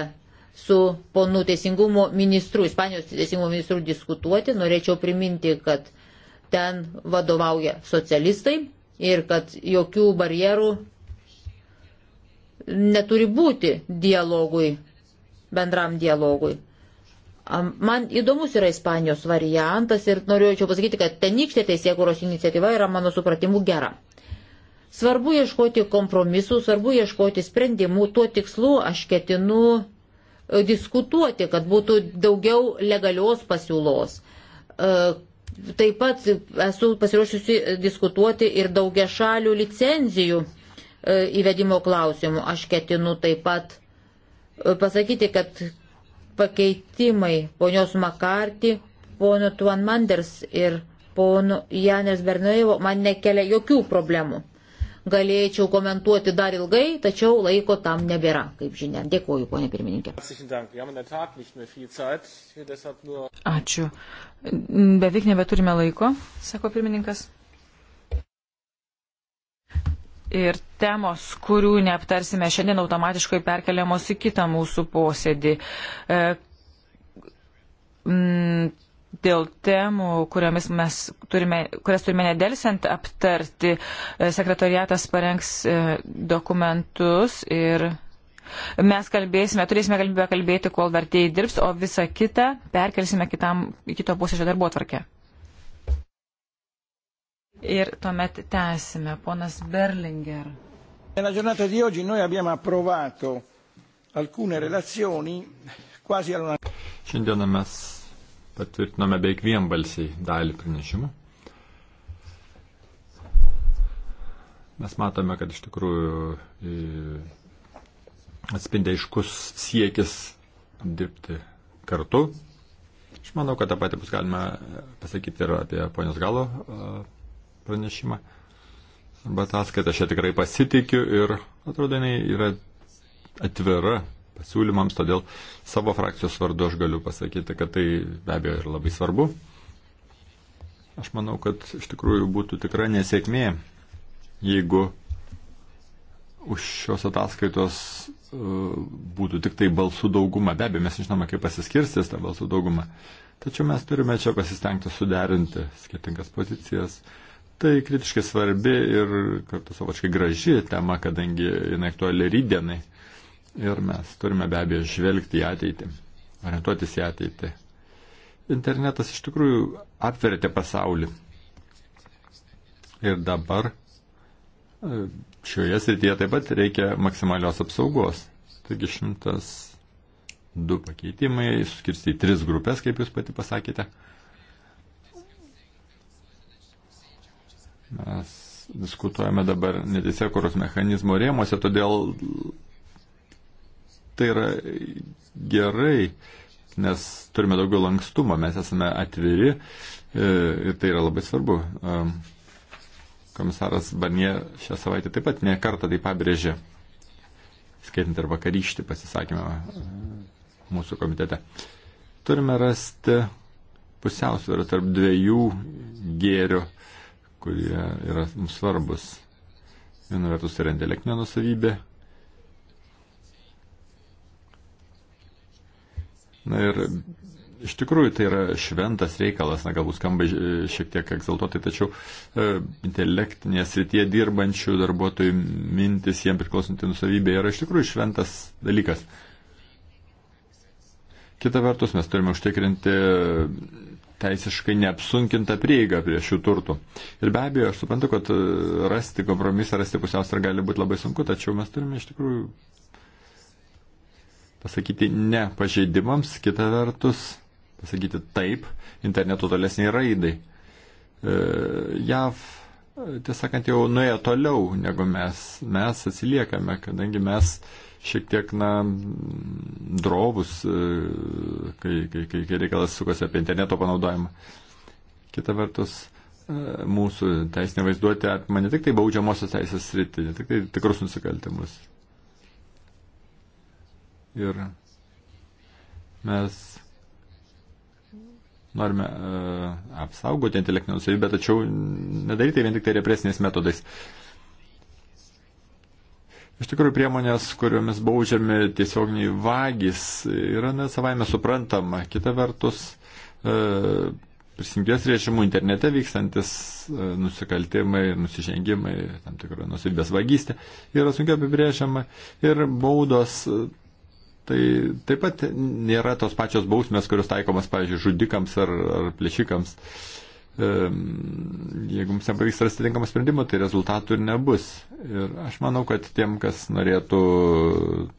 su ponu teisingumo ministru, Ispanijos teisingumo ministru diskutuoti. Norėčiau priminti, kad ten vadovauja socialistai ir kad jokių barjerų neturi būti dialogui, bendram dialogui. Man įdomus yra Ispanijos variantas ir norėčiau pasakyti, kad tenykštė teisėkuros iniciatyva yra mano supratimu gera. Svarbu ieškoti kompromisų, svarbu ieškoti sprendimų, tuo tikslu aš ketinu e, diskutuoti, kad būtų daugiau legalios pasiūlos, e, Taip pat esu pasiruošusi diskutuoti ir daugia šalių licenzijų e, įvedimo klausimų. Aš ketinu taip pat e, pasakyti, kad pakeitimai ponios Makarti, ponio Tuan Manders ir ponio Janės Bernojevo man nekelia jokių problemų galėčiau komentuoti dar ilgai, tačiau laiko tam nebėra, kaip žinia. Dėkuoju, ponė pirmininkė. Ačiū. Beveik nebeturime laiko, sako pirmininkas. Ir temos, kurių neaptarsime šiandien, automatiškai perkeliamos į kitą mūsų posėdį. E, mm, dėl temų, kuriamis mes turime, kurias turime nedelsiant aptarti. E, sekretariatas parengs e, dokumentus ir mes kalbėsime, turėsime galimybę kalbėti, kol vertėjai dirbs, o visą kitą perkelsime kitam, kito posėdžio darbo atvarkę. Ir tuomet tęsime. Ponas Berlinger. Nella giornata di oggi noi abbiamo approvato alcune relazioni quasi alla... Šiandieną mes patvirtinome beveik vienbalsiai dalį pranešimų. Mes matome, kad iš tikrųjų e, atspindė iškus siekis dirbti kartu. Aš manau, kad tą patį bus galima pasakyti ir apie ponios galo e, pranešimą. Arba ataskaitą aš ją tikrai pasitikiu ir atrodo, jinai yra atvira pasiūlymams, todėl savo frakcijos vardu aš galiu pasakyti, kad tai be abejo yra labai svarbu. Aš manau, kad iš tikrųjų būtų tikra nesėkmė, jeigu už šios ataskaitos e, būtų tik tai balsų dauguma. Be abejo, mes žinome, kaip pasiskirstys ta balsų dauguma. Tačiau mes turime čia pasistengti suderinti skirtingas pozicijas. Tai kritiškai svarbi ir kartu savočkai graži tema, kadangi jinai aktuali rydienai ir mes turime be abejo žvelgti į ateitį, orientuotis į ateitį. Internetas iš tikrųjų apvertė pasaulį. Ir dabar e, šioje srityje taip pat reikia maksimalios apsaugos. Taigi šimtas du pakeitimai, suskirsti į tris grupės, kaip jūs pati pasakėte. Mes diskutuojame dabar neteisėkuros mechanizmo rėmose, todėl tai yra gerai, nes turime daugiau lankstumo, mes esame atviri e, ir tai yra labai svarbu. E, komisaras Barnie šią savaitę taip pat nekartą tai pabrėžė, skaitant ir vakaryštį pasisakymą e, mūsų komitete. Turime rasti pusiausvyrą tarp dviejų gėrių, kurie yra mums svarbus. Viena vertus yra intelektinė nusavybė, Na ir iš tikrųjų tai yra šventas reikalas, na galbūt skamba šiek tiek egzaltuotai, tačiau e, intelektinėje srityje dirbančių darbuotojų mintis, jiems priklausanti nusavybė yra iš tikrųjų šventas dalykas. Kita vertus, mes turime užtikrinti teisiškai neapsunkinta prieiga prie šių turtų. Ir be abejo, aš suprantu, kad rasti kompromisą, rasti pusiausvyrą gali būti labai sunku, tačiau mes turime iš tikrųjų pasakyti ne pažeidimams, kita vertus pasakyti taip interneto tolesniai raidai. E, JAV, tiesąkant, jau nuėjo toliau negu mes. Mes atsiliekame, kadangi mes šiek tiek, na, drovus, e, kai, kai, kai, kai reikalas sukasi apie interneto panaudojimą. Kita vertus, e, mūsų teisinė vaizduotė apima ne tik tai baudžiamosios teisės sritį, ne tik tai tikrus nusikaltimus, Ir mes norime uh, apsaugoti intelektinę nusavybę, tačiau nedaryti tai vien tik tai represiniais metodais. Iš tikrųjų, priemonės, kuriomis baudžiami tiesioginiai vagys, yra net savaime suprantama. Kita vertus, uh, e, prisimties režimų internete vykstantis e, nusikaltimai, nusižengimai, tam tikra nusibės vagystė yra sunkiai apibrėžiama ir baudos Tai taip pat nėra tos pačios bausmės, kurios taikomas, pavyzdžiui, žudikams ar, ar plėšikams. Jeigu mums nepavyks rasti tinkamą sprendimą, tai rezultatų ir nebus. Ir aš manau, kad tiem, kas norėtų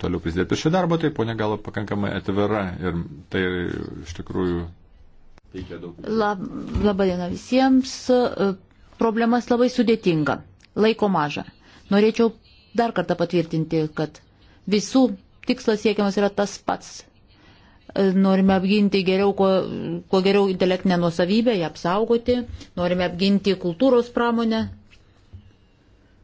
toliau prisidėti prie šio darbo, tai ponia galo pakankamai atvira ir tai iš tikrųjų teikia daug. Lab, Labadiena visiems. Problemas labai sudėtinga. Laiko maža. Norėčiau dar kartą patvirtinti, kad visų tikslas siekiamas yra tas pats. Norime apginti geriau, kuo, kuo geriau intelektinę nuosavybę, ją apsaugoti, norime apginti kultūros pramonę,